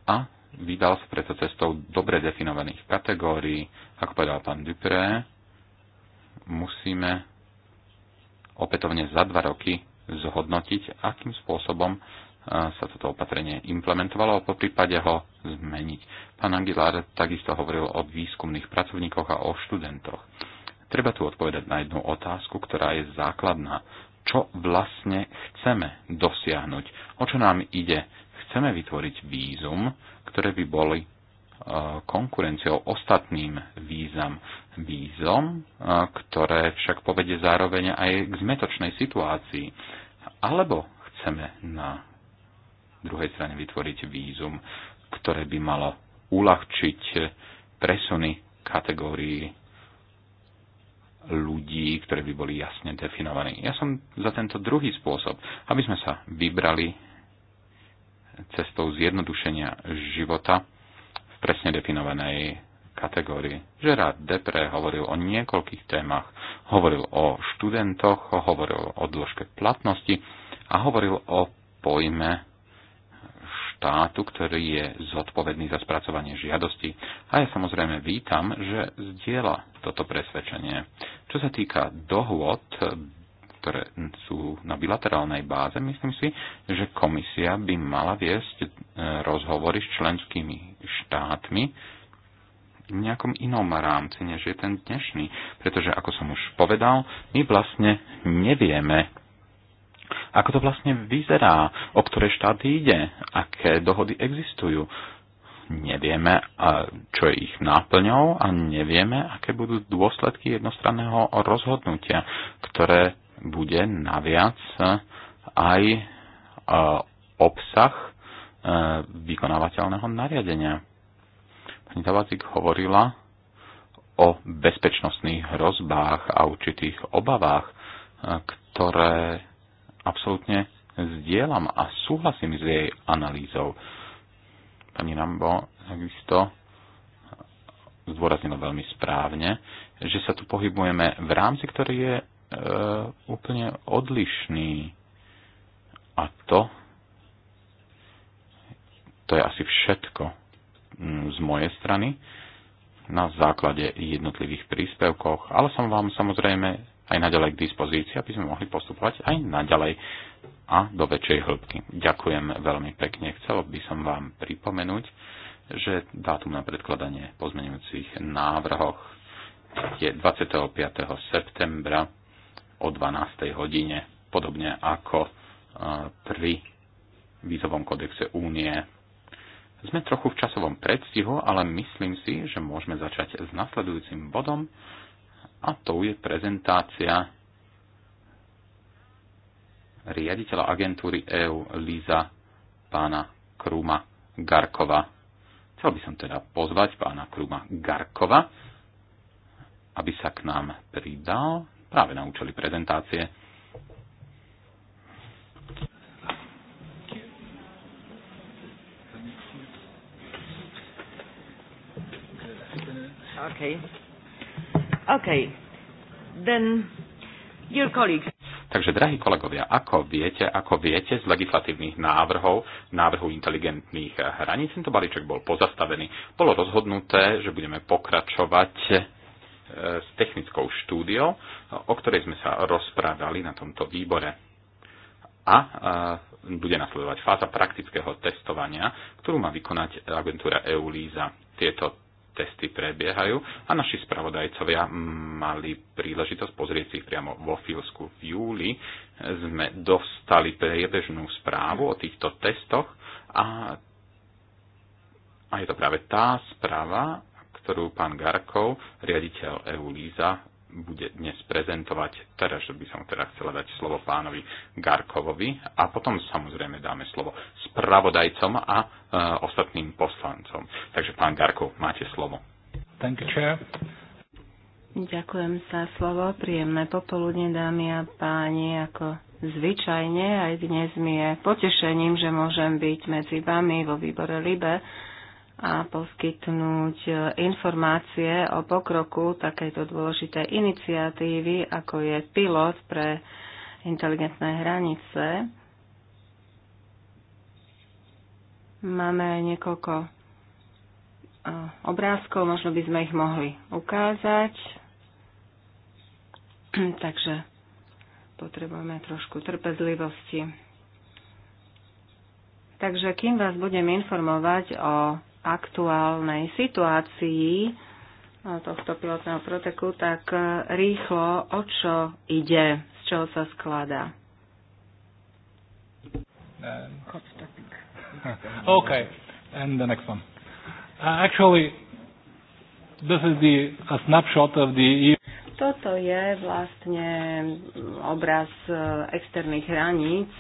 a vydal sa preto cestou dobre definovaných kategórií, ako povedal pán Dupré, musíme opätovne za dva roky zhodnotiť, akým spôsobom e, sa toto opatrenie implementovalo a po prípade ho zmeniť. Pán Angilár takisto hovoril o výskumných pracovníkoch a o študentoch. Treba tu odpovedať na jednu otázku, ktorá je základná. Čo vlastne chceme dosiahnuť? O čo nám ide chceme vytvoriť vízum, ktoré by boli e, konkurenciou ostatným vízam. Vízom, e, ktoré však povede zároveň aj k zmetočnej situácii. Alebo chceme na druhej strane vytvoriť vízum, ktoré by malo uľahčiť presuny kategórií ľudí, ktoré by boli jasne definovaní. Ja som za tento druhý spôsob, aby sme sa vybrali cestou zjednodušenia života v presne definovanej kategórii. Gerard Depre hovoril o niekoľkých témach. Hovoril o študentoch, hovoril o dĺžke platnosti a hovoril o pojme štátu, ktorý je zodpovedný za spracovanie žiadosti. A ja samozrejme vítam, že zdieľa toto presvedčenie. Čo sa týka dohôd ktoré sú na bilaterálnej báze, myslím si, že komisia by mala viesť e, rozhovory s členskými štátmi v nejakom inom rámci, než je ten dnešný. Pretože, ako som už povedal, my vlastne nevieme, ako to vlastne vyzerá, o ktoré štáty ide, aké dohody existujú nevieme, čo je ich náplňou a nevieme, aké budú dôsledky jednostranného rozhodnutia, ktoré bude naviac e, aj e, obsah e, vykonávateľného nariadenia. Pani Tavazik hovorila o bezpečnostných hrozbách a určitých obavách, ktoré absolútne zdieľam a súhlasím s jej analýzou. Pani Rambo takisto zdôraznila veľmi správne, že sa tu pohybujeme v rámci, ktorý je E, úplne odlišný. A to, to je asi všetko mm, z mojej strany na základe jednotlivých príspevkoch, ale som vám samozrejme aj naďalej k dispozícii, aby sme mohli postupovať aj naďalej a do väčšej hĺbky. Ďakujem veľmi pekne. Chcel by som vám pripomenúť, že dátum na predkladanie pozmenujúcich návrhoch je 25. septembra o 12. hodine, podobne ako e, pri vízovom kodexe únie. Sme trochu v časovom predstihu, ale myslím si, že môžeme začať s nasledujúcim bodom a to je prezentácia riaditeľa agentúry EU Liza pána Kruma Garkova. Chcel by som teda pozvať pána Kruma Garkova, aby sa k nám pridal práve na účely prezentácie. Okay. Okay. Then, colleagues. Takže, drahí kolegovia, ako viete, ako viete z legislatívnych návrhov, návrhu inteligentných hraníc, tento balíček bol pozastavený. Bolo rozhodnuté, že budeme pokračovať s technickou štúdiou, o ktorej sme sa rozprávali na tomto výbore. A bude nasledovať fáza praktického testovania, ktorú má vykonať agentúra EULISA. Tieto testy prebiehajú a naši spravodajcovia mali príležitosť pozrieť si ich priamo vo Filsku. V júli sme dostali priebežnú správu o týchto testoch a, a je to práve tá správa, ktorú pán Garkov, riaditeľ EU Líza, bude dnes prezentovať. Teraz by som teda chcela dať slovo pánovi Garkovovi a potom samozrejme dáme slovo spravodajcom a e, ostatným poslancom. Takže pán Garkov, máte slovo. Thank you, chair. Ďakujem za slovo. Príjemné popoludne, dámy a páni, ako zvyčajne. Aj dnes mi je potešením, že môžem byť medzi vami vo výbore LIBE a poskytnúť e, informácie o pokroku takejto dôležitej iniciatívy, ako je pilot pre inteligentné hranice. Máme aj niekoľko e, obrázkov, možno by sme ich mohli ukázať. Takže potrebujeme trošku trpezlivosti. Takže kým vás budem informovať o aktuálnej situácii eh, tohto pilotného proteku, tak eh, rýchlo o čo ide, z čoho sa skladá. Um, Hot OK, and the next one. Uh, actually, this is the, a snapshot of the EU. Toto je vlastne obraz eh, externých hraníc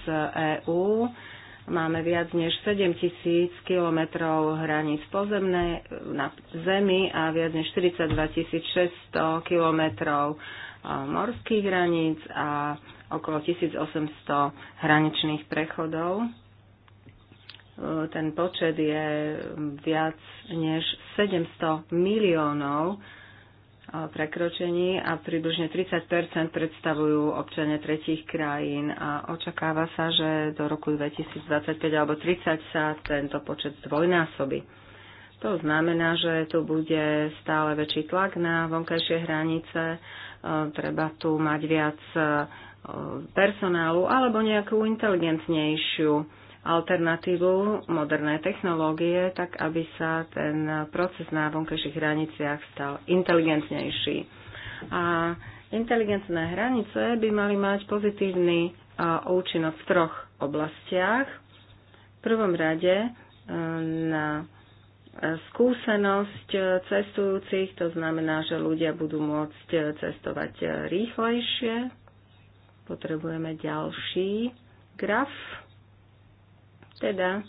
EÚ. EU Máme viac než 7 tisíc kilometrov hraníc pozemnej eh, na zemi a viac než 42 600 kilometrov eh, morských hraníc a okolo 1800 hraničných prechodov. Eh, ten počet je viac než 700 miliónov prekročení a približne 30 predstavujú občania tretích krajín a očakáva sa, že do roku 2025 alebo 30 sa tento počet zdvojnásobí. To znamená, že tu bude stále väčší tlak na vonkajšie hranice, e, treba tu mať viac e, personálu alebo nejakú inteligentnejšiu alternatívu, moderné technológie, tak aby sa ten proces na vonkajších hraniciach stal inteligentnejší. A inteligentné hranice by mali mať pozitívny e, účinok v troch oblastiach. V prvom rade e, na skúsenosť e, cestujúcich, to znamená, že ľudia budú môcť cestovať rýchlejšie. Potrebujeme ďalší graf. Teda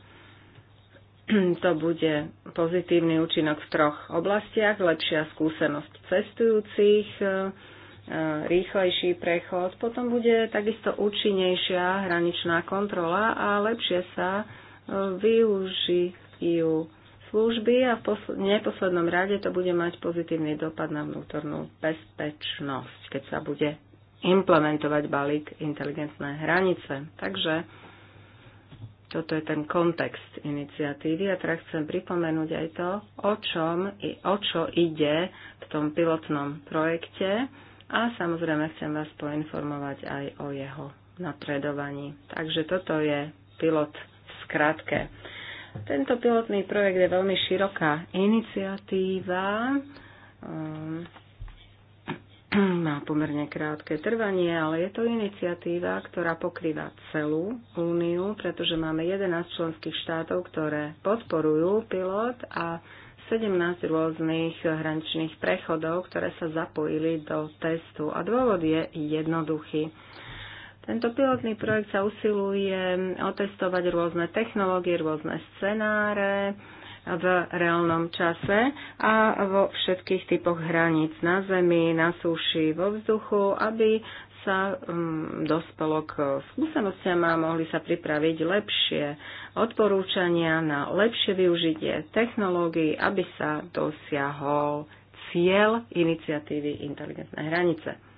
to bude pozitívny účinok v troch oblastiach. Lepšia skúsenosť cestujúcich, e, e, rýchlejší prechod, potom bude takisto účinnejšia hraničná kontrola a lepšie sa e, využijú služby a v neposlednom rade to bude mať pozitívny dopad na vnútornú bezpečnosť, keď sa bude implementovať balík inteligentné hranice. Takže toto je ten kontext iniciatívy a teraz chcem pripomenúť aj to, o, čom, o čo ide v tom pilotnom projekte a samozrejme chcem vás poinformovať aj o jeho napredovaní. Takže toto je pilot v skratke. Tento pilotný projekt je veľmi široká iniciatíva. Um, má pomerne krátke trvanie, ale je to iniciatíva, ktorá pokrýva celú úniu, pretože máme 11 členských štátov, ktoré podporujú pilot a 17 rôznych hraničných prechodov, ktoré sa zapojili do testu. A dôvod je jednoduchý. Tento pilotný projekt sa usiluje otestovať rôzne technológie, rôzne scenáre, v reálnom čase a vo všetkých typoch hraníc na zemi, na súši, vo vzduchu, aby sa um, dospelo k skúsenostiam a mohli sa pripraviť lepšie odporúčania na lepšie využitie technológií, aby sa dosiahol cieľ iniciatívy Inteligentné hranice.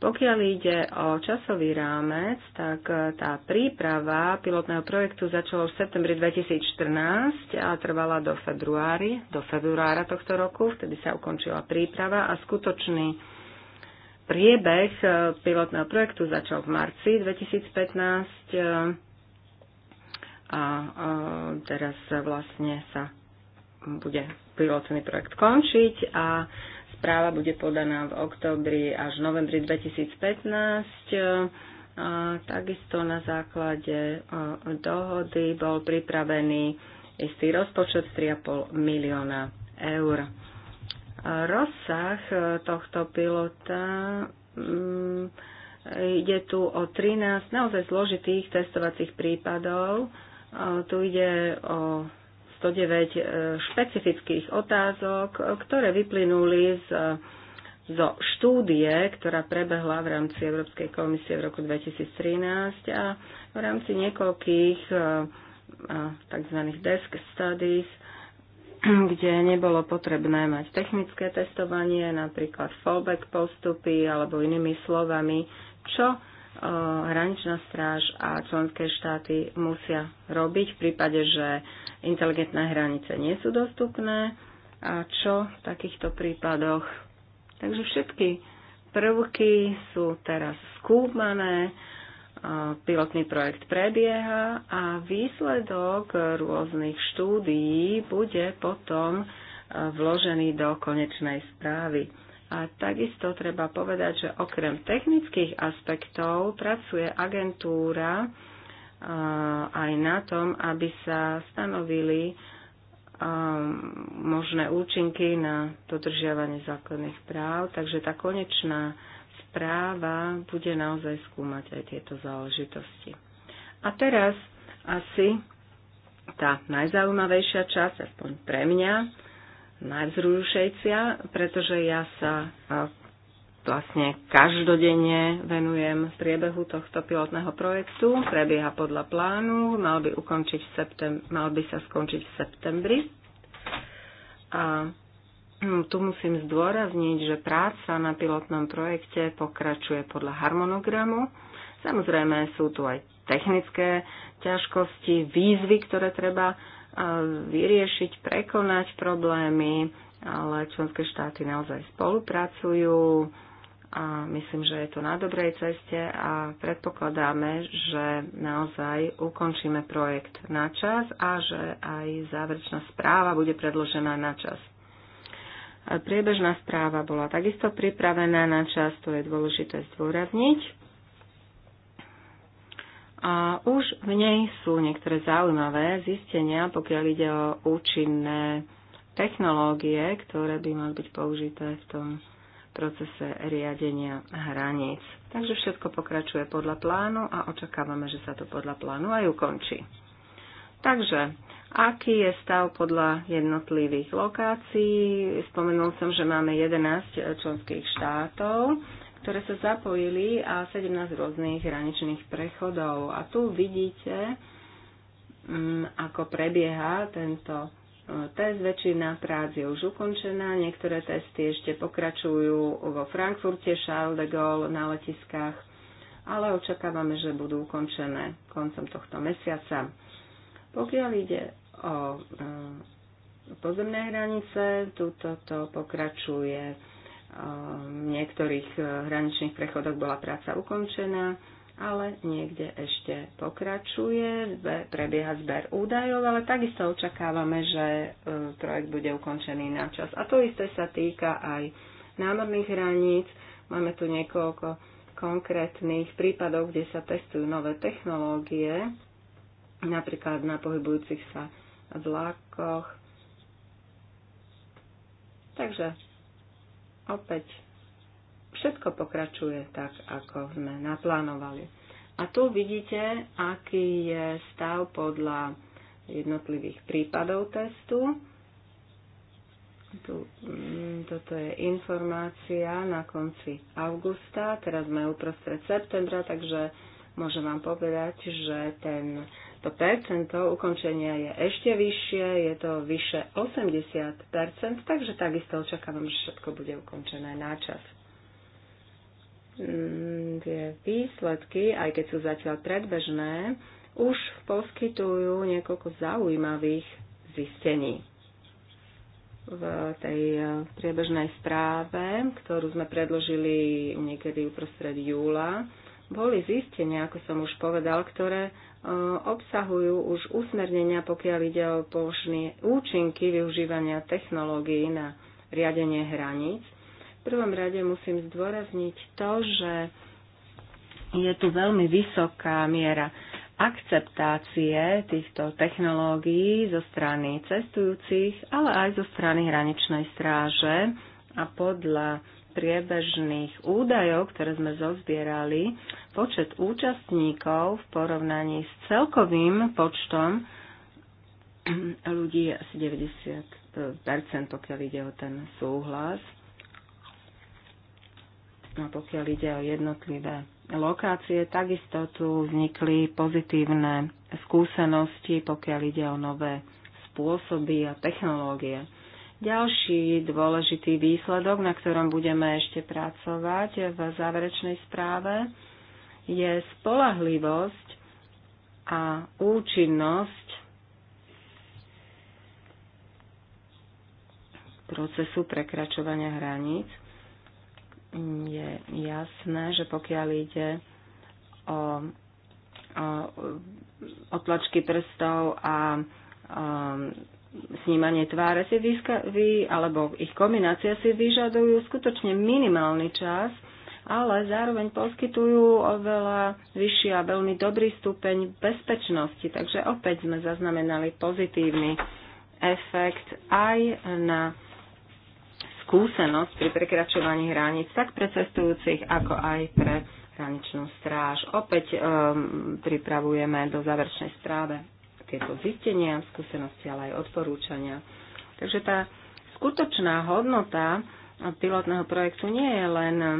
Pokiaľ ide o časový rámec, tak e, tá príprava pilotného projektu začala v septembri 2014 a trvala do, februári, do februára tohto roku, vtedy sa ukončila príprava a skutočný priebeh e, pilotného projektu začal v marci 2015 e, a teraz vlastne sa bude pilotný projekt končiť a Správa bude podaná v oktobri až novembri 2015. A takisto na základe dohody bol pripravený istý rozpočet 3,5 milióna eur. Rozsah e, tohto pilota mm, ide tu o 13 naozaj zložitých testovacích prípadov. Tu ide o 109 e, špecifických otázok, ktoré vyplynuli z, zo štúdie, ktorá prebehla v rámci Európskej komisie v roku 2013 a v rámci niekoľkých e, tzv. desk studies, kde nebolo potrebné mať technické testovanie, napríklad fallback postupy alebo inými slovami, čo hraničná stráž a členské štáty musia robiť v prípade, že inteligentné hranice nie sú dostupné a čo v takýchto prípadoch. Takže všetky prvky sú teraz skúmané, pilotný projekt prebieha a výsledok rôznych štúdií bude potom vložený do konečnej správy. A takisto treba povedať, že okrem technických aspektov pracuje agentúra aj na tom, aby sa stanovili možné účinky na dodržiavanie základných práv. Takže tá konečná správa bude naozaj skúmať aj tieto záležitosti. A teraz asi tá najzaujímavejšia časť, aspoň pre mňa, najvzrušujúcia, pretože ja sa vlastne každodenne venujem priebehu tohto pilotného projektu. Prebieha podľa plánu, mal by, ukončiť v septem- mal by sa skončiť v septembri. A hm, tu musím zdôrazniť, že práca na pilotnom projekte pokračuje podľa harmonogramu. Samozrejme sú tu aj technické ťažkosti, výzvy, ktoré treba vyriešiť, prekonať problémy, ale členské štáty naozaj spolupracujú a myslím, že je to na dobrej ceste a predpokladáme, že naozaj ukončíme projekt na čas a že aj záverečná správa bude predložená na čas. Priebežná správa bola takisto pripravená na čas, to je dôležité zdôrazniť. A už v nej sú niektoré zaujímavé zistenia, pokiaľ ide o účinné technológie, ktoré by mali byť použité v tom procese riadenia hraníc. Takže všetko pokračuje podľa plánu a očakávame, že sa to podľa plánu aj ukončí. Takže, aký je stav podľa jednotlivých lokácií? Spomenul som, že máme 11 členských štátov, ktoré sa zapojili a 17 rôznych hraničných prechodov. A tu vidíte, mm, ako prebieha tento e, test. Väčšina prác je už ukončená, niektoré testy ešte pokračujú vo Frankfurte, Charles de Gaulle na letiskách, ale očakávame, že budú ukončené koncom tohto mesiaca. Pokiaľ ide o e, pozemné hranice, tuto to pokračuje v niektorých eh, hraničných prechodoch bola práca ukončená, ale niekde ešte pokračuje, prebieha zber údajov, ale takisto očakávame, že eh, projekt bude ukončený na čas. A to isté sa týka aj námorných hraníc. Máme tu niekoľko konkrétnych prípadov, kde sa testujú nové technológie, napríklad na pohybujúcich sa vlákoch. Takže opäť všetko pokračuje tak, ako sme naplánovali. A tu vidíte, aký je stav podľa jednotlivých prípadov testu. Tu, mm, toto je informácia na konci augusta, teraz sme uprostred septembra, takže môžem vám povedať, že ten to percento ukončenia je ešte vyššie, je to vyše 80%, takže takisto očakávam, že všetko bude ukončené na čas. Mm, tie výsledky, aj keď sú zatiaľ predbežné, už poskytujú niekoľko zaujímavých zistení. V tej eh, priebežnej správe, ktorú sme predložili niekedy uprostred júla, boli zistenia, ako som už povedal, ktoré obsahujú už usmernenia, pokiaľ ide o plošné účinky využívania technológií na riadenie hraníc. V prvom rade musím zdôrazniť to, že je tu veľmi vysoká miera akceptácie týchto technológií zo strany cestujúcich, ale aj zo strany hraničnej stráže a podľa priebežných údajov, ktoré sme zozbierali, počet účastníkov v porovnaní s celkovým počtom ľudí je asi 90%, pokiaľ ide o ten súhlas. A pokiaľ ide o jednotlivé lokácie, takisto tu vznikli pozitívne skúsenosti, pokiaľ ide o nové spôsoby a technológie. Ďalší dôležitý výsledok, na ktorom budeme ešte pracovať v záverečnej správe, je spolahlivosť a účinnosť procesu prekračovania hraníc. Je jasné, že pokiaľ ide o, o otlačky prstov a snímanie tváre si vyskaví, alebo ich kombinácia si vyžadujú skutočne minimálny čas, ale zároveň poskytujú oveľa vyšší a veľmi dobrý stupeň bezpečnosti. Takže opäť sme zaznamenali pozitívny efekt aj na skúsenosť pri prekračovaní hraníc, tak pre cestujúcich, ako aj pre hraničnú stráž. Opäť um, pripravujeme do záverečnej správe tieto zistenia, skúsenosti, ale aj odporúčania. Takže tá skutočná hodnota pilotného projektu nie je len e,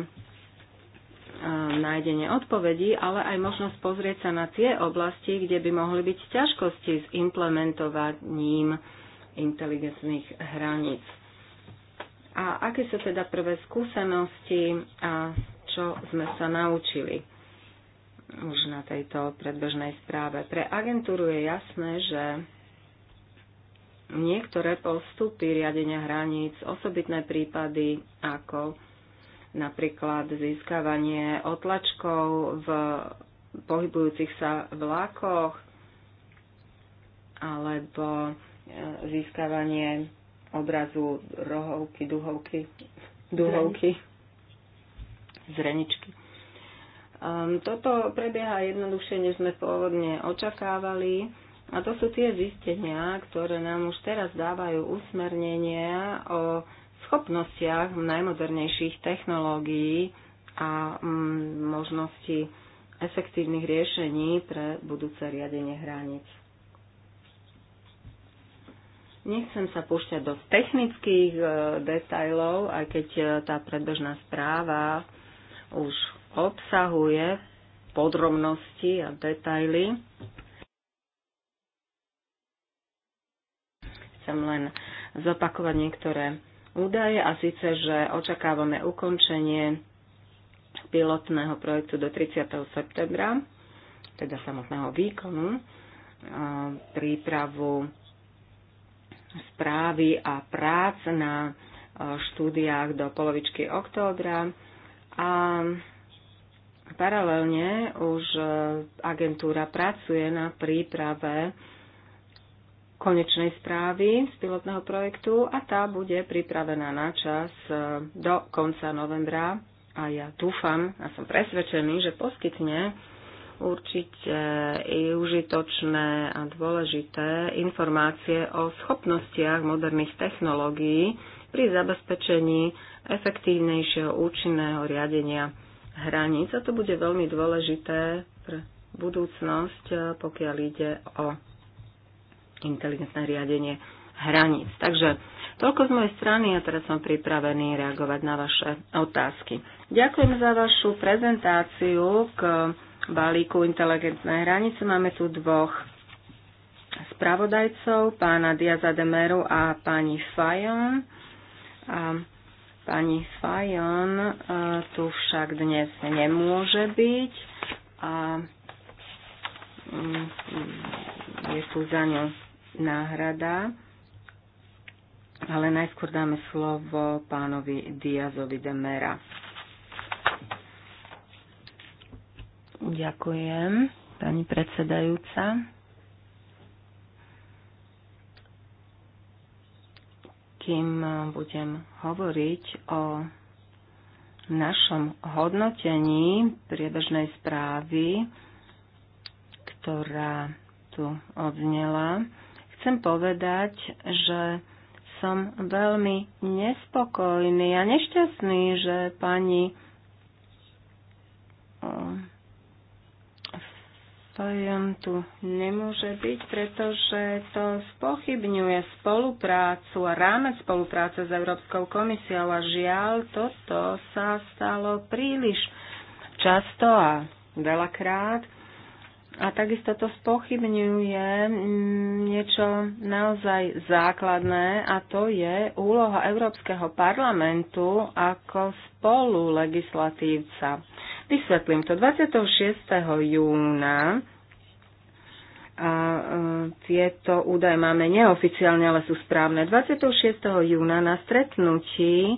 nájdenie odpovedí, ale aj možnosť pozrieť sa na tie oblasti, kde by mohli byť ťažkosti s implementovaním inteligentných hraníc. A aké sú teda prvé skúsenosti a čo sme sa naučili? už na tejto predbežnej správe. Pre agentúru je jasné, že niektoré postupy riadenia hraníc, osobitné prípady ako napríklad získavanie otlačkov v pohybujúcich sa vlákoch alebo e, získavanie obrazu rohovky, duhovky, duhovky, zreničky. Um, toto prebieha jednoduchšie, než sme pôvodne očakávali. A to sú tie zistenia, ktoré nám už teraz dávajú usmernenia o schopnostiach najmodernejších technológií a mm, možnosti efektívnych riešení pre budúce riadenie hraníc. Nechcem sa púšťať do technických e, detajlov, aj keď e, tá predbežná správa už obsahuje podrobnosti a detaily. Chcem len zopakovať niektoré údaje a síce, že očakávame ukončenie pilotného projektu do 30. septembra, teda samotného výkonu, prípravu správy a prác na štúdiách do polovičky októbra a Paralelne už e, agentúra pracuje na príprave konečnej správy z pilotného projektu a tá bude pripravená na čas e, do konca novembra a ja dúfam a som presvedčený, že poskytne určite i užitočné a dôležité informácie o schopnostiach moderných technológií pri zabezpečení efektívnejšieho účinného riadenia hraníc a to bude veľmi dôležité pre budúcnosť, eh, pokiaľ ide o inteligentné riadenie hraníc. Takže toľko z mojej strany a teraz som pripravený reagovať na vaše otázky. Ďakujem za vašu prezentáciu k balíku inteligentné hranice. Máme tu dvoch spravodajcov, pána Diaza Demeru a pani Fajon. A Pani Fajon e, tu však dnes nemôže byť a mm, je tu za ňu náhrada. Ale najskôr dáme slovo pánovi Diazovi de Mera. Ďakujem, pani predsedajúca. kým eh, budem hovoriť o našom hodnotení priebežnej správy, ktorá tu odznela, chcem povedať, že som veľmi nespokojný a nešťastný, že pani eh, Fajon tu nemôže byť, pretože to spochybňuje spoluprácu a rámec spolupráce s Európskou komisiou a žiaľ, toto sa stalo príliš často a veľakrát. A takisto to spochybňuje niečo naozaj základné a to je úloha Európskeho parlamentu ako spolulegislatívca. legislatívca Vysvetlím to. 26. júna a e, tieto údaje máme neoficiálne, ale sú správne. 26. júna na stretnutí e,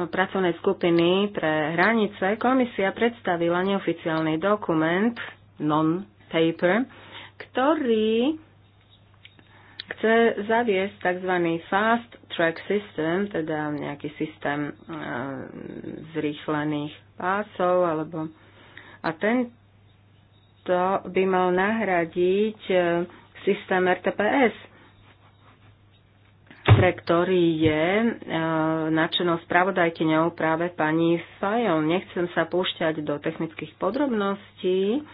pracovnej skupiny pre hranice komisia predstavila neoficiálny dokument, non-paper, ktorý chce zaviesť tzv. fast track system, teda nejaký systém eh, zrýchlených pásov, alebo a tento by mal nahradiť eh, systém RTPS, pre ktorý je eh, načenou spravodajkyňou práve pani Fajon. Nechcem sa púšťať do technických podrobností,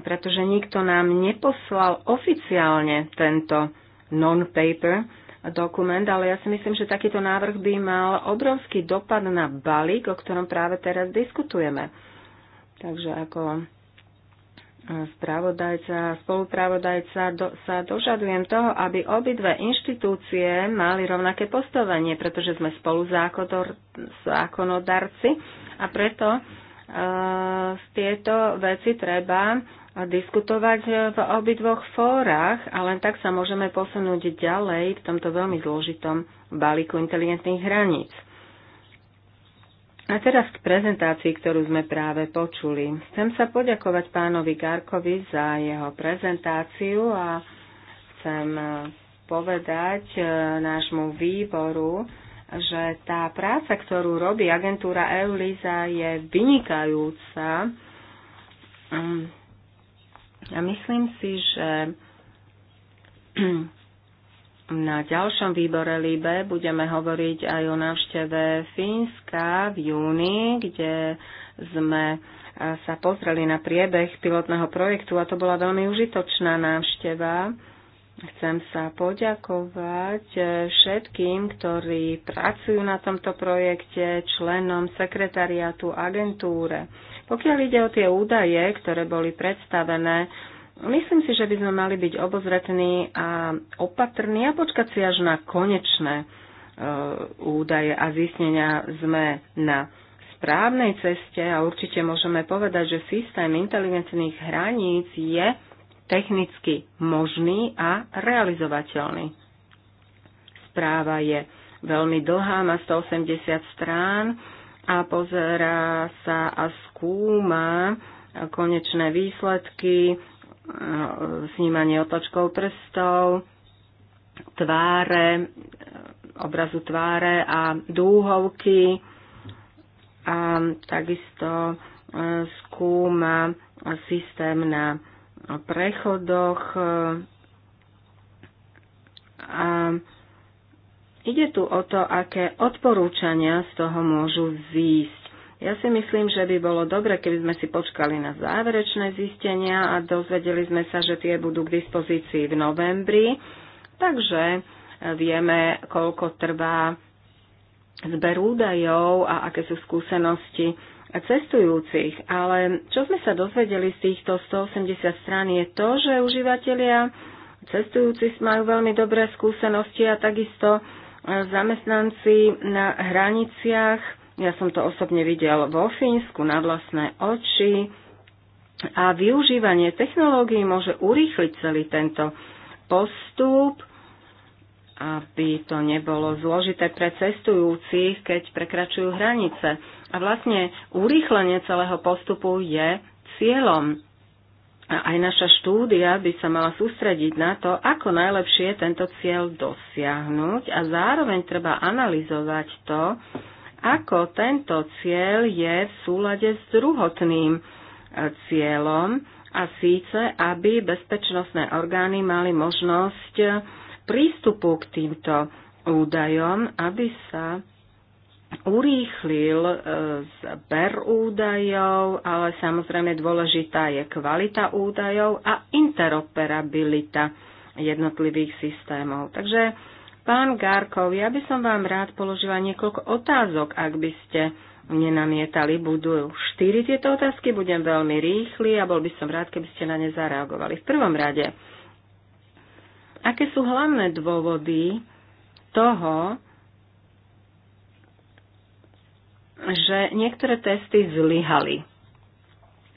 pretože nikto nám neposlal oficiálne tento non-paper, dokument, ale ja si myslím, že takýto návrh by mal obrovský dopad na balík, o ktorom práve teraz diskutujeme. Takže ako e, spravodajca, spolupravodajca do, sa dožadujem toho, aby obidve inštitúcie mali rovnaké postavenie, pretože sme spolu zákonodarci a preto e, tieto veci treba diskutovať eh, v obidvoch fórach a len tak sa môžeme posunúť ďalej v tomto veľmi zložitom balíku inteligentných hraníc. A teraz k prezentácii, ktorú sme práve počuli. Chcem sa poďakovať pánovi Garkovi za jeho prezentáciu a chcem eh, povedať eh, nášmu výboru, že tá práca, ktorú robí agentúra Euliza, je vynikajúca mm. A myslím si, že na ďalšom výbore LIBE budeme hovoriť aj o návšteve Fínska v júni, kde sme sa pozreli na priebeh pilotného projektu a to bola veľmi užitočná návšteva. Chcem sa poďakovať e, všetkým, ktorí pracujú na tomto projekte, členom sekretariátu, agentúre pokiaľ ide o tie údaje, ktoré boli predstavené, myslím si, že by sme mali byť obozretní a opatrní a počkať si až na konečné e, údaje a zistenia sme na správnej ceste a určite môžeme povedať, že systém inteligentných hraníc je technicky možný a realizovateľný. Správa je veľmi dlhá, má 180 strán a pozerá sa a skúma konečné výsledky, snímanie otočkov prstov, tváre, obrazu tváre a dúhovky a takisto e, skúma systém na prechodoch e, a Ide tu o to, aké odporúčania z toho môžu výjsť. Ja si myslím, že by bolo dobre, keby sme si počkali na záverečné zistenia a dozvedeli sme sa, že tie budú k dispozícii v novembri. Takže e, vieme, koľko trvá zber údajov a aké sú skúsenosti cestujúcich. Ale čo sme sa dozvedeli z týchto 180 strán je to, že užívateľia cestujúci majú veľmi dobré skúsenosti a takisto zamestnanci na hraniciach. Ja som to osobne videl vo Fínsku na vlastné oči. A využívanie technológií môže urýchliť celý tento postup, aby to nebolo zložité pre cestujúcich, keď prekračujú hranice. A vlastne urýchlenie celého postupu je cieľom aj naša štúdia by sa mala sústrediť na to, ako najlepšie tento cieľ dosiahnuť a zároveň treba analyzovať to, ako tento cieľ je v súlade s druhotným e, cieľom a síce, aby bezpečnostné orgány mali možnosť e, prístupu k týmto údajom, aby sa urýchlil e, zber údajov, ale samozrejme dôležitá je kvalita údajov a interoperabilita jednotlivých systémov. Takže, pán Gárkov, ja by som vám rád položila niekoľko otázok, ak by ste nenamietali. Budú štyri tieto otázky, budem veľmi rýchly a bol by som rád, keby ste na ne zareagovali. V prvom rade, aké sú hlavné dôvody toho, že niektoré testy zlyhali.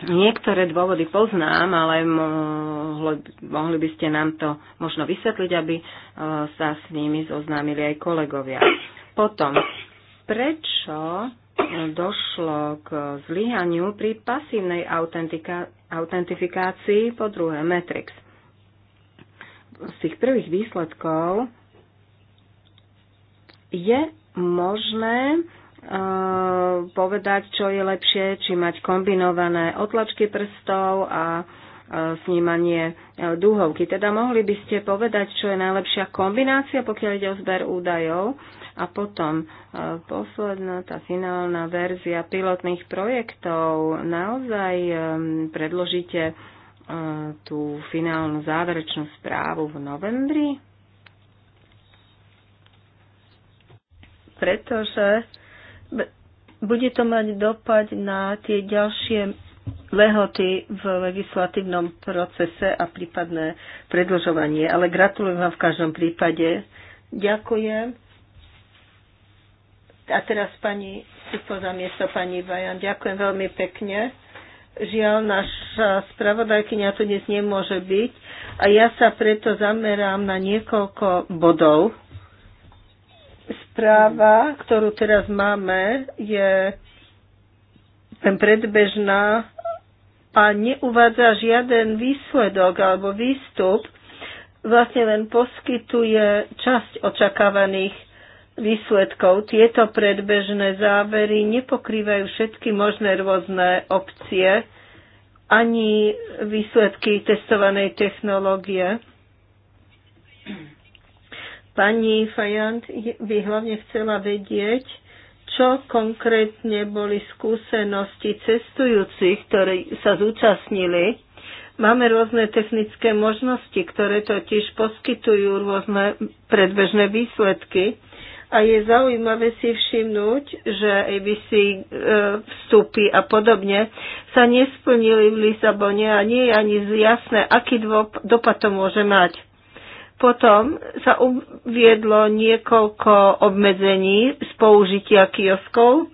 Niektoré dôvody poznám, ale mohli, mohli by ste nám to možno vysvetliť, aby e, sa s nimi zoznámili aj kolegovia. Potom, prečo došlo k zlyhaniu pri pasívnej autentifikácii po druhé Matrix? Z tých prvých výsledkov je možné Eh, povedať, čo je lepšie, či mať kombinované otlačky prstov a eh, snímanie eh, dúhovky. Teda mohli by ste povedať, čo je najlepšia kombinácia, pokiaľ ide o zber údajov. A potom posledná, tá finálna verzia pilotných projektov. Naozaj predložíte tú finálnu záverečnú správu v novembri? Pretože bude to mať dopad na tie ďalšie lehoty v legislatívnom procese a prípadné predlžovanie. Ale gratulujem vám v každom prípade. Ďakujem. A teraz pani Sipo za miesto pani Vajan. Ďakujem veľmi pekne. Žiaľ, naša spravodajkynia tu dnes nemôže byť a ja sa preto zamerám na niekoľko bodov, správa, ktorú teraz máme, je ten predbežná a neuvádza žiaden výsledok alebo výstup, vlastne len poskytuje časť očakávaných výsledkov. Tieto predbežné závery nepokrývajú všetky možné rôzne opcie ani výsledky testovanej technológie. Pani Fajant by hlavne chcela vedieť, čo konkrétne boli skúsenosti cestujúcich, ktorí sa zúčastnili. Máme rôzne technické možnosti, ktoré totiž poskytujú rôzne predbežné výsledky. A je zaujímavé si všimnúť, že ABC e, vstupy a podobne sa nesplnili v Lisabone a nie je ani jasné, aký dopad to môže mať. Potom sa uviedlo niekoľko obmedzení z použitia kioskov,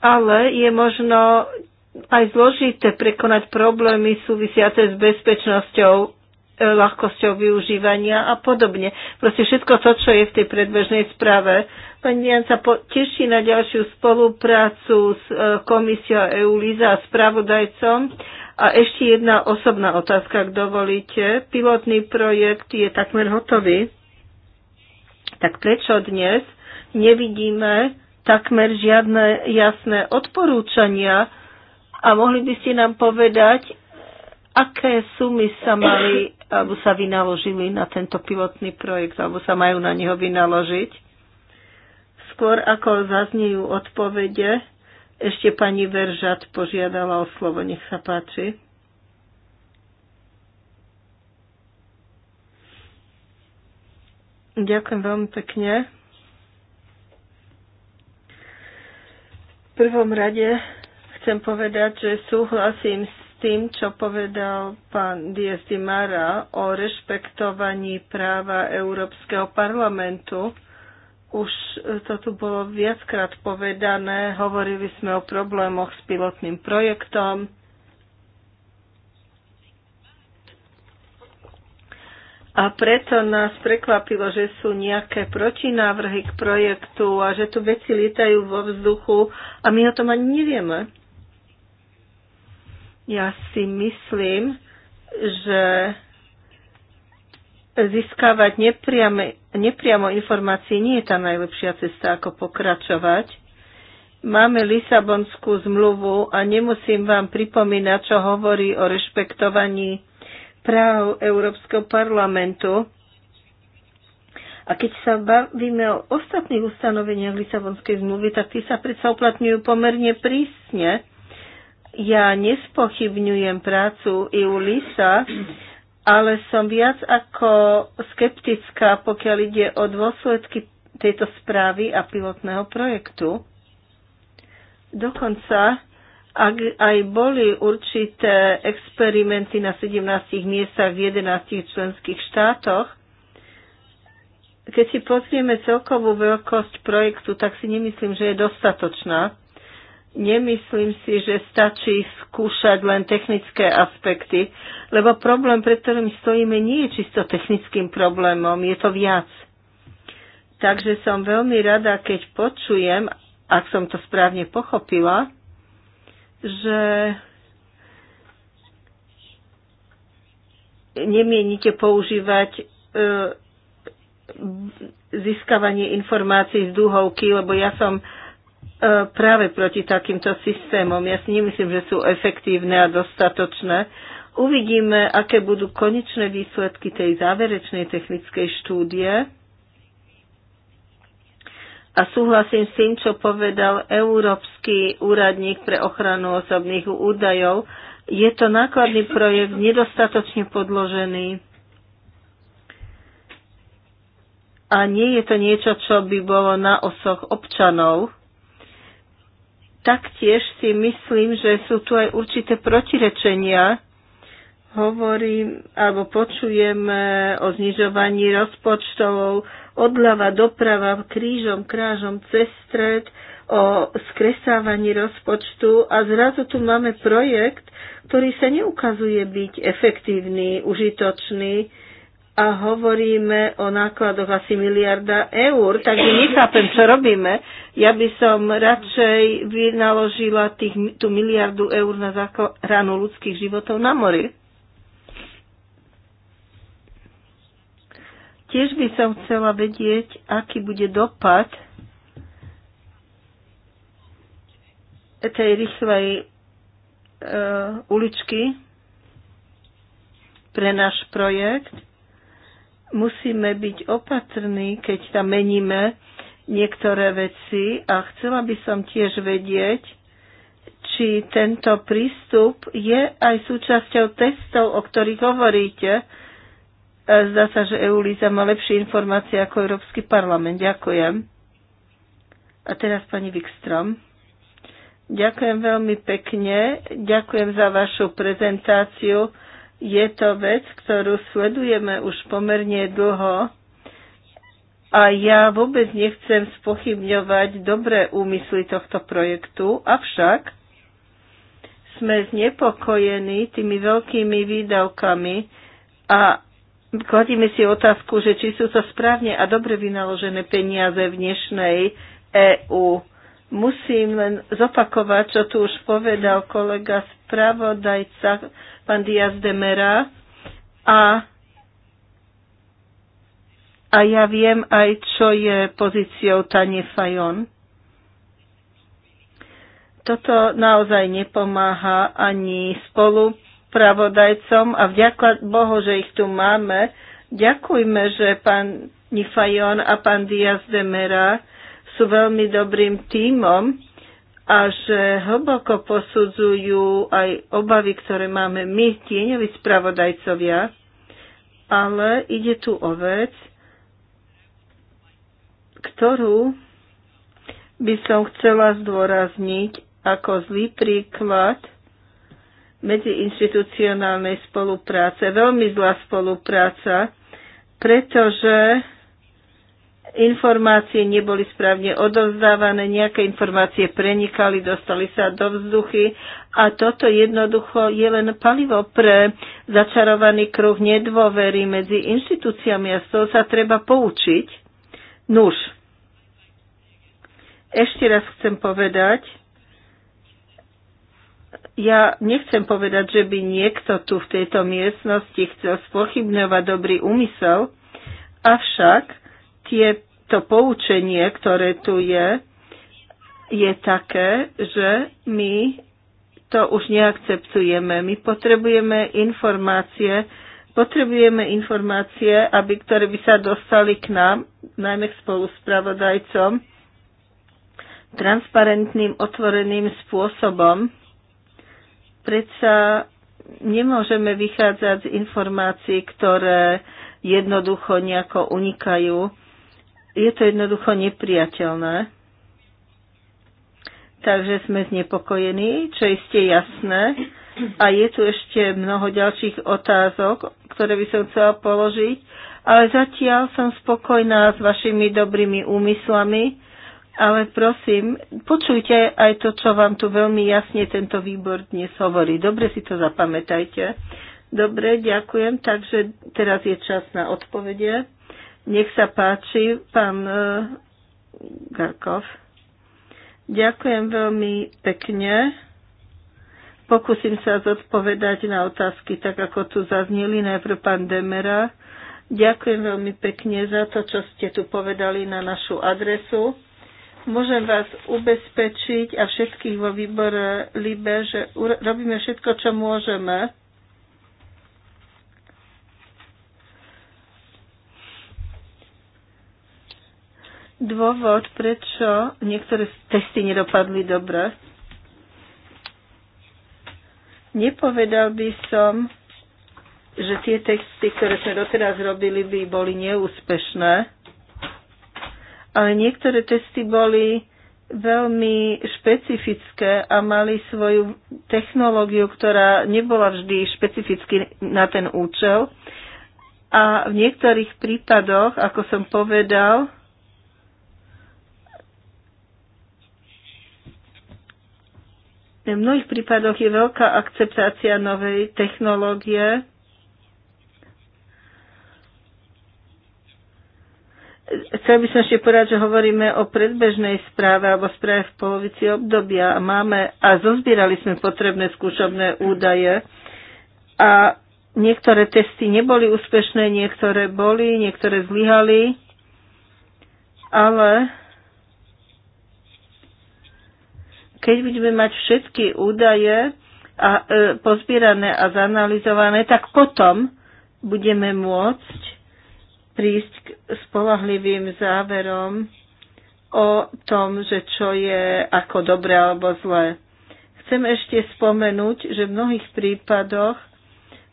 ale je možno aj zložité prekonať problémy súvisiace s bezpečnosťou, e, ľahkosťou využívania a podobne. Proste všetko to, čo je v tej predbežnej správe. Pani Jan sa teší na ďalšiu spoluprácu s e, komisiou e Liza a spravodajcom a ešte jedna osobná otázka, ak dovolíte. Pilotný projekt je takmer hotový. Tak prečo dnes nevidíme takmer žiadne jasné odporúčania a mohli by ste nám povedať, aké sumy sa mali alebo sa vynaložili na tento pilotný projekt alebo sa majú na neho vynaložiť? Skôr ako zaznejú odpovede, ešte pani Veržat požiadala o slovo, nech sa páči. Ďakujem veľmi pekne. V prvom rade chcem povedať, že súhlasím s tým, čo povedal pán Diaz o rešpektovaní práva Európskeho parlamentu už e, to tu bolo viackrát povedané, hovorili sme o problémoch s pilotným projektom. A preto nás prekvapilo, že sú nejaké protinávrhy k projektu a že tu veci lietajú vo vzduchu a my o tom ani nevieme. Ja si myslím, že získavať nepriame, nepriamo informácie nie je tá najlepšia cesta, ako pokračovať. Máme Lisabonskú zmluvu a nemusím vám pripomínať, čo hovorí o rešpektovaní práv Európskeho parlamentu. A keď sa bavíme o ostatných ustanoveniach Lisabonskej zmluvy, tak tie sa predsa uplatňujú pomerne prísne. Ja nespochybňujem prácu EU-LISA, ale som viac ako skeptická, pokiaľ ide o dôsledky tejto správy a pilotného projektu. Dokonca, ak aj boli určité experimenty na 17 miestach v 11 členských štátoch, keď si pozrieme celkovú veľkosť projektu, tak si nemyslím, že je dostatočná. Nemyslím si, že stačí skúšať len technické aspekty, lebo problém, pred ktorým stojíme, nie je čisto technickým problémom, je to viac. Takže som veľmi rada, keď počujem, ak som to správne pochopila, že nemienite používať e, získavanie informácií z dúhovky, lebo ja som E, práve proti takýmto systémom. Ja si nemyslím, že sú efektívne a dostatočné. Uvidíme, aké budú konečné výsledky tej záverečnej technickej štúdie. A súhlasím s tým, čo povedal Európsky úradník pre ochranu osobných údajov. Je to nákladný projekt, nedostatočne podložený. A nie je to niečo, čo by bolo na osoch občanov taktiež si myslím, že sú tu aj určité protirečenia. Hovorím alebo počujeme o znižovaní rozpočtov odľava, doprava, krížom, krážom, cez stred, o skresávaní rozpočtu a zrazu tu máme projekt, ktorý sa neukazuje byť efektívny, užitočný, a hovoríme o nákladoch asi miliarda eur, tak nechápem, čo robíme. Ja by som radšej vynaložila tých, tú miliardu eur na záchranu ľudských životov na mori. Tiež by som chcela vedieť, aký bude dopad tej rýchlej uh, uličky pre náš projekt musíme byť opatrní, keď tam meníme niektoré veci a chcela by som tiež vedieť, či tento prístup je aj súčasťou testov, o ktorých hovoríte. E, zdá sa, že EULIZA má lepšie informácie ako Európsky parlament. Ďakujem. A teraz pani Wikstrom. Ďakujem veľmi pekne. Ďakujem za vašu prezentáciu je to vec, ktorú sledujeme už pomerne dlho a ja vôbec nechcem spochybňovať dobré úmysly tohto projektu, avšak sme znepokojení tými veľkými výdavkami a kladíme si otázku, že či sú to správne a dobre vynaložené peniaze v dnešnej EÚ. Musím len zopakovať, čo tu už povedal kolega spravodajca pán Diaz de Mera. A, a ja viem aj, čo je pozíciou Tanie Fajon. Toto naozaj nepomáha ani spolu pravodajcom a vďaka Bohu, že ich tu máme. Ďakujme, že pán Nifajon a pán Diaz de Mera sú veľmi dobrým tímom a že hlboko posudzujú aj obavy, ktoré máme my, tieňoví spravodajcovia, ale ide tu o vec, ktorú by som chcela zdôrazniť ako zlý príklad medziinstitucionálnej spolupráce, veľmi zlá spolupráca, pretože informácie neboli správne odovzdávané, nejaké informácie prenikali, dostali sa do vzduchy a toto jednoducho je len palivo pre začarovaný kruh nedôvery medzi inštitúciami a z toho sa treba poučiť. Nuž, ešte raz chcem povedať, ja nechcem povedať, že by niekto tu v tejto miestnosti chcel spochybňovať dobrý úmysel, avšak tieto poučenie, ktoré tu je, je také, že my to už neakceptujeme. My potrebujeme informácie, potrebujeme informácie, aby, ktoré by sa dostali k nám, najmä k spoluspravodajcom, transparentným, otvoreným spôsobom. Predsa nemôžeme vychádzať z informácií, ktoré jednoducho nejako unikajú je to jednoducho nepriateľné. Takže sme znepokojení, čo iste jasné. A je tu ešte mnoho ďalších otázok, ktoré by som chcela položiť, ale zatiaľ som spokojná s vašimi dobrými úmyslami, ale prosím, počujte aj to, čo vám tu veľmi jasne tento výbor dnes hovorí. Dobre si to zapamätajte. Dobre, ďakujem. Takže teraz je čas na odpovede. Nech sa páči, pán e, Garkov. Ďakujem veľmi pekne. Pokúsim sa zodpovedať na otázky, tak ako tu zazneli najprv pán Demera. Ďakujem veľmi pekne za to, čo ste tu povedali na našu adresu. Môžem vás ubezpečiť a všetkých vo výbore LIBE, že robíme všetko, čo môžeme dôvod, prečo niektoré testy nedopadli dobre. Nepovedal by som, že tie texty, ktoré sme doteraz robili, by boli neúspešné, ale niektoré testy boli veľmi špecifické a mali svoju technológiu, ktorá nebola vždy špecificky na ten účel. A v niektorých prípadoch, ako som povedal, V mnohých prípadoch je veľká akceptácia novej technológie. Chcel by som ešte povedať, že hovoríme o predbežnej správe alebo správe v polovici obdobia a máme a zozbierali sme potrebné skúšobné údaje a niektoré testy neboli úspešné, niektoré boli, niektoré zlyhali, ale Keď budeme mať všetky údaje a, e, pozbierané a zanalizované, tak potom budeme môcť prísť k spolahlivým záverom o tom, že čo je ako dobré alebo zlé. Chcem ešte spomenúť, že v mnohých prípadoch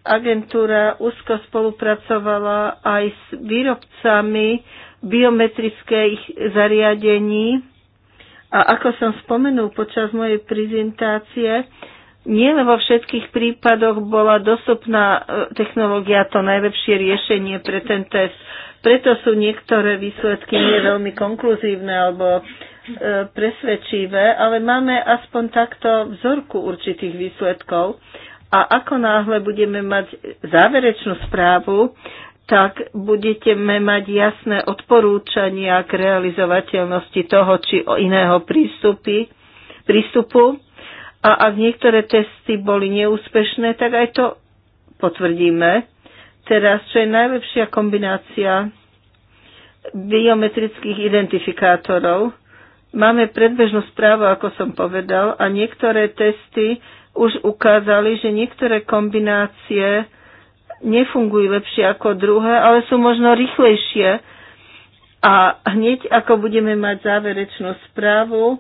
agentúra úzko spolupracovala aj s výrobcami biometrických zariadení a ako som spomenul počas mojej prezentácie, nie vo všetkých prípadoch bola dostupná e, technológia to najlepšie riešenie pre ten test. Preto sú niektoré výsledky nie veľmi konkluzívne alebo e, presvedčivé, ale máme aspoň takto vzorku určitých výsledkov. A ako náhle budeme mať záverečnú správu, tak budete mať jasné odporúčania k realizovateľnosti toho či iného prístupy, prístupu. A ak niektoré testy boli neúspešné, tak aj to potvrdíme. Teraz, čo je najlepšia kombinácia biometrických identifikátorov. Máme predbežnú správu, ako som povedal, a niektoré testy už ukázali, že niektoré kombinácie nefungujú lepšie ako druhé, ale sú možno rýchlejšie. A hneď ako budeme mať záverečnú správu,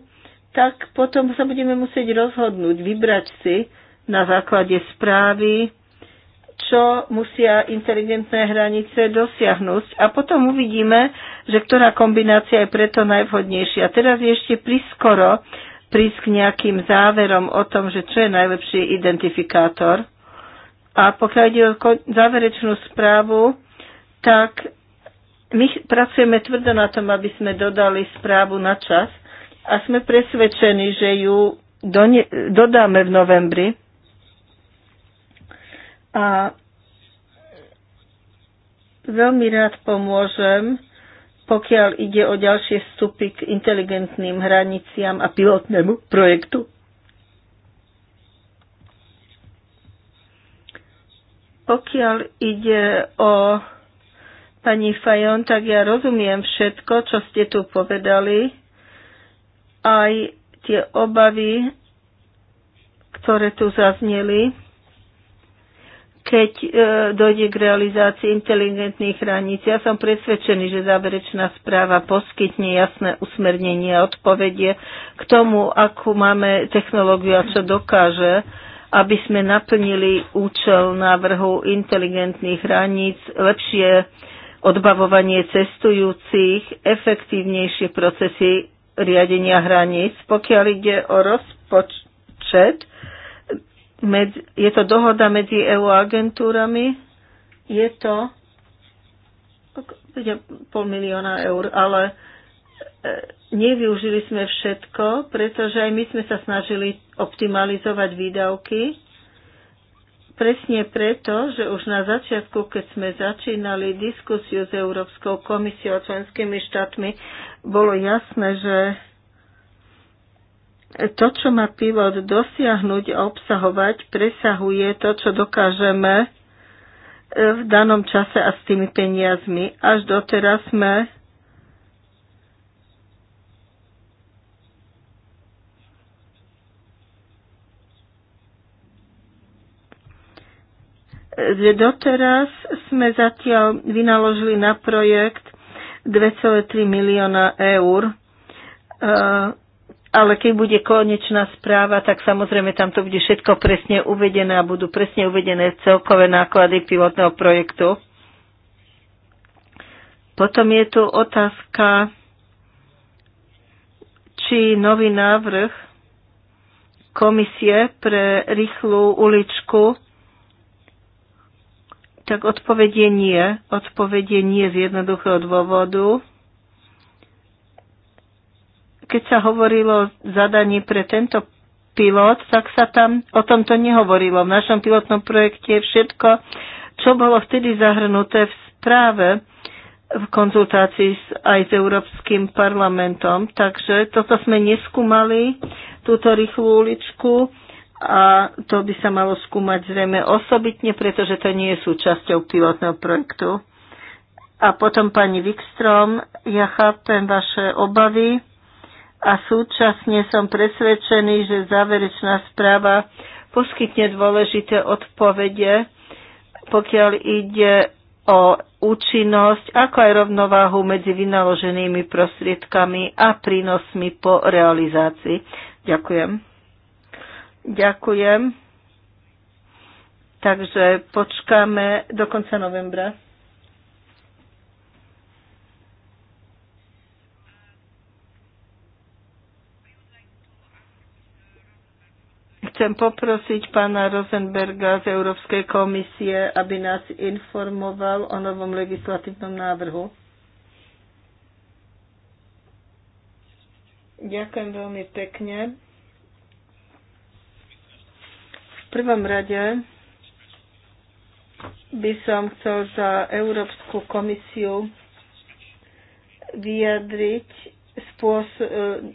tak potom sa budeme musieť rozhodnúť, vybrať si na základe správy, čo musia inteligentné hranice dosiahnuť. A potom uvidíme, že ktorá kombinácia je preto najvhodnejšia. Teraz je ešte priskoro prísť k nejakým záverom o tom, že čo je najlepší identifikátor. A pokiaľ ide o záverečnú správu, tak my pracujeme tvrdo na tom, aby sme dodali správu na čas a sme presvedčení, že ju dodáme v novembri. A veľmi rád pomôžem, pokiaľ ide o ďalšie vstupy k inteligentným hraniciam a pilotnému projektu Pokiaľ ide o pani Fajon, tak ja rozumiem všetko, čo ste tu povedali, aj tie obavy, ktoré tu zazneli, keď e, dojde k realizácii inteligentných hraníc. Ja som presvedčený, že záverečná správa poskytne jasné usmernenie a odpovedie k tomu, akú máme technológiu a čo dokáže. E, aby sme naplnili účel návrhu inteligentných hraníc, lepšie odbavovanie cestujúcich, efektívnejšie procesy riadenia hraníc. Pokiaľ ide o rozpočet, je to dohoda medzi EU agentúrami, je to pol milióna eur, ale e, Nevyužili sme všetko, pretože aj my sme sa snažili optimalizovať výdavky. Presne preto, že už na začiatku, keď sme začínali diskusiu s Európskou komisiou a členskými štátmi, bolo jasné, že to, čo má pivot dosiahnuť a obsahovať, presahuje to, čo dokážeme v danom čase a s tými peniazmi. Až doteraz sme že doteraz sme zatiaľ vynaložili na projekt 2,3 milióna eur, eh, ale keď bude konečná správa, tak samozrejme tam to bude všetko presne uvedené a budú presne uvedené celkové náklady pilotného projektu. Potom je tu otázka, či nový návrh komisie pre rýchlu uličku tak odpovedie nie. Odpovedie nie z jednoduchého dôvodu. Keď sa hovorilo o zadaní pre tento pilot, tak sa tam o tomto nehovorilo. V našom pilotnom projekte všetko, čo bolo vtedy zahrnuté v správe v konzultácii s, aj s Európskym parlamentom. Takže toto sme neskúmali, túto rýchlu uličku a to by sa malo skúmať zrejme osobitne, pretože to nie je súčasťou pilotného projektu. A potom pani Wikstrom, ja chápem vaše obavy a súčasne som presvedčený, že záverečná správa poskytne dôležité odpovede, pokiaľ ide o účinnosť, ako aj rovnováhu medzi vynaloženými prostriedkami a prínosmi po realizácii. Ďakujem. Ďakujem. Takže počkáme do konca novembra. chcem poprosiť pána Rosenberga z Európskej komisie, aby nás informoval o novom legislatívnom návrhu. Ďakujem veľmi pekne prvom rade by som chcel za Európsku komisiu vyjadriť e,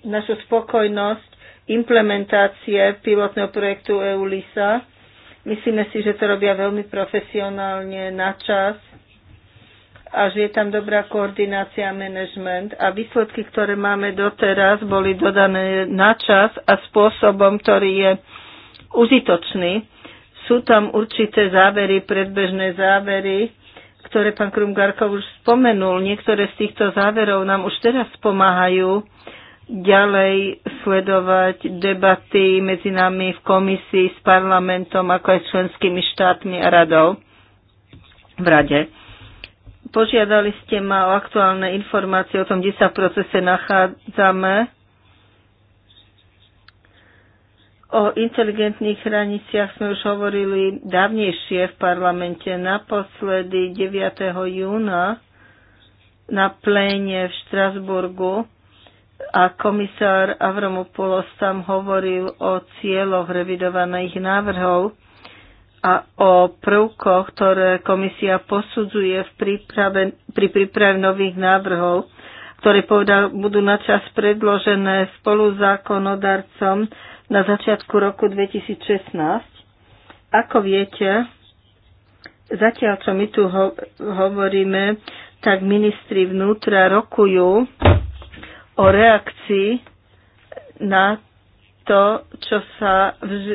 našu spokojnosť implementácie pilotného projektu EULISA. Myslíme si, že to robia veľmi profesionálne, na čas a že je tam dobrá koordinácia a manažment. A výsledky, ktoré máme doteraz, boli dodané na čas a spôsobom, ktorý je užitočný. Sú tam určité závery, predbežné závery, ktoré pán Krumgarkov už spomenul. Niektoré z týchto záverov nám už teraz pomáhajú ďalej sledovať debaty medzi nami v komisii s parlamentom, ako aj s členskými štátmi a radou v rade. Požiadali ste ma o aktuálne informácie o tom, kde sa v procese nachádzame. O inteligentných hraniciach sme už hovorili dávnejšie v parlamente. Naposledy 9. júna na pléne v Štrasburgu a komisár Avramopoulos tam hovoril o cieľoch revidovaných návrhov a o prvkoch, ktoré komisia posudzuje v príprave, pri príprave nových návrhov, ktoré povedal, budú načas predložené spolu zákonodarcom na začiatku roku 2016. Ako viete, zatiaľ čo my tu ho- hovoríme, tak ministri vnútra rokujú o reakcii na to, čo sa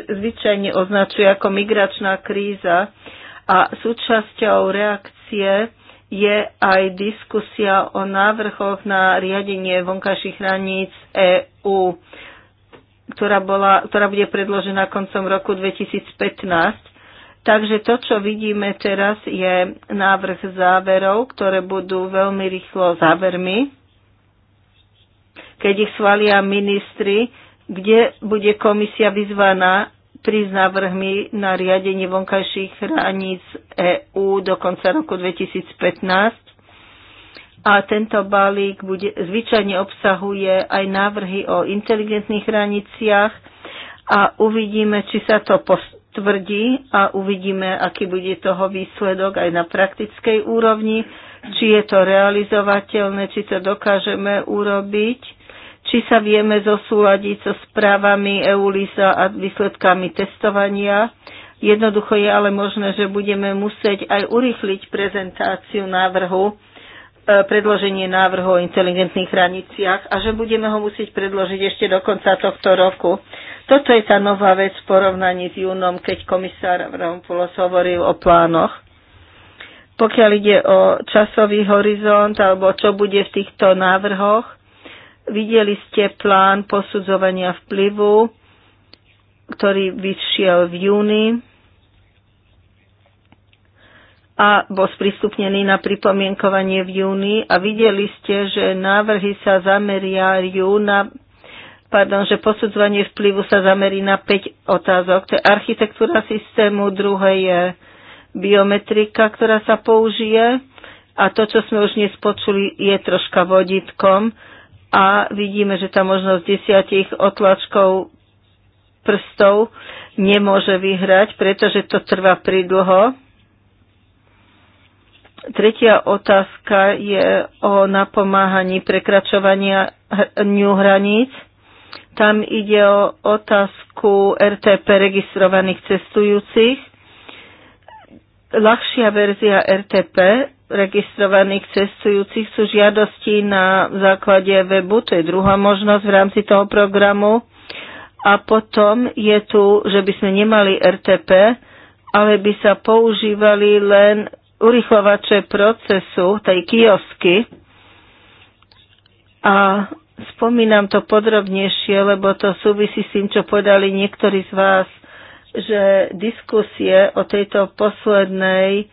zvyčajne označuje ako migračná kríza a súčasťou reakcie je aj diskusia o návrhoch na riadenie vonkajších hraníc EÚ ktorá, bola, ktorá bude predložená koncom roku 2015. Takže to, čo vidíme teraz, je návrh záverov, ktoré budú veľmi rýchlo závermi, keď ich schvália ministri, kde bude komisia vyzvaná prísť návrhmi na riadenie vonkajších hraníc EÚ do konca roku 2015 a tento balík bude, zvyčajne obsahuje aj návrhy o inteligentných hraniciach a uvidíme, či sa to potvrdí a uvidíme, aký bude toho výsledok aj na praktickej úrovni, či je to realizovateľné, či to dokážeme urobiť, či sa vieme zosúľadiť so správami EULISA a výsledkami testovania. Jednoducho je ale možné, že budeme musieť aj urýchliť prezentáciu návrhu, predloženie návrhu o inteligentných hraniciach a že budeme ho musieť predložiť ešte do konca tohto roku. Toto je tá nová vec v porovnaní s júnom, keď komisár Rompulos hovoril o plánoch. Pokiaľ ide o časový horizont alebo čo bude v týchto návrhoch, videli ste plán posudzovania vplyvu, ktorý vyšiel v júni a bol sprístupnený na pripomienkovanie v júni a videli ste, že návrhy sa zameriajú na pardon, že posudzovanie vplyvu sa zamerí na 5 otázok. To je architektúra systému, druhé je biometrika, ktorá sa použije a to, čo sme už dnes počuli, je troška vodítkom a vidíme, že tá možnosť desiatich otlačkov prstov nemôže vyhrať, pretože to trvá pridlho. Tretia otázka je o napomáhaní ňu hraníc. Tam ide o otázku RTP registrovaných cestujúcich. Ľahšia verzia RTP registrovaných cestujúcich sú žiadosti na základe webu, to je druhá možnosť v rámci toho programu. A potom je tu, že by sme nemali RTP, ale by sa používali len urychlovače procesu, tej kiosky. A spomínam to podrobnejšie, lebo to súvisí s tým, čo povedali niektorí z vás, že diskusie o tejto poslednej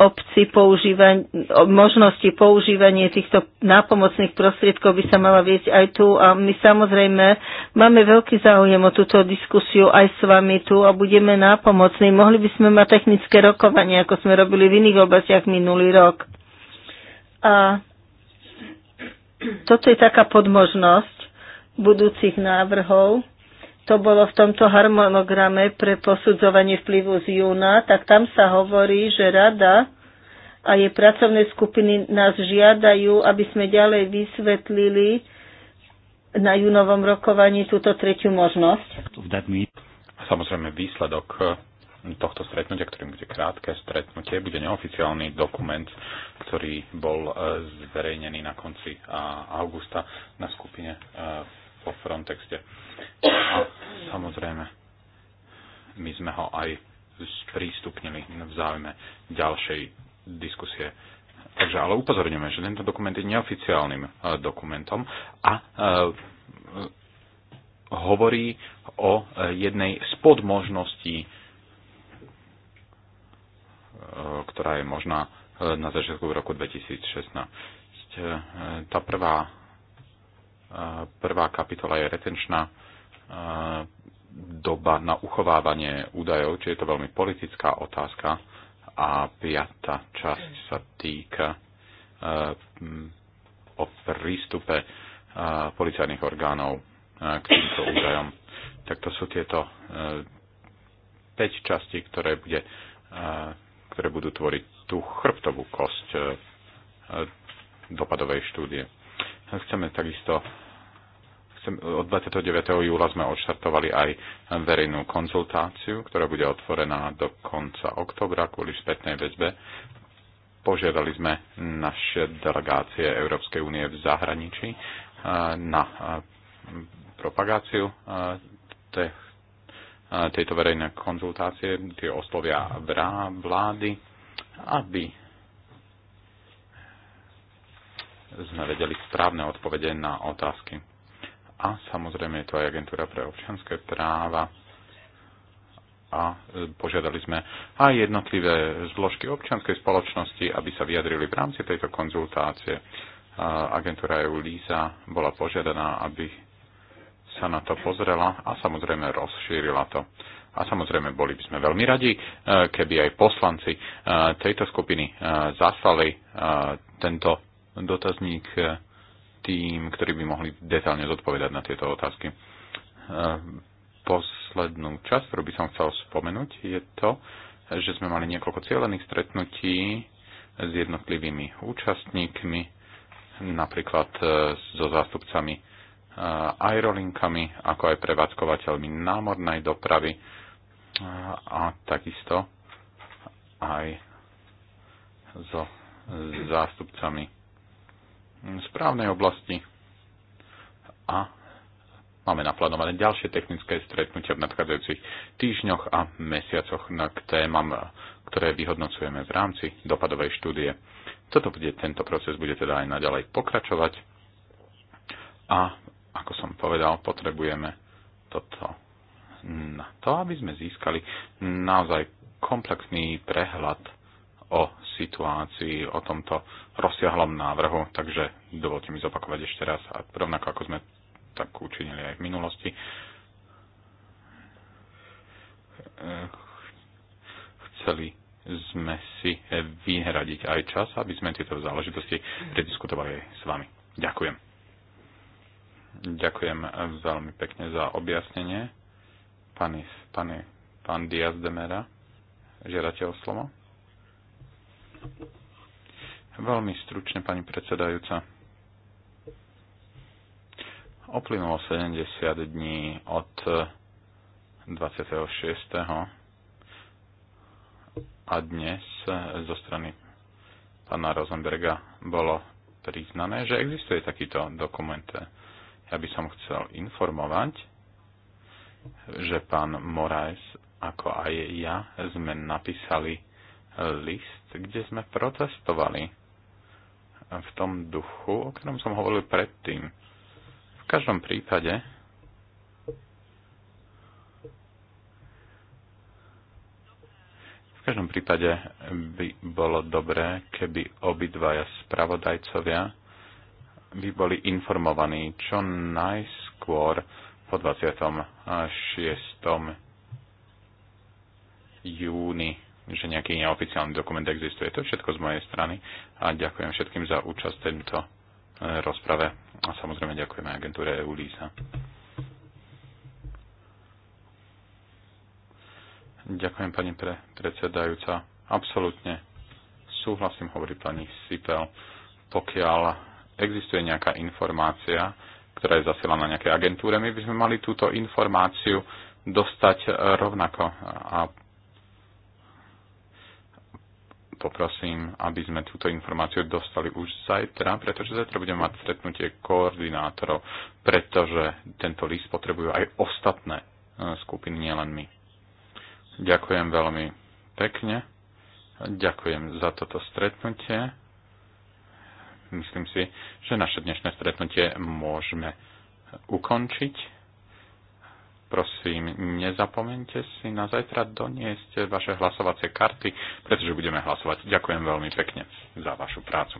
obci používanie, možnosti používanie týchto nápomocných prostriedkov by sa mala vieť aj tu a my samozrejme máme veľký záujem o túto diskusiu aj s vami tu a budeme nápomocní. Mohli by sme mať technické rokovanie, ako sme robili v iných oblastiach minulý rok. A toto je taká podmožnosť budúcich návrhov to bolo v tomto harmonograme pre posudzovanie vplyvu z júna, tak tam sa hovorí, že rada a jej pracovné skupiny nás žiadajú, aby sme ďalej vysvetlili na júnovom rokovaní túto tretiu možnosť. Samozrejme výsledok eh, tohto stretnutia, ktorým bude krátke stretnutie, bude neoficiálny dokument, ktorý bol eh, zverejnený na konci eh, augusta na skupine po Frontexte. A samozrejme, my sme ho aj sprístupnili v záujme ďalšej diskusie. Takže ale upozorňujeme, že tento dokument je neoficiálnym e, dokumentom a e, e, hovorí o jednej spod možností, ktorá je možná na začiatku roku 2016. Tá prvá, prvá kapitola je retenčná doba na uchovávanie údajov, či je to veľmi politická otázka. A piata časť sa týka e, o prístupe e, policajných orgánov e, k týmto údajom. Tak to sú tieto 5 častí, ktoré, bude, ktoré budú tvoriť tú chrbtovú kosť dopadovej štúdie. Chceme takisto Chcem, od 29. júla sme odštartovali aj verejnú konzultáciu, ktorá bude otvorená do konca oktobra kvôli spätnej väzbe. Požiadali sme naše delegácie Európskej únie v zahraničí eh, na eh, propagáciu eh, tejto verejnej konzultácie, tie oslovia vlády, aby sme vedeli správne odpovede na otázky a samozrejme je to aj agentúra pre občianské práva a e, požiadali sme aj jednotlivé zložky občianskej spoločnosti, aby sa vyjadrili v rámci tejto konzultácie. Agentúra EU LISA bola požiadaná, aby sa na to pozrela a samozrejme rozšírila to. A samozrejme boli by sme veľmi radi, e, keby aj poslanci e, tejto skupiny zaslali tento dotazník tým, ktorí by mohli detálne zodpovedať na tieto otázky. E, poslednú časť, ktorú by som chcel spomenúť, je to, že sme mali niekoľko cieľených stretnutí s jednotlivými účastníkmi, napríklad e, so zástupcami e, aerolinkami, ako aj prevádzkovateľmi námornej dopravy a takisto aj so zástupcami Mm, správnej oblasti a máme naplánované ďalšie technické stretnutia v nadchádzajúcich týždňoch a mesiacoch k témam, ktoré vyhodnocujeme v rámci dopadovej štúdie. Toto bude, tento proces bude teda aj naďalej pokračovať a ako som povedal, potrebujeme toto na to, aby sme získali naozaj komplexný prehľad o situácii, o tomto rozsiahlom návrhu, takže dovolte mi zopakovať ešte raz a rovnako ako sme tak učinili aj v minulosti. Chceli sme si vyhradiť aj čas, aby sme tieto záležitosti prediskutovali aj s vami. Ďakujem. Ďakujem veľmi pekne za objasnenie. Pani, pani, pán Diaz de Mera, žiadate o slovo? Veľmi stručne, pani predsedajúca. Oplynulo 70 dní od 26. a dnes zo strany pána Rosenberga bolo priznané, že existuje takýto dokument. Ja by som chcel informovať, že pán Moraes ako aj ja sme napísali list, kde sme protestovali v tom duchu, o ktorom som hovoril predtým. V každom prípade V každom prípade by bolo dobré, keby obidvaja spravodajcovia by boli informovaní čo najskôr po 26. júni že nejaký neoficiálny dokument existuje. To je všetko z mojej strany a ďakujem všetkým za účasť v tejto e, rozprave a samozrejme ďakujem aj agentúre EULISA. Ďakujem pani pre, predsedajúca. Absolutne súhlasím, hovorí pani Sipel, pokiaľ existuje nejaká informácia, ktorá je zasielaná nejakej agentúre, my by sme mali túto informáciu dostať rovnako a poprosím, aby sme túto informáciu dostali už zajtra, pretože zajtra budeme mať stretnutie koordinátorov, pretože tento list potrebujú aj ostatné e, skupiny, nielen my. Ďakujem veľmi pekne. Ďakujem za toto stretnutie. Myslím si, že naše dnešné stretnutie môžeme ukončiť. Prosím, nezapomeňte si na zajtra doniesť vaše hlasovacie karty, pretože budeme hlasovať. Ďakujem veľmi pekne za vašu prácu.